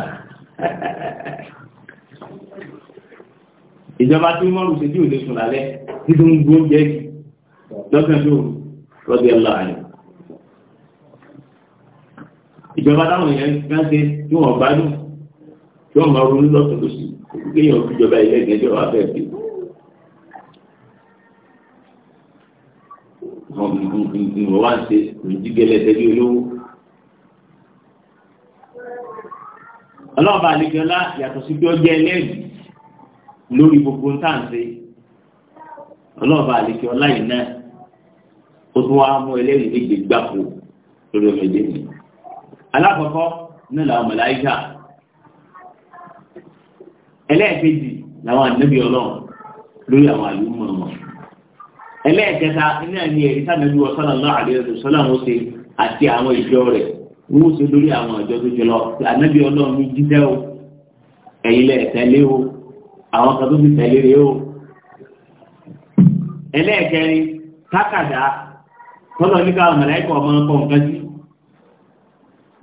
ìjọba tí wọ́n rù sí bí òde sùn lálẹ́ tí tó ń gbó jẹ́ kí lọ́sẹ̀ tó rọ́bì ọlọ́ àyè. ìjọba táwọn èèyàn ń ṣe tí wọ́n gbádùn tí wọ́n máa ronú lọ́sọ̀lọ́sì kéèyàn fi ìjọba ilé ìgbẹ́jọ́ wà bẹ́ẹ̀ mo wá ń ṣe mo jí gẹlẹ́sẹ̀ bí olówó. ọlọ́ọ̀bà àlejòlá yàtọ̀ sí bí ó jẹ́ ẹlẹ́rìí lórí gbogbo táǹsì ọlọ́ọ̀bà àlejòlá yìí náà ó tún wá mú ẹlẹ́rìí méje gbáko lórí ọmọ ẹ̀dẹ́ mi. alákọ̀ọ́kọ́ náà làwọn màláíkà ẹlẹ́ẹ̀kejì làwọn ànábì ọlọ́run lórí àwọn àlùmọ̀ wọn. ẹlẹ́ẹ̀kẹta iná ni ẹ̀rí sànàbí wa sallallahu alaihi wasallam àti àwọn ìjọ rẹ̀ wọ́n ó lórí àwọn ìjọ tó jọ lọ ànábì ọlọ́run jíjẹ́ o ẹ̀yin lẹ̀ tẹ̀lé o àwọn kan tó fi tẹ̀lé rẹ̀ o. ẹlẹ́ẹ̀kẹrin tákàdá tọ́lọ̀ ní káwọn mọ̀láìkọ̀ ọmọ ọkọ̀ nǹkan sí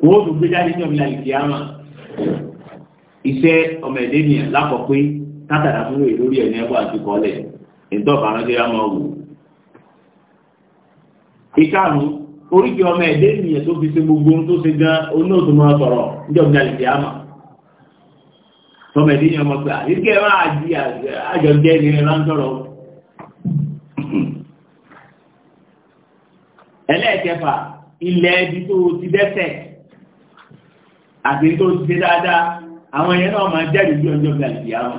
wọ́n tún gbé jáde ní ọ̀gbìn àlìkí àmà iṣẹ́ ọmọ ìkarùn oríkì ọmọ ẹ̀dẹ́ ènìyàn tó fi ṣe gbogbo ohun tó ṣe gan onóòtú máa sọ̀rọ̀ níjọba ìdí àmà tọmọ ẹ̀dẹ́ ènìyàn mọ̀ pé àríkẹ́ máa di àjọjẹ́ ní ẹ̀rọ ń sọ̀rọ̀ ẹlẹ́ẹ̀kẹfà ilẹ̀ ẹbí tó ti dẹ́ṣẹ̀ àti tó ti ṣe dáadáa àwọn ẹ̀yẹn náà máa jẹ́ ìlú ọjọ́ ìgbà ìdí àmà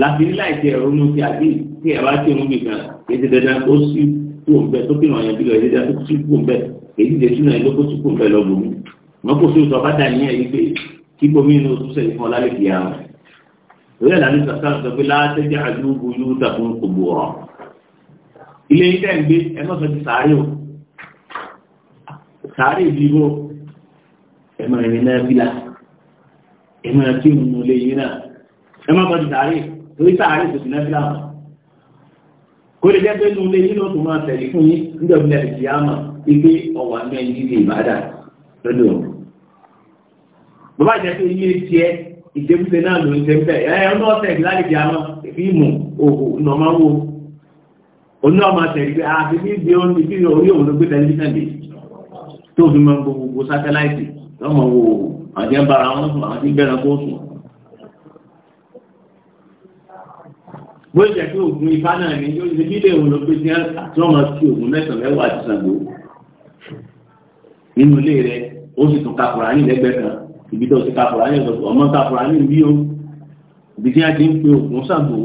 láti níláìsí ẹ̀rọ ní ti àgbéyìí tí ẹ̀ bá tí òun nìkan kì í ti dandan kó sí kú òun bẹ́ẹ̀ tó kìnnà yẹn bí lọ ìdíjà tó sí kú òun bẹ́ẹ̀ èyí ti dẹ̀sùn náà ló kó sí kú òun bẹ́ẹ̀ lọ bòmí wọn kò sí oṣù ọ̀bádà yẹn yìí pé kí bomi inú oṣù sẹ́yìn fún ọlá ìyá ìlànà ìsàkàrọ̀ sọ pé látẹ́jẹ́ àdúgbò yóò dàkún ògbò ọ̀rọ̀ ilé yìí tẹ́ gbé ẹ má sọ ti sàárè o sàárè ìdìbò ẹ máa rìn náà bílà ẹ máa kí òun lè yín náà ẹ má sọ ti sàárè torí sàárè kò sí náà bílà wọn kó lè jẹ́ pé inú ilé yìí ló tún máa tẹ̀lé fún yín níjọ́ bí lẹ́yìn tí a mọ̀ wípé ọ̀wà ní ẹni ilé ìbàdàn lọ́dọ̀ ọ̀hún. bàbá ìjẹ́ pé ilé tiẹ̀ ìjẹ́bùsẹ̀ náà ló ń ṣe ń bẹ̀ ẹ̀ ọ̀nà ọ̀sẹ̀ ìgbàlè tí a mọ̀ fíìmù òhù nọ̀mọ́ wo oní ọmọ tẹ̀lé pé a ah, fi ní ibi orí òun ló gbé tẹlifíṣàn dé tó fi mọ gbogbo sátáláìtì lọ́mọ wo àwọn tí ń bára wọn sùn àwọn tí ń bó jẹ́ pé ògùn ifá náà ní yóò ṣe bílẹ̀ òun ló pé tí wọ́n máa fi ògùn mẹ́sàn-án mẹ́wàá ti Ṣàngó nínú ilé rẹ̀ ó sì tún kakura ní lẹ́gbẹ̀ẹ́ kan ibi tó ti kakura ní ọ̀dọ̀ ọmọ kakura ní ìbí o ibi tí a ti ń pe ògùn Ṣàngó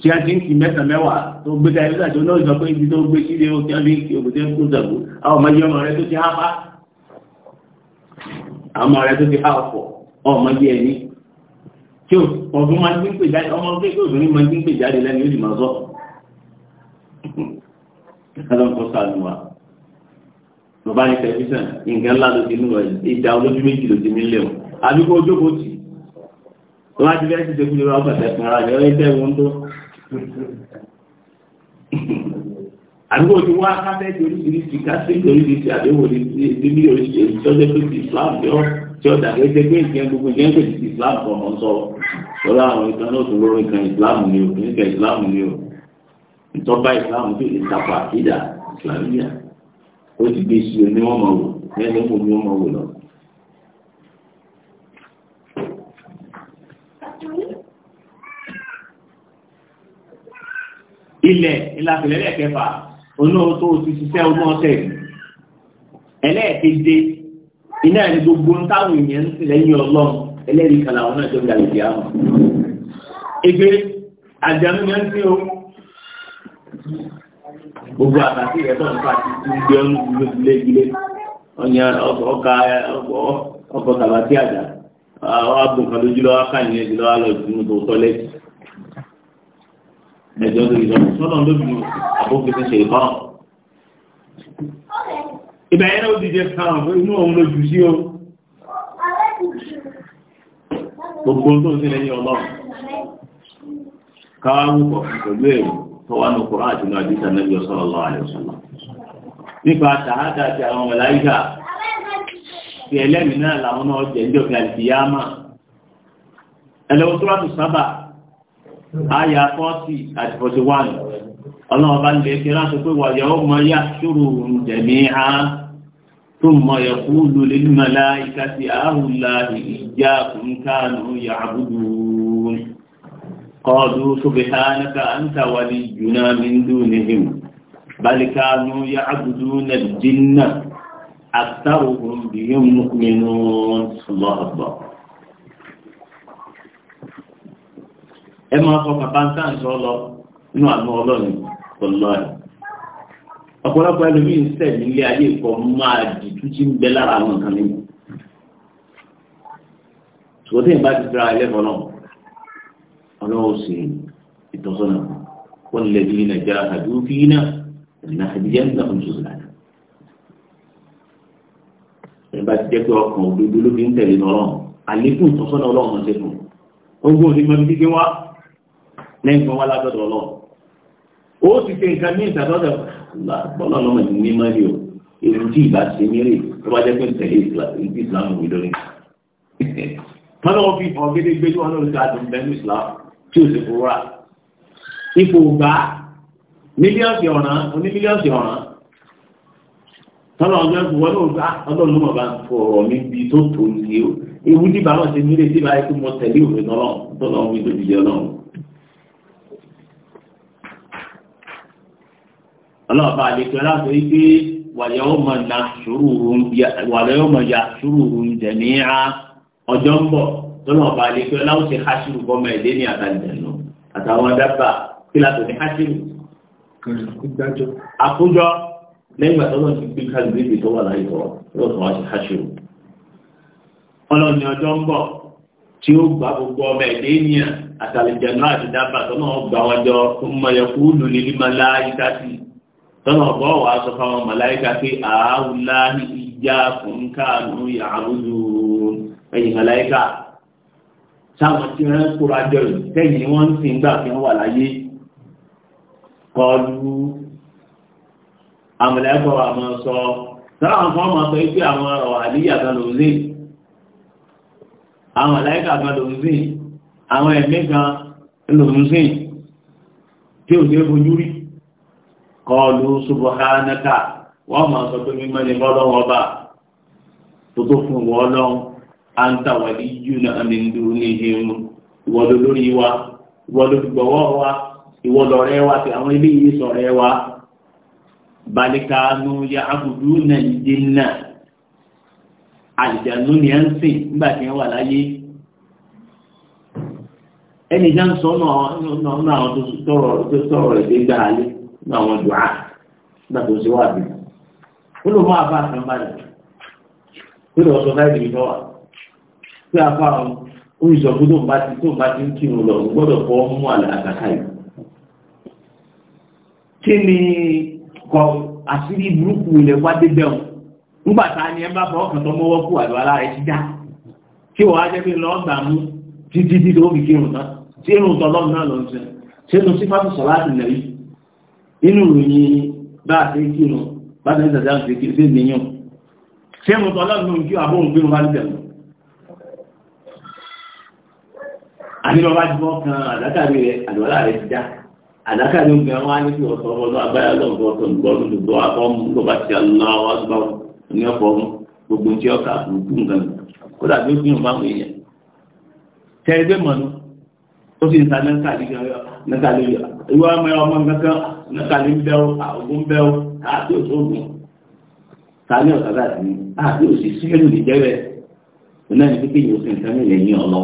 tí a ti ń fi mẹ́sàn-án mẹ́wàá tó gbé ta ẹgbẹ́ àti onáwó ìjọba ibi tó gbé sílé o tí a fi ń fi ògùn tí a ń kó Ṣàngó àwọn ọmọ yẹn ọmọ rẹ tó ti há pa àwọn ọmọ rẹ tó ti há ọ̀pọ̀ tí ọdún máa ń gbé pè jáde ọmọ ọdún tí òṣèré máa ń gbé pè jáde lẹ́nu yóò sì máa sọ. ọlọ́nkọ́ sàánú wa bàbá ní tẹlifíṣàn nǹkan ńlá ló ti mú lọ ìjà olójú méjì ló ti mí lẹ́wọ̀ àbí kó jókòó tì tó bá ti fẹ́ẹ́ ti ṣe kúlẹ̀ ọgbà tẹ̀sán ara rẹ̀ ẹ̀ tẹ́ wọn tó. àbí kó ti wá káfẹ́ẹ̀tì oríṣiríṣi káfẹ́ẹ̀tì oríṣiríṣi àbẹ́wò ní ní oríṣiríṣi ìjọ́jọ́ pé ti Islam yọ tí ọ̀dà gẹ́gẹ́ pé ìpín gbogbo ìjẹ́ ń pè ní islam kan mọ́ sọ lọ́la àwọn ìtàn náà tó lórí nǹkan islam ni o nǹkan islam ni o ìtọ́ba islam tó lè tapọ̀ àkídà islamiyà ó ti gbé sí oní wọn máa wò lẹ́nu kò ní wọn máa wò lọ. ilẹ̀ ìlàkùnrin ẹlẹ́ẹ̀kẹfà onú tó ti ṣiṣẹ́ ogún ọ̀sẹ̀ ẹlẹ́ẹ̀keje iná ẹni gbogbo táwọn èèyàn ń sìn lẹ́yìn ọlọ́run ẹlẹ́rìí kan làwọn náà tó ń dàlẹ́ ìyá wọn. ebe àjàmú yẹn ń sìn o gbogbo àtàkì rẹ̀ tó ń fa ti ń gbé ọ́n gbilégbilé ọ̀nyà ọkà ọkọ̀ tàbátì àjà ọ̀gbọ̀n kan lójú lọ́wọ́ káyìn ẹ̀jẹ̀ lọ́wọ́ lọ sí inú tọ́lẹ́tì ẹ̀jẹ̀ ọ̀dọ̀ ìjọba sọ́nà lóbi àbókè ti ṣe ìbáwọ̀. ìgbà yẹn ó dìde kan inú òun lójú sí o gbogbo tó ń sílẹ̀ ní ọlọ́run káwọn pẹ̀lú èrò tó wà ní kúrò àti ní nípa àti àwọn ti ẹlẹ́mìí náà làwọn náà jẹ́ ẹlẹ́wọ̀n tó sábà àyà 40 àti 41 ọlọ́run bá ń kí pé yá jẹ̀mí ha ثم يقول للملائكة أهؤلاء إياكم كانوا يعبدون قالوا سبحانك أنت ولينا من دونهم بل كانوا يعبدون الجن أكثرهم بهم مؤمنون الله أكبر ẹ máa fọkàn bá ń sáà ń sọ lọ ọ̀pọ̀lọpọ̀ ẹlòmíì ń sẹ̀ nílé ayé ìkọ̀ máa dìtú tí ń bẹ lára àwọn nǹkan nínú ṣùgbọ́n tí ìbá ti fira ẹlẹ́bọ̀ náà ọlọ́wọ́ sí ìtọ́sọ́nà wọ́n lè di nàìjíríà tàbí ó fi iná ìrìnà àdìjẹ́ ń dàkún tó sọ̀rọ̀ ìbá ti jẹ́ pé ọkàn òdodo ló fi ń tẹ̀lé lọ́rọ̀ àlékún ìtọ́sọ́nà ọlọ́run bọ́lá ọlọ́mọ ti ní mọ́lì o èrò tí ìbá ṣe ní rè tó bá jẹ́ pé tẹ̀lé islam mi lórí. tọ́lá wọn fi hàn gédé gbé wọn lórí káàdì ń bẹ́ẹ̀ islam tí ò sì fura. ipò gbà mílíọ̀nù ọ̀ràn oní mílíọ̀nù ọ̀ràn tọ́lá ọjọ́ ìgbò wọn lórí ọdún ló mọ̀ bá ń fọ̀rọ̀ mi bí tó tó ní o ewu dìbà wọn ṣe ní rè dìbà yẹ kó mo tẹ̀lé òfin ọlọ́run ọlọ́ọ̀bá àlejò aláṣọ yìí pé wàlẹ́ ọmọ ya ṣùrùrù ń jẹ ní á ọjọ́ ń bọ̀ tọ́lọ́ọ̀bá àlejò aláṣọ hasiru bọ́mọ ẹ̀dẹ́ ní àtàlẹ́nu àtàwọn dábà kí látò ní hasiru. àkójọ lẹ́yìn àtọ́lọ́ ti gbé kálíbí ibi tó wà láyé tọ́ lọ́sọ̀ wá sí hasiru. ọlọ́ni ọjọ́ ń bọ̀ tí ó gba gbogbo ọmọ ẹ̀dẹ́ ènìyàn àtàlẹ́jẹ̀ náà àti dábà tọ́lọ́ tọ́nà ọ̀gbọ́ wà á sọ fáwọn màláìka pé àáwùlá ìjà fún káànù yàrúdù ẹ̀yìn màláìka sáwọn tí wọ́n kóra jọ yìí tẹ́yìn ni wọ́n ń sìn gbà fi wà láyé kọlu àmàláìka wà máa sọ tọ́nà àwọn fọ́ọ̀mù àtọ́ pé àwọn ọ̀rọ̀ àdíyà kan ló ń sìn àwọn màláìka kan ló ń sìn àwọn ẹ̀mí kan ló ń sìn tí ò ní fojú rí. kọlu subhanaka wọ́n máa sọ pé mímọ́ ni bọ́lọ́wọ́ bá tó fún wọn lọ́wọ́ anta wàlí yúna àmìndú ní ìhìn ìwọ́dọ̀ lórí wa ìwọ́dọ̀ gbọ̀wọ́ wa ìwọ́dọ̀ rẹ wa ti àwọn ilé yìí sọ rẹ wa balikanu ya abudu na ìdínà àlìjànú ni ẹ ń nígbà tí wà láyé sọ náà tó ní àwọn dùá nígbà tó ṣe wà bí ó ló máa bá àfẹ́ báyìí pé lọ sọ láì lè lọ́wọ́ pé afá ó ń sọ pé tó ń bá ti tó ń bá ti ń kírun lọ gbọ́dọ̀ fọ́ mú àlàkàkà yìí. kí ni kọ àṣírí burúkú ilẹ̀ wá dé bẹ́ẹ̀ nígbà tá a ní ẹ bá fọ ọkàn tó mọ́wọ́ kú àlọ́ alára ti dá kí wọ́n á jẹ́ pé lọ́ọ̀gbà mú títí títí ó fi kírun tán tí irun tọ́lọ́ọ̀ náà lọ sí ẹnu sífàtù sọ̀láàtì nàìjíríà inú ìròyìn bá a ṣe kí nù bá a ṣe ṣàṣà ṣe kí ṣe nìyàn ṣé mo sọ ọlọ́run ló ń kí àbóhùn gbé mo bá ń tẹ̀ mọ́ àníbọ̀ bá ti bọ́ kan àdákàrí rẹ̀ àdọ́là rẹ̀ ti dá àdákàrí ń bẹ̀rẹ̀ wá níbi ọ̀sọ̀ ọlọ́ agbára lọ́gbọ̀ ọ̀sọ̀ ìgbọ́rún lùgbọ́ àkọ́mú ló bá ti aláwọ̀ àgbà ní ọ̀pọ̀ ọmú gbogbo tí ọkà burúkú nǹkan kó dàbí ó fihàn báwọn èèyàn. tẹ ẹgbẹ́ mọ̀nú ó fi ń ta mẹ́ta lórí ọmọ nǹkan kan mẹ́kàlí ń bẹ́ ogun bẹ́ àti òṣogun tàbí ọ̀sàdá sí àti òsì sílẹ̀lù lè jẹ́ rẹ̀ ọ̀nà ní pípé ìwòsàn nǹkan ní ilẹ̀ yín ọlọ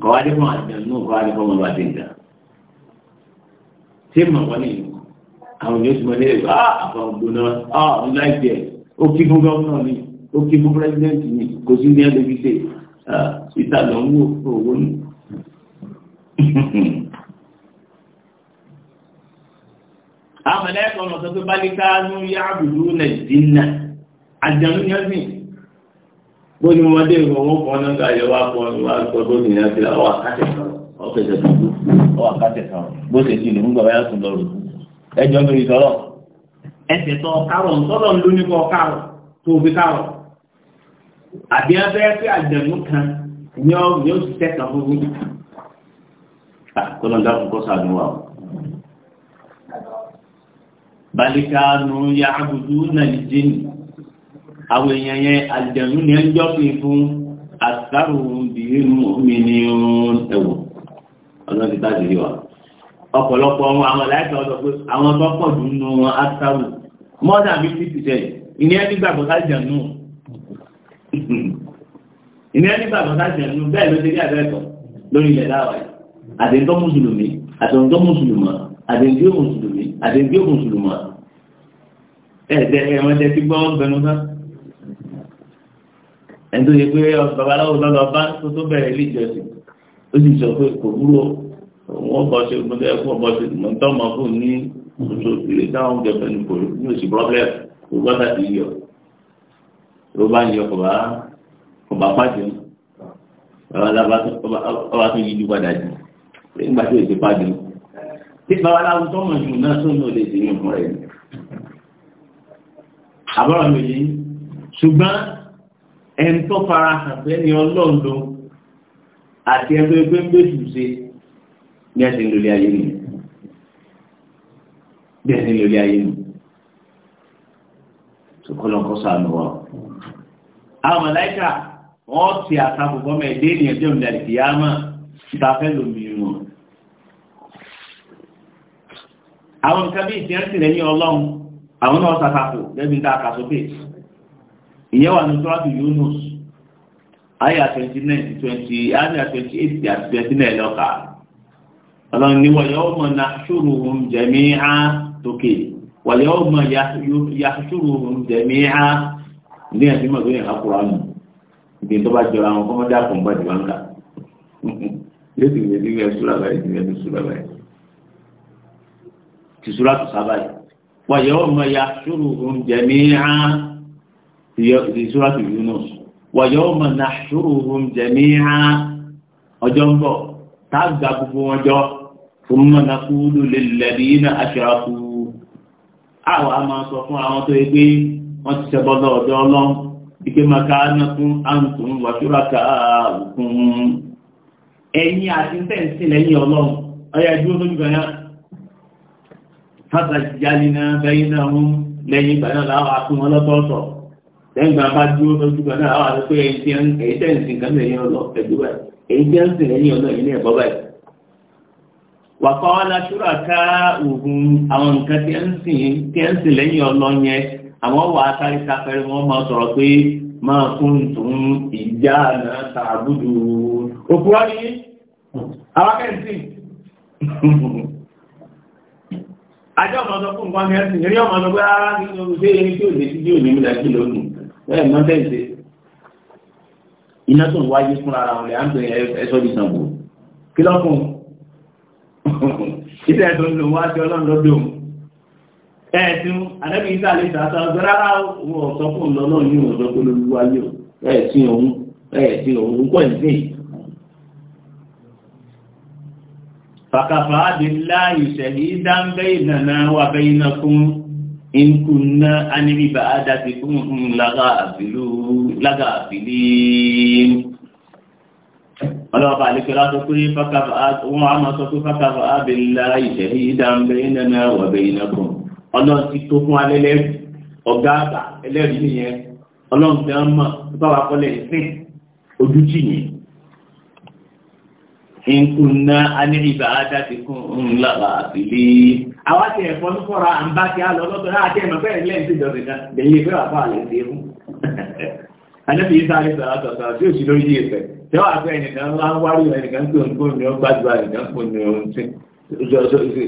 kọ́wádé fún àjẹm náà kọ́wádé fún ọmọlúwa ti ń jà tí mọ̀ wọ́n ní ah, àwọn yóò túnmọ̀ nílẹ̀ bá àfọ̀n gbóná ọ̀hún ah, láìpẹ́ ó kí fún gọ́ọ̀nà mi ó kí fún pírẹ́sidẹ́ǹtì mi kò sí ní ẹgbẹ́ [LAUGHS] àmàlẹ́ ẹ̀kọ́ ọmọ sọ pé bá ló ń yá àbùdó nàìjíríà àjẹmú ni ó sìn bó ni wọn dé ìwọ wọn kọ náà gàdé wá kọ wá kọ tó ní ẹsẹ ọwọ àkàtẹ kan tó kú kan bó ṣe ti lè lọ rò ẹjọ́ lórí ẹsẹ̀ tó kárọ̀ ló ní kárọ̀ tó fi kárọ̀ àbí abẹ́rẹ́ balikanu yahabudu nàìjíríì àwọn èèyàn yẹn àjẹ̀nú ni ẹ ń jọ́sìn fún àtàrùn bìí mi ní ẹ̀wọ̀ ọlọ́run ti tàbí wa ọ̀pọ̀lọpọ̀ àwọn àwọn aláìsàn ọ̀dọ̀ pé àwọn tó pọ̀ jù nínú wọn àtàrùn more than fifty percent ìní ẹni gbàgbọ́ sájẹ̀nú ìní ẹni gbàgbọ́ sájẹ̀nú bẹ́ẹ̀ ló ti rí àbẹ́ẹ̀kọ́ lórí ilẹ̀ dáwà àti ìtọ́ mùsùlùmí àti ìtọ́ mùsùlùmọ́ àdèbí ò mùsùlùmí àdèbí ò mùsùlùmọ̀ ẹ̀ẹ́dẹ́ ẹ̀mọ́dé tí gbọ́ bẹnu náà ẹni tó yẹ pé babaláwo lọ́lọ́ bá tó tó bẹ̀rẹ̀ ilé ìjọsìn ó sì sọ pé kò wúlò wọ́n bọ́ ṣe gbọ́dọ̀ ẹ̀kọ́ bọ́ ṣe mọ̀ tó mọ̀ fún ní oṣù ìrè táwọn oúnjẹ pẹ̀lú kò ní oṣù problem kò gbọ́dọ̀ ti yọ ló bá yọ kò bá kò bá pàṣẹ babaláwo ọba tó yíjú padà jù nígbà tó yẹ ti pàṣẹ nípa wa láwùjọ mọ̀ jù náà tó ní olè dè ní ọmọ rẹ̀ àbọ̀rọ̀ mi yìí ṣùgbọ́n ẹni tó fara hàn pé ní ọlọ́run ló àti ẹgbẹ́ pé ń gbèsù ṣe bí ẹ ti ń lórí ayé nìyẹn bí ẹ ti ń lórí ayé nìyẹn tó kọ́ lọ́kọ́ sànù wa. àwọn mọ̀láìkà wọ́n ti àtàkùn fọ́mọ ẹ̀dẹ́ àwọn nǹkan bí ìsìn ẹ̀sìn lẹ́yìn ọlọ́run àwọn náà sàkàkò lẹ́bi ń dáka sókè ìyẹn wà ní Yunus àyà 29, nine to àti twenty nine ọlọ́run ni wọ̀nyẹ́ ọmọ na ṣòro ohun jẹ̀mí á tókè ọmọ ya ṣòro ohun jẹ̀mí á ní ẹ̀sìn mọ̀ tó yẹ kakura ìdí tó bá jọra wọn kọ́mọdé wọn kà yóò sì ti súra tó sábà yìí wàyẹ̀ ọmọ ya ṣòro oúnjẹ mìíràn ti súra tó Yunus wàyẹ̀ ọmọ na ṣòro oúnjẹ mìíràn ọjọ́ ń bọ̀ tá a gba gbogbo wọn jọ fún mọ́ na kúlù lẹ́lẹ́bí iná aṣọ́rakú àwọn a máa sọ fún àwọn tó yẹ pé wọ́n ti ṣẹbọ́ lọ́ọ̀dọ́ ọlọ́run ike maka anakun antun wàṣúraka òkun ẹ̀yìn àti tẹ̀sí lẹ́yìn ọlọ́run ọ̀yà ìdúró lójú kan náà fásitì jálínà bẹ́yìn náà ń lẹ́yìn ìgbà náà láwọn àti wọn lọ́tọ̀ọ̀tọ̀ lẹ́yìn ìgbà bá dúró lójú kan náà àwọn àti pé èyí tẹ̀ ń sìn kan lẹ́yìn ọlọ ẹ̀dú ẹ̀ èyí tẹ̀ ń sìn lẹ́yìn ọlọ ilé ẹ̀kọ́ báyìí. wàkọ́ aláṣúra ká òògùn àwọn nǹkan tí ń sìn tí ń sìn lẹ́yìn ọlọ yẹn àwọn wà á sáré sáfẹ́rẹ́ wọn máa sọ̀rọ̀ pé máa fún tún ìjà náà tààbùdù òkú wá ajọ́ ọmọ ọdún fún nǹkan ní ẹ̀sìn eré ọmọ ọdún rárá ní olùgbé ẹni tí ò lè ti dí òní mi láti lókun bẹ́ẹ̀ mọ́ bẹ́ẹ̀ ṣe iná tó ń wáyé fún ara wọn lè á ń pè ẹ̀ṣọ́ di Ṣàngó kí lọ́kùn ìṣẹ́ tó ń lò wá sí ọlọ́run lọ́dọ̀ òun ẹ̀ẹ̀sìn àdẹ́bí ìṣà lè ṣàṣọ ọgbẹ́ rárá òun ọ̀sọ́ fún ọlọ́run yìí òun ọ̀sọ́ pé lórí wáyé ẹ̀ẹ̀sìn òun ẹ̀ẹ̀sìn òun kọ́ ìṣẹ́ yìí fàkàfà billahi shahidan baynana wa baynakum in kunna anìrí bá dàbí fún lága àbílí ọlọ́ọ̀bà àlekẹ́lá sọ pé wọ́n á máa sọ pé fàkàfà billahi shahidan baynana wa baynakum ọlọ́run ti tó fún alẹ́lẹ́rìí ọ̀gá ìkùnà anìrìbà adátikún ńlára àfìlé àwáṣẹ ẹ̀fọ́ ní fọ́ra àmbá tí a lọ lọ́tọ̀ náà àti ẹ̀mọ̀ bẹ́ẹ̀ lẹ́yìn tí ìjọba ìdá lẹ́yìn ìfẹ́ àfọ́ àlẹ́ sí ẹ̀mú anábì yìí sáré sọ̀rọ̀ sọ̀rọ̀ tí òṣì lórí ẹ̀fẹ́ tí wọ́n àfẹ́ ẹnìkan ńlá ń wárí ẹnìkan tó ń gbóni ó gbájúwa ẹnìkan fún ní ohun tí ìjọ sọ ìṣe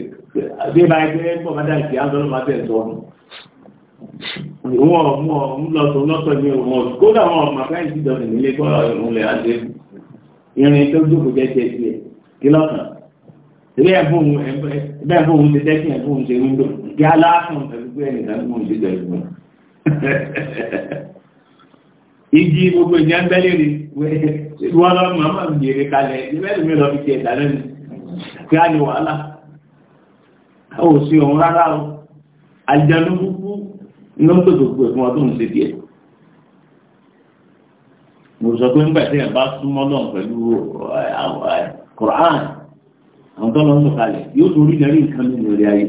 bí bá ẹgbẹ́ pọ̀ bá dàgbé àdọ́rọ̀ ọmọ irin tó jókòó jẹ́jẹ́ sí ẹ̀ kí lọ́kàn ilé ẹ̀fún ẹ̀fún ti tẹ́sí ẹ̀fún ṣe wíńdò kí aláàfún ẹ̀fún ẹ̀nìkan fún ṣe jẹ̀gbọ́n igi gbogbo ìyẹn bẹ́lẹ̀ ni wọ́n lọ mọ̀ mọ̀ jèrè kalẹ̀ ìbẹ́lẹ̀ mi lọ fi ti ẹ̀dá lẹ́nu kí á ní wàhálà ó sì òun rárá o àjẹnú gbogbo ní ó tó gbogbo ẹ̀fún ọdún ṣe díẹ̀ mo sọ pé nígbà tí ẹ̀ bá súnmọ́ lọ́n pẹ̀lú Quran àwọn tó lọ sọ kalẹ̀ yóò tó rí lẹ́rìí nǹkan nínú orí ayé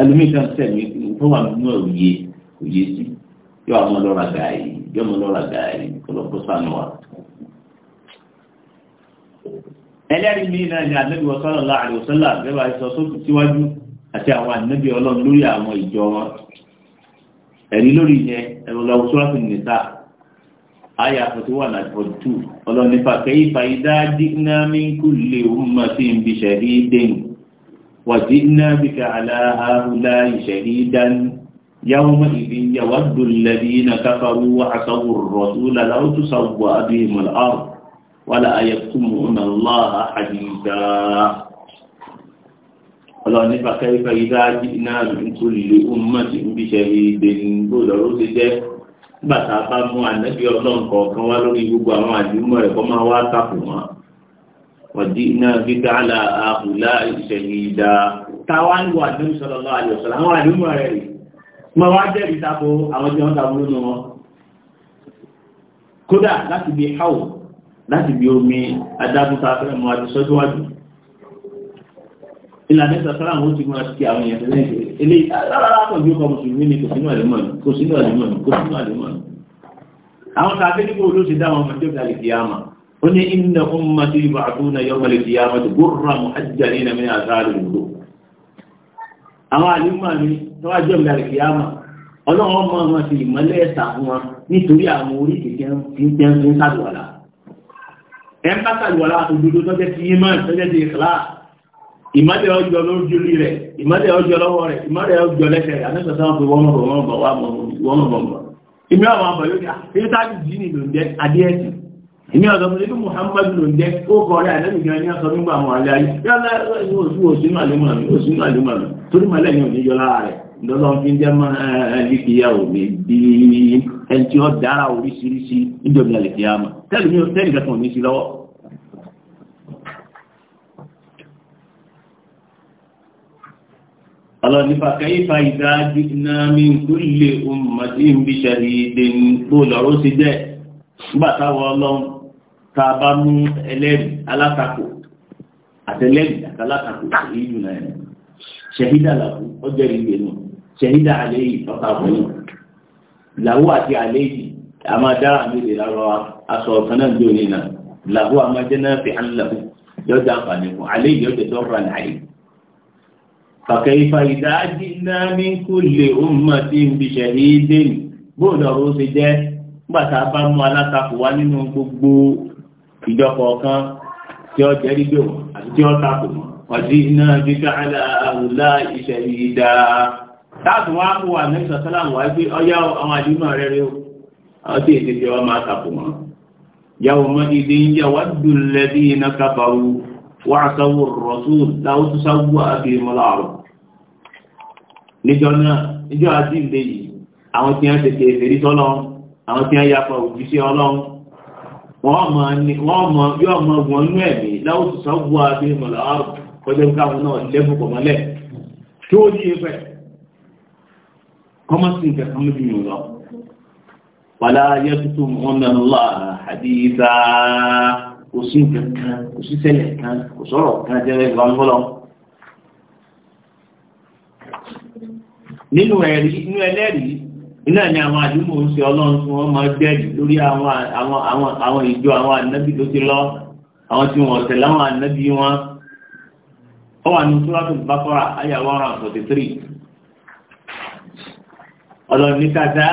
ẹlòmíì kan sẹ́mi tó wà nínú òye òye sí yóò àwọn ọlọ́ra gàáyì yóò àwọn ọlọ́ra gàáyì kọlọ́kọ́ sànù wa. ẹlẹ́rìí mi náà ni ànábì sallallahu alaihi wasallam àgbẹ̀bà ìsọ sókè síwájú àti àwọn ànábì ọlọ́run lórí àwọn ìjọ wọn ẹ̀rí lórí yẹn ẹ̀rọ aya wà forty one àti forty two ọlọ́ni fàkẹ́yì fàyídá dìgnà mí kulli ummatin bi shahidin wa dìgnà bika ala haula shahidan يومئذ ó الذين كفروا وعصوا الرسول لو تسوى بهم الأرض ولا يكتمون الله حديثا ọlọ́ni fàkẹ́yì fàyídá dìgnà mí kulli ummatin bi shahidin gbọ́dọ̀ ló ti jẹ́ gbàtà bá mú ànábì ọlọ́run kọ̀ọ̀kan wá lórí gbogbo àwọn àdúgbò rẹ̀ kọ́ máa wá kàpò wọn. ọ̀dí iná gbígbà àlà àbùlá ìṣẹ̀yìn ìdá táwa ń lo àdúgbò sọ̀rọ̀ lọ àyọ̀sọ̀rọ̀ àwọn àdúgbò rẹ̀ rè máa wá jẹ́rì tako àwọn tí wọ́n ta burú nù wọn. kódà láti bí háwù láti bí omi adágúnta fẹ́ mọ àdìsọ́júwájú ìlànà ìsàsára àwọn ti máa ti àwọn èèyàn tẹ́lẹ̀ ìṣẹ̀lẹ̀ eléyìí rárá kan bí ó kọ mùsùlùmí ni kò sínú àlùmọ́ ni kò sínú àlùmọ́ ni kò sínú àlùmọ́ ni. àwọn kàfé nígbà wo ló ti dá àwọn ọmọdé ọ̀gá lè fi àmà ó ní inna ummati yub'athuna yawma al-qiyamati ghurran muhajjalina min athari al-wudu. àwọn àlùmọ́ mi tọ́wájú ọ̀gá lè fi àwọn oríkèké ń sáàlùwàlà ẹ̀ ń bá sáàlùwàlà òdodo tọ́jẹ́ ti yímọ̀ Ima ọjọ́ lójú rí rẹ̀ ìmọ́lẹ̀ ọjọ́ lọ́wọ́ rẹ̀ ìmọ́lẹ̀ ọjọ́ lẹ́sẹ̀ rẹ̀ anẹ́sọ̀sọ́ wọn fi wọ́n bọ̀ wọ́n bọ̀ wọ́n bọ̀ bọ̀ ìmí àwọn àbọ̀ ah, ìmí ọ̀dọ́ ọlọ́ni fàkẹ́yìfà ìdájú iná mi kú lè ọmọdé ń bí ṣàrí ìdè tó lọ́rọ́ sí jẹ́ nígbà táwọn ọlọ́run tá a bá mú ẹlẹ́rìí alátakò àtẹlẹ́rìí àtàlátakò èyí náà ṣẹ̀hídà làwù ọjọ́ ìgbè ṣẹ̀hídà àlẹ́ yìí ọ̀tà àti àlẹ́ فكيف إذا جئنا من كل أمة بشهيد bóòlù ọ̀rọ̀ ó ṣe jẹ́ nígbàtà bá mú alátakò wá nínú gbogbo ìjọpọ̀ kan tí ó jẹ́ rígbò àti tí ó takò ọ̀dí iná jíká aláàrùlá ìṣẹ̀lẹ̀ ìdá táàtù wá kó wà ní ìṣọ̀sọ́láàmù wá pé wọ́n máa sáwọ́ rọ̀sùn láwọ́ tó níjọ náà níjọ àdínde yìí àwọn tí wọ́n tètè fèrí sọ́lọ́ àwọn tí wọ́n yapa òjíṣẹ́ ọlọ́run wọ́n mọ̀ yóò mọ̀ wọn nú ẹ̀mí láwùsùsọ́ bu abé mọ̀lá ọ̀rọ̀ kọjá káwọn náà lẹ́bù pọ̀mọ́lẹ̀ tó ní ẹgbẹ́ kọ́mọ́sì nǹkan kan lójú yìí lọ wàlá yẹ́tùtù mọ́nàlá àdìsá kò sí nǹkan kan kò sí ṣẹlẹ̀ kan kò sọ̀rọ̀ kan jẹ́rẹ́ ìgbàmọ́lọ́ nínú ẹ̀rí inú ẹlẹ́rìí iná ni àwọn àdúgbò ń ṣe ọlọ́run tí wọ́n máa jẹ́rì lórí àwọn ìjọ àwọn ànábì tó ti lọ àwọn tí wọ́n tẹ̀lé àwọn ànábì wọn ó wà ní túrọ́tù bákọ́rà ayàwó ọ̀rọ̀ ọlọ́run ní kadhalika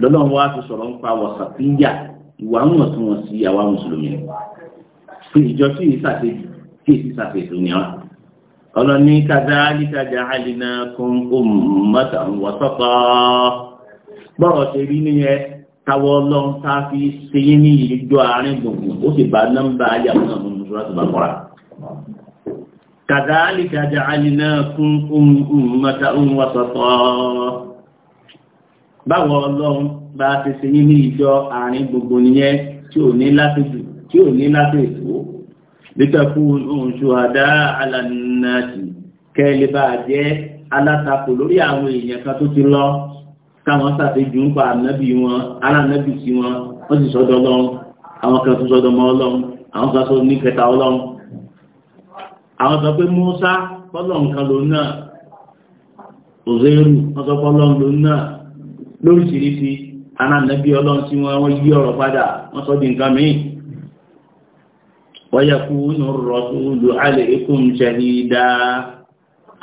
lọ́lọ́run wá fi sọ̀rọ̀ ń pa wọ̀sàpíyà ìwà wọ̀ntúnwọ̀nsí àwa mùsùlùmí fi ìjọ tí èyí sàṣejù tí èyí sàṣejù ni wọn. ọlọ́ni kadhalika ja'alnakum ummatan wasata bọ́rọ̀ ṣe rí nìyẹn táwọ ọlọ́run tá fi ṣe yín ní ìjọ àárín gbùngbùn ó sì bá nọ́mbà ayàwó náà nínú Suratul Baqara. kadhalika ja'alnakum ummatan wasata báwọn ọlọ́run bá ti ṣe yí ní ìjọ àárín gbogbo nìyẹn tí ò ní láti jù tí ò ní láti ètò lítẹ̀kù oṣù àdá alànàtì kẹ́lẹ̀ bá jẹ́ alátakò lórí àwọn èèyàn kan tó ti lọ káwọn sàfihàn ń pa ànábì wọn alànábì sí wọn wọ́n sì sọ́dọ̀ ọlọ́run àwọn kan tó sọ́dọ̀ ọmọ ọlọ́run àwọn kan tó ní kẹta ọlọ́run àwọn sọ pé Mùsá pọ́lọ̀ nǹkan lòun náà òzèrú wọ́n sọ pọ́lọ̀ lòun náà lóríṣiríṣi anánàbí ọlọ́run tí wọ́n yí ọ̀rọ̀ padà wọ́n sọ di nǹkan míì wayakunu rọ̀túlù alaykum shahida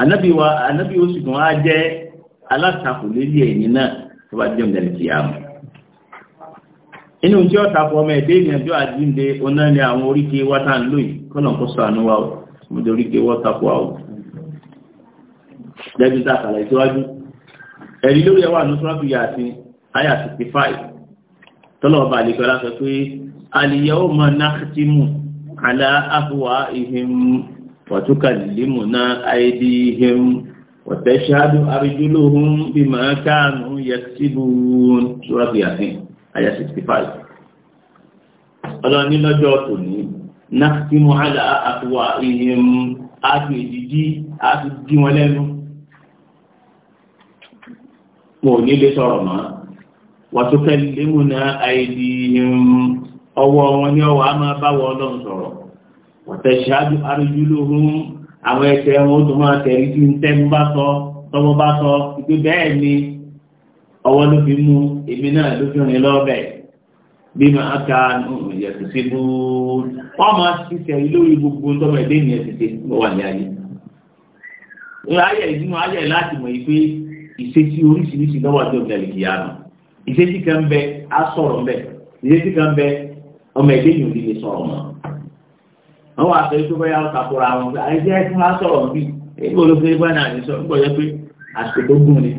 anábí wa anábí ó sì tún á jẹ́ alátakò lórí ẹ̀yìn náà tó bá jẹ́ ìdẹ̀lẹ̀ kìí àmọ́ inú tí ó tapọ̀ ọmọ ẹ̀dẹ́ ìrìnàjò àdínde oná ni àwọn oríkè wátà ń lóyìn kọ́nà kó wa ó mo àwọn a ẹ̀rí lórí ẹwà ní sọ́rọ́ fìyà àti àyà 65 tọ́lọ̀ ọba àlekọ́ la sọ pé al-yawma nakhtimu ala afwahihim wa tukallimuna aydihim wa tashhadu arjuluhum bima kanu yaksibun sọ́rọ́ fìyà àti àyà 65 ọlọ́ni lọ́jọ́ tòní nakhtimu ala afwahihim a fi èdìdí a dí wọn lẹ́nu wọn ò ní lè sọ̀rọ̀ mọ́ wàtúkẹ́ lẹ́mùnà àìdí ọwọ́ wọn ní ọwọ́ a máa bá wọn ọlọ́run sọ̀rọ̀ wàtẹ̀ṣáájú arúgbúlógún àwọn ẹsẹ̀ wọn ó máa tẹ̀rí tí ń tẹ́ bá sọ tọwọ́ bá sọ ìpé bẹ́ẹ̀ ni ọwọ́ ló fi mú èmi náà ló fi rìn lọ́bẹ̀ bí ka sí wọ́n máa lórí wà ní ayé. láti mọ̀ ìṣesí oríṣiríṣi lọ́wọ́ àti ọ̀gbìn àlìkìyà nù ìṣesí kan bẹ á mbẹ kan bẹ ọmọ ẹgbẹ́ yìí ò lè sọ̀rọ̀ mọ́ wọn pé àìsí ẹsẹ bá náà ní sọ nígbà pé àsìkò gùn ni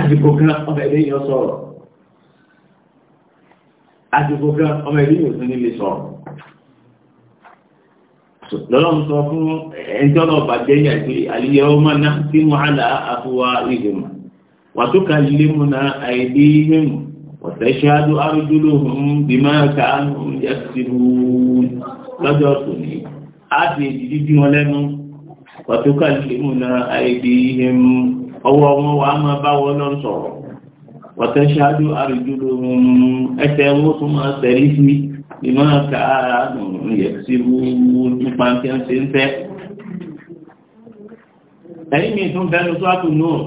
àsìkò kan ọmọ ẹgbẹ́ yìí sọ̀rọ̀ àsìkò kan lọ́lọ́run sọ fún ẹjọ́ náà bàjẹ́ yà pé àlìyẹ ọmọ náà tí mo hà lá àfọwà ìhìn wàtúkà lílé mu náà àìdí ìhìn ọ̀tẹ̀ṣáájú arúgbó ọ̀hún bí máa ká ẹ̀ ti rú lọ́jọ́ tòní á ti ìdíjú bí wọn lẹ́nu wàtúkà lílé mu náà àìdí ìhìn ọwọ́ wọn wà á máa bá wọn lọ sọ̀rọ̀ ọ̀tẹ̀ṣáájú arúgbó ọ̀hún ẹsẹ̀ wọn tún máa tẹ̀lé sí i. ìmọ̀ káàánù yẹ̀síwú nípa tí a ṣe ń fẹ́. ẹ̀yìn mi tún bẹ́nu tó àtún náà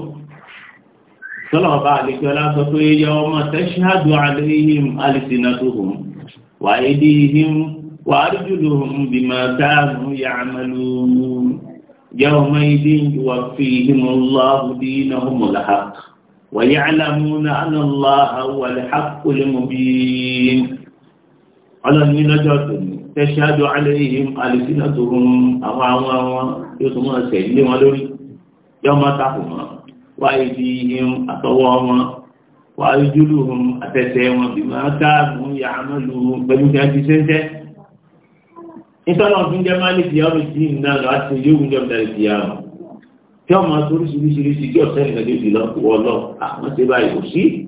sọ́lọ̀ ọba àdékọ́lá sọ pé yọ ọmọ tẹ́ṣíhádù àléhìm alìsínàtòhùn wà édí ihìm wà áríjùlòhùn bí máa dáàmú yà àmàlù yọ ọmọ ìdí ìwà fi ihìm ọlọ́hùn dí iná ọmọlàhà wà yà àlàmúnà ánà ọlọ́hà wà lè hàkùlẹ̀ mọ̀bí ọlọ́ni lọ́jọ́ tòní tẹ́ṣáájú aléhìn alìsínà tó hun àwọn àwọn àwọn yóò tó máa tẹ̀ ilé wọn lórí yóò máa tapò wọn wá ibi ihun àtọwọ́ wọn wá ojúlù hun àtẹ̀tẹ̀ wọn bí máa káàmù yàrá lu pẹ̀lú kí a ti ṣẹ́ńtẹ́. nítorí wọn fi ń jẹ́ máàlì ìyá sí ìlú náà lọ́wọ́ àti ìlú ìwúndé ọ̀dà ìyá wọn. kí wọ́n máa kí ọ̀sẹ̀ nìkan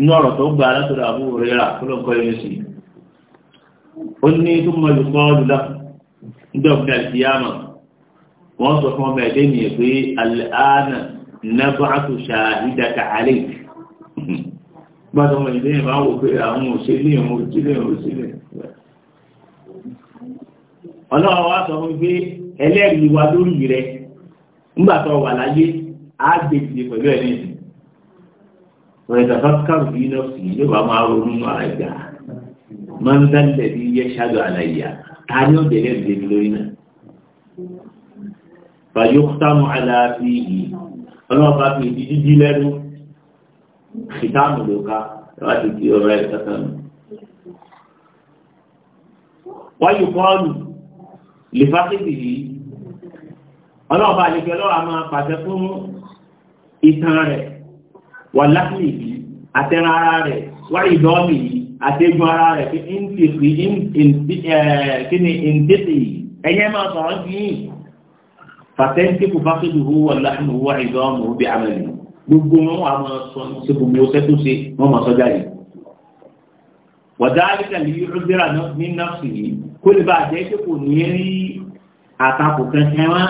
inú ọ̀rọ̀ tó gba látọ̀dọ̀ Abu Hurairah tó ló ń kọ́ yẹn sí ó ní tó mọ ìlú kọ́ ọdún dákùn nígbà òkúta ìyáàmà wọ́n sọ fún ọmọ ẹ̀dẹ́ nìyẹn pé al-ana nab'athu shahidaka alayk gbọ́dọ̀ ọmọ ìdí yẹn máa àwọn òṣèlú yẹn mo jílẹ̀ òṣèlú wa sọ fún pé ẹlẹ́rìí wa lórí rẹ nígbà tó wà láyé á gbèsè pẹ̀lú ẹ̀ wọ́n yẹ tafakkaru bí náà sì ní wàá máa ronú àjà máa ń dálẹ̀ bí yẹ ṣáájú àlàyé ta ni ó bẹ̀rẹ̀ ìdèmí lórí náà. fàyọ́kútàmù aláàfin yìí ọlọ́wọ́ bá fi ìdí dídí lẹ́nu ìtààmù ló ká láti di ọ̀rọ̀ ẹ̀ kankan. wáyé pọ́ọ̀lù lè fásitì yìí ọlọ́wọ́ bá lè fẹ́ lọ́wọ́ a máa pàṣẹ fún ìtàn rẹ̀ wà láàmì yìí àtẹran ara rẹ̀ wà ìdọ́mì yìí àtẹ̀gùn ara rẹ̀ fi ń tètè kí ni ń tètè ẹ̀yẹ́ máa sọ̀rọ̀ sí i fàtẹ́ńtì kò bá kéde owó wà láàmì wà ìdọ́mì ó bí amẹ́lì gbogbo wọn wà máa sọ ṣe gbogbo ọṣẹ tó ṣe wọn máa sọ jáde wàdáàlìkà lè yí ní nọ́ọ̀sì yìí kó lè bá jẹ́ pé kò ní rí àtakò kankan wá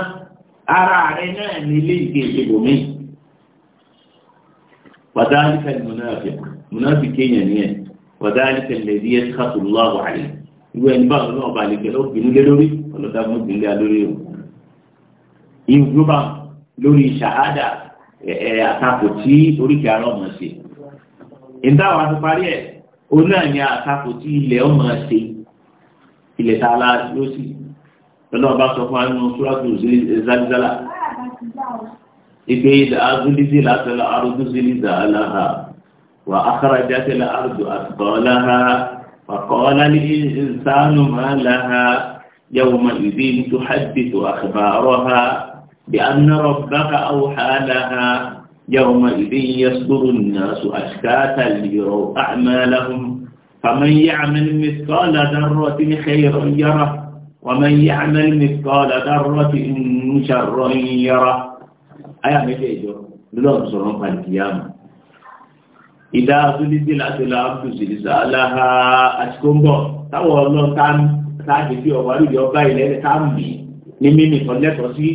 ara rẹ̀ náà nílé ìgbésẹ̀ bòmíì وذلك المنافق منافق يعني وذلك الذي يسخط الله عليه ìwé ẹni báwo náà bá lè kẹ lọ bínú lé lórí ọlọ́dàgbọ́n bínú lé lórí o ìgbóbá lórí ṣàhádà ẹ̀ àtakò tí oríkì ara ọmọ ṣe ìdáwà ti parí ẹ̀ òun náà ní àtakò tí ilẹ̀ ọmọ ṣe ilẹ̀ tá a la yóò sì lọ́nà ọba sọ fún àwọn ọmọ sùúrù àti òṣèlú zalizala إبيد الأغلز زلات الأرض زلزالها وأخرجت الأرض أثقالها فقال للإنسان ما لها يومئذ تحدث أخبارها بأن ربك أوحى لها يومئذ يصدر الناس أشكاتا ليروا أعمالهم فمن يعمل مثقال ذرة خيرا يره ومن يعمل مثقال ذرة شرا يره àyà méjèèjọ lọ́lọ́run sọ̀rọ̀ nípa ìkìyàmù ìdá tónídé láti la ń tòṣì ní sàálàá àsìkò ń bọ̀ táwọn ọlọ́run tá a dèbí ọ̀wá lóde ọba ilẹ̀ tá a mì ní mímì kan lẹ́tọ̀ọ́ sí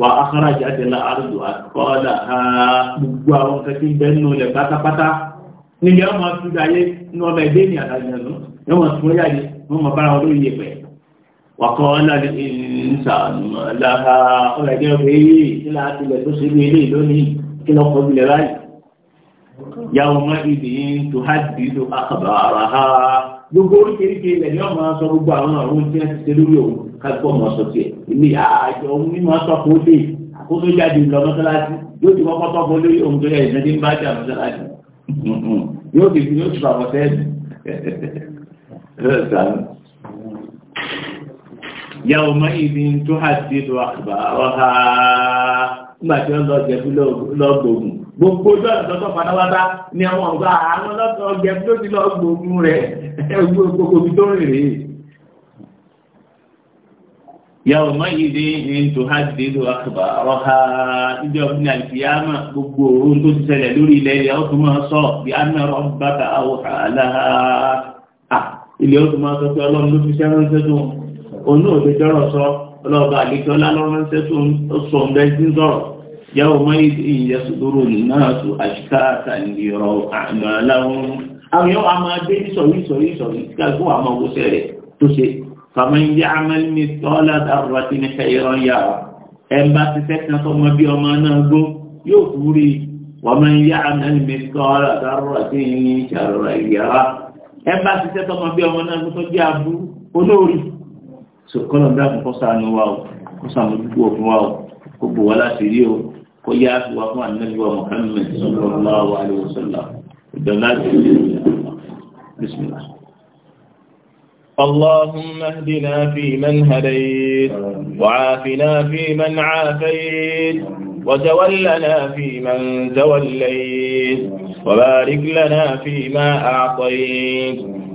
wa akarajà ti la ardu akọ́lá ha gbogbo àwọn kẹtí bẹ́ẹ̀ nù lẹ̀ pátápátá níbi àwọn máa fi ayé ní ọba ẹgbẹ́ ní àtàlẹ́ nù ní wọn tún yáyé wọn máa bára wọn lórí yẹpẹ̀ wàkọ́ọ́lá ìsàmà láha ọ̀rẹ́dẹ́ ọ̀rẹ́ yìí kí láà tilẹ̀ tó ṣe ní ilé lónìí kí lọ kọ́ bilẹ̀ báyìí yàwó má ìdí tó há dìídò àkàbà ara ha gbogbo oríkèéríkèé ilẹ̀ ni wọ́n máa sọ gbogbo àwọn àrùn tí wọ́n ti ṣe lórí òun kájúpọ̀ máa sọ tiẹ̀ ilé àjọ òun ní máa sọ̀kò ó dé àkóso jáde lọ mọ́sálásí yóò ti kọ́kọ́ tọ́kọ lórí òun tó yẹ ìsinmi bá jà mọ́sálásí يومئذ تحدث أخبارها nígbà tí wọ́n lọ jẹ̀bú lọ́gbògùn gbogbo ojú ọ̀nà tọ́tọ́ padàbádá ni àwọn ọ̀gá àwọn lọ́tọ̀ jẹ̀bú ló ti lọ́gbògùn rẹ̀ gbogbo omi tó rìn rèé. يومئذ تحدث أخبارها ìjọ ní àlìkìyàmà gbogbo ohun tó ti ṣẹlẹ̀ lórí ilẹ̀ ilẹ̀ ó tún máa sọ bí anna rabbaka awha laha ilẹ̀ ó tún máa sọ pé ọlọ́run ló fi ṣẹ́ ránṣẹ́ tó ń òun náà lè dọ́rọ̀ sọ ọlọ́ọ̀bà àlejò ọlálọ́rọ́nsẹ́ tó ń sọ ń bẹ́ẹ̀ sí ń sọ̀rọ̀ yà ó mọ ìyẹsùdúró náà tó àṣìká àtàlìyọ̀rọ̀ àgbàláwọn. àwọn yóò máa dé ìsọ̀rí ìsọ̀rí ìsọ̀rí tí káàkó àmọ́ owó sẹ́rẹ̀ tó ṣe fàmọ́ ìyá amẹ́lẹ́mí tọ́lá dàrúwá sí ní kẹyọrọ yàrá ẹ̀mbá ti sẹ́kàn tó mọ bí ọmọ náà gbó yóò kú rí wàmọ́ ìyá amẹ́lẹ́mí tọ́lá dàrúwá sí ní kẹyọrọ yàrá ẹ̀mbá ti sẹ́kàn tó mọ bí ọmọ náà gbó tó jẹ́ aburú olórí so kọ́nà bí àkùnkọ́ sànù wa o kó sàmójútó òfin wa o kó bò wá láti rí o kó yá àti wá fún ànábì wa Muhammad sallallahu alaihi wasallam ìjọ láti rí o bismillah. اللهم اهدنا في من هديت وعافنا في من عافيت وتولنا في من توليت وبارك لنا فيما أعطيت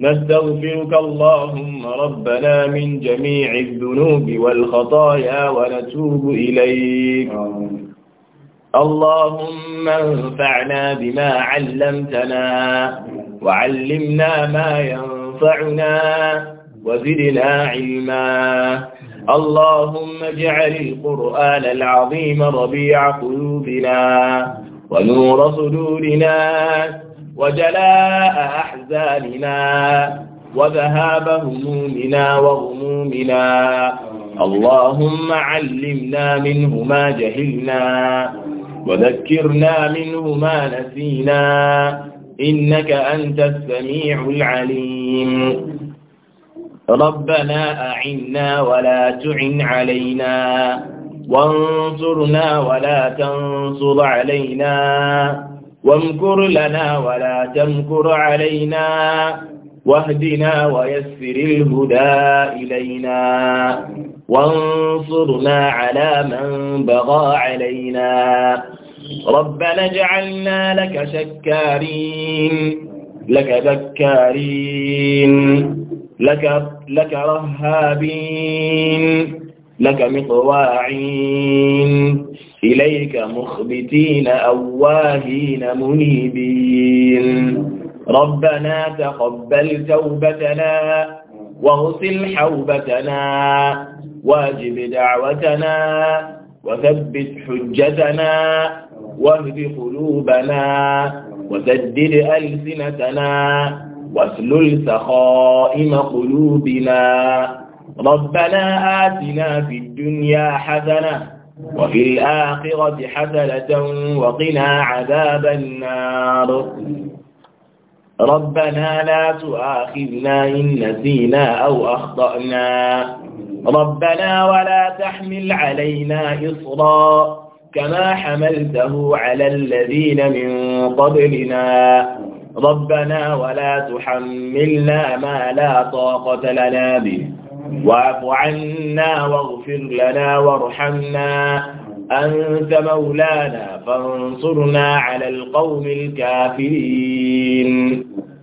نستغفرك اللهم ربنا من جميع الذنوب والخطايا ونتوب إليك اللهم انفعنا بما علمتنا وعلمنا ما ينفعنا وزدنا علما اللهم اجعل القرآن العظيم ربيع قلوبنا ونور صدورنا وجلاء أحزاننا وذهاب همومنا وغمومنا اللهم علمنا منه ما جهلنا وذكرنا منه ما نسينا إنك أنت السميع العليم ربنا أعنا ولا تعن علينا وانصرنا ولا تنصر علينا وامكر لنا ولا تمكر علينا واهدنا ويسر الهدى إلينا وانصرنا على من بغى علينا ربنا اجعلنا لك شكارين لك ذكارين لك, لك رهابين لك مطواعين إليك مخبتين أواهين منيبين ربنا تقبل توبتنا واغسل حوبتنا واجب دعوتنا وثبت حجتنا واهد قلوبنا وسدد ألسنتنا واسلل سخائم قلوبنا ربنا آتنا في الدنيا حسنة وفي الآخرة حسنة وقنا عذاب النار ربنا لا تؤاخذنا إن نسينا أو أخطأنا ربنا ولا تحمل علينا إصرا كما حملته على الذين من قبلنا ربنا ولا تحملنا ما لا طاقة لنا به واعف عنا واغفر لنا وارحمنا أنت مولانا فانصرنا على القوم الكافرين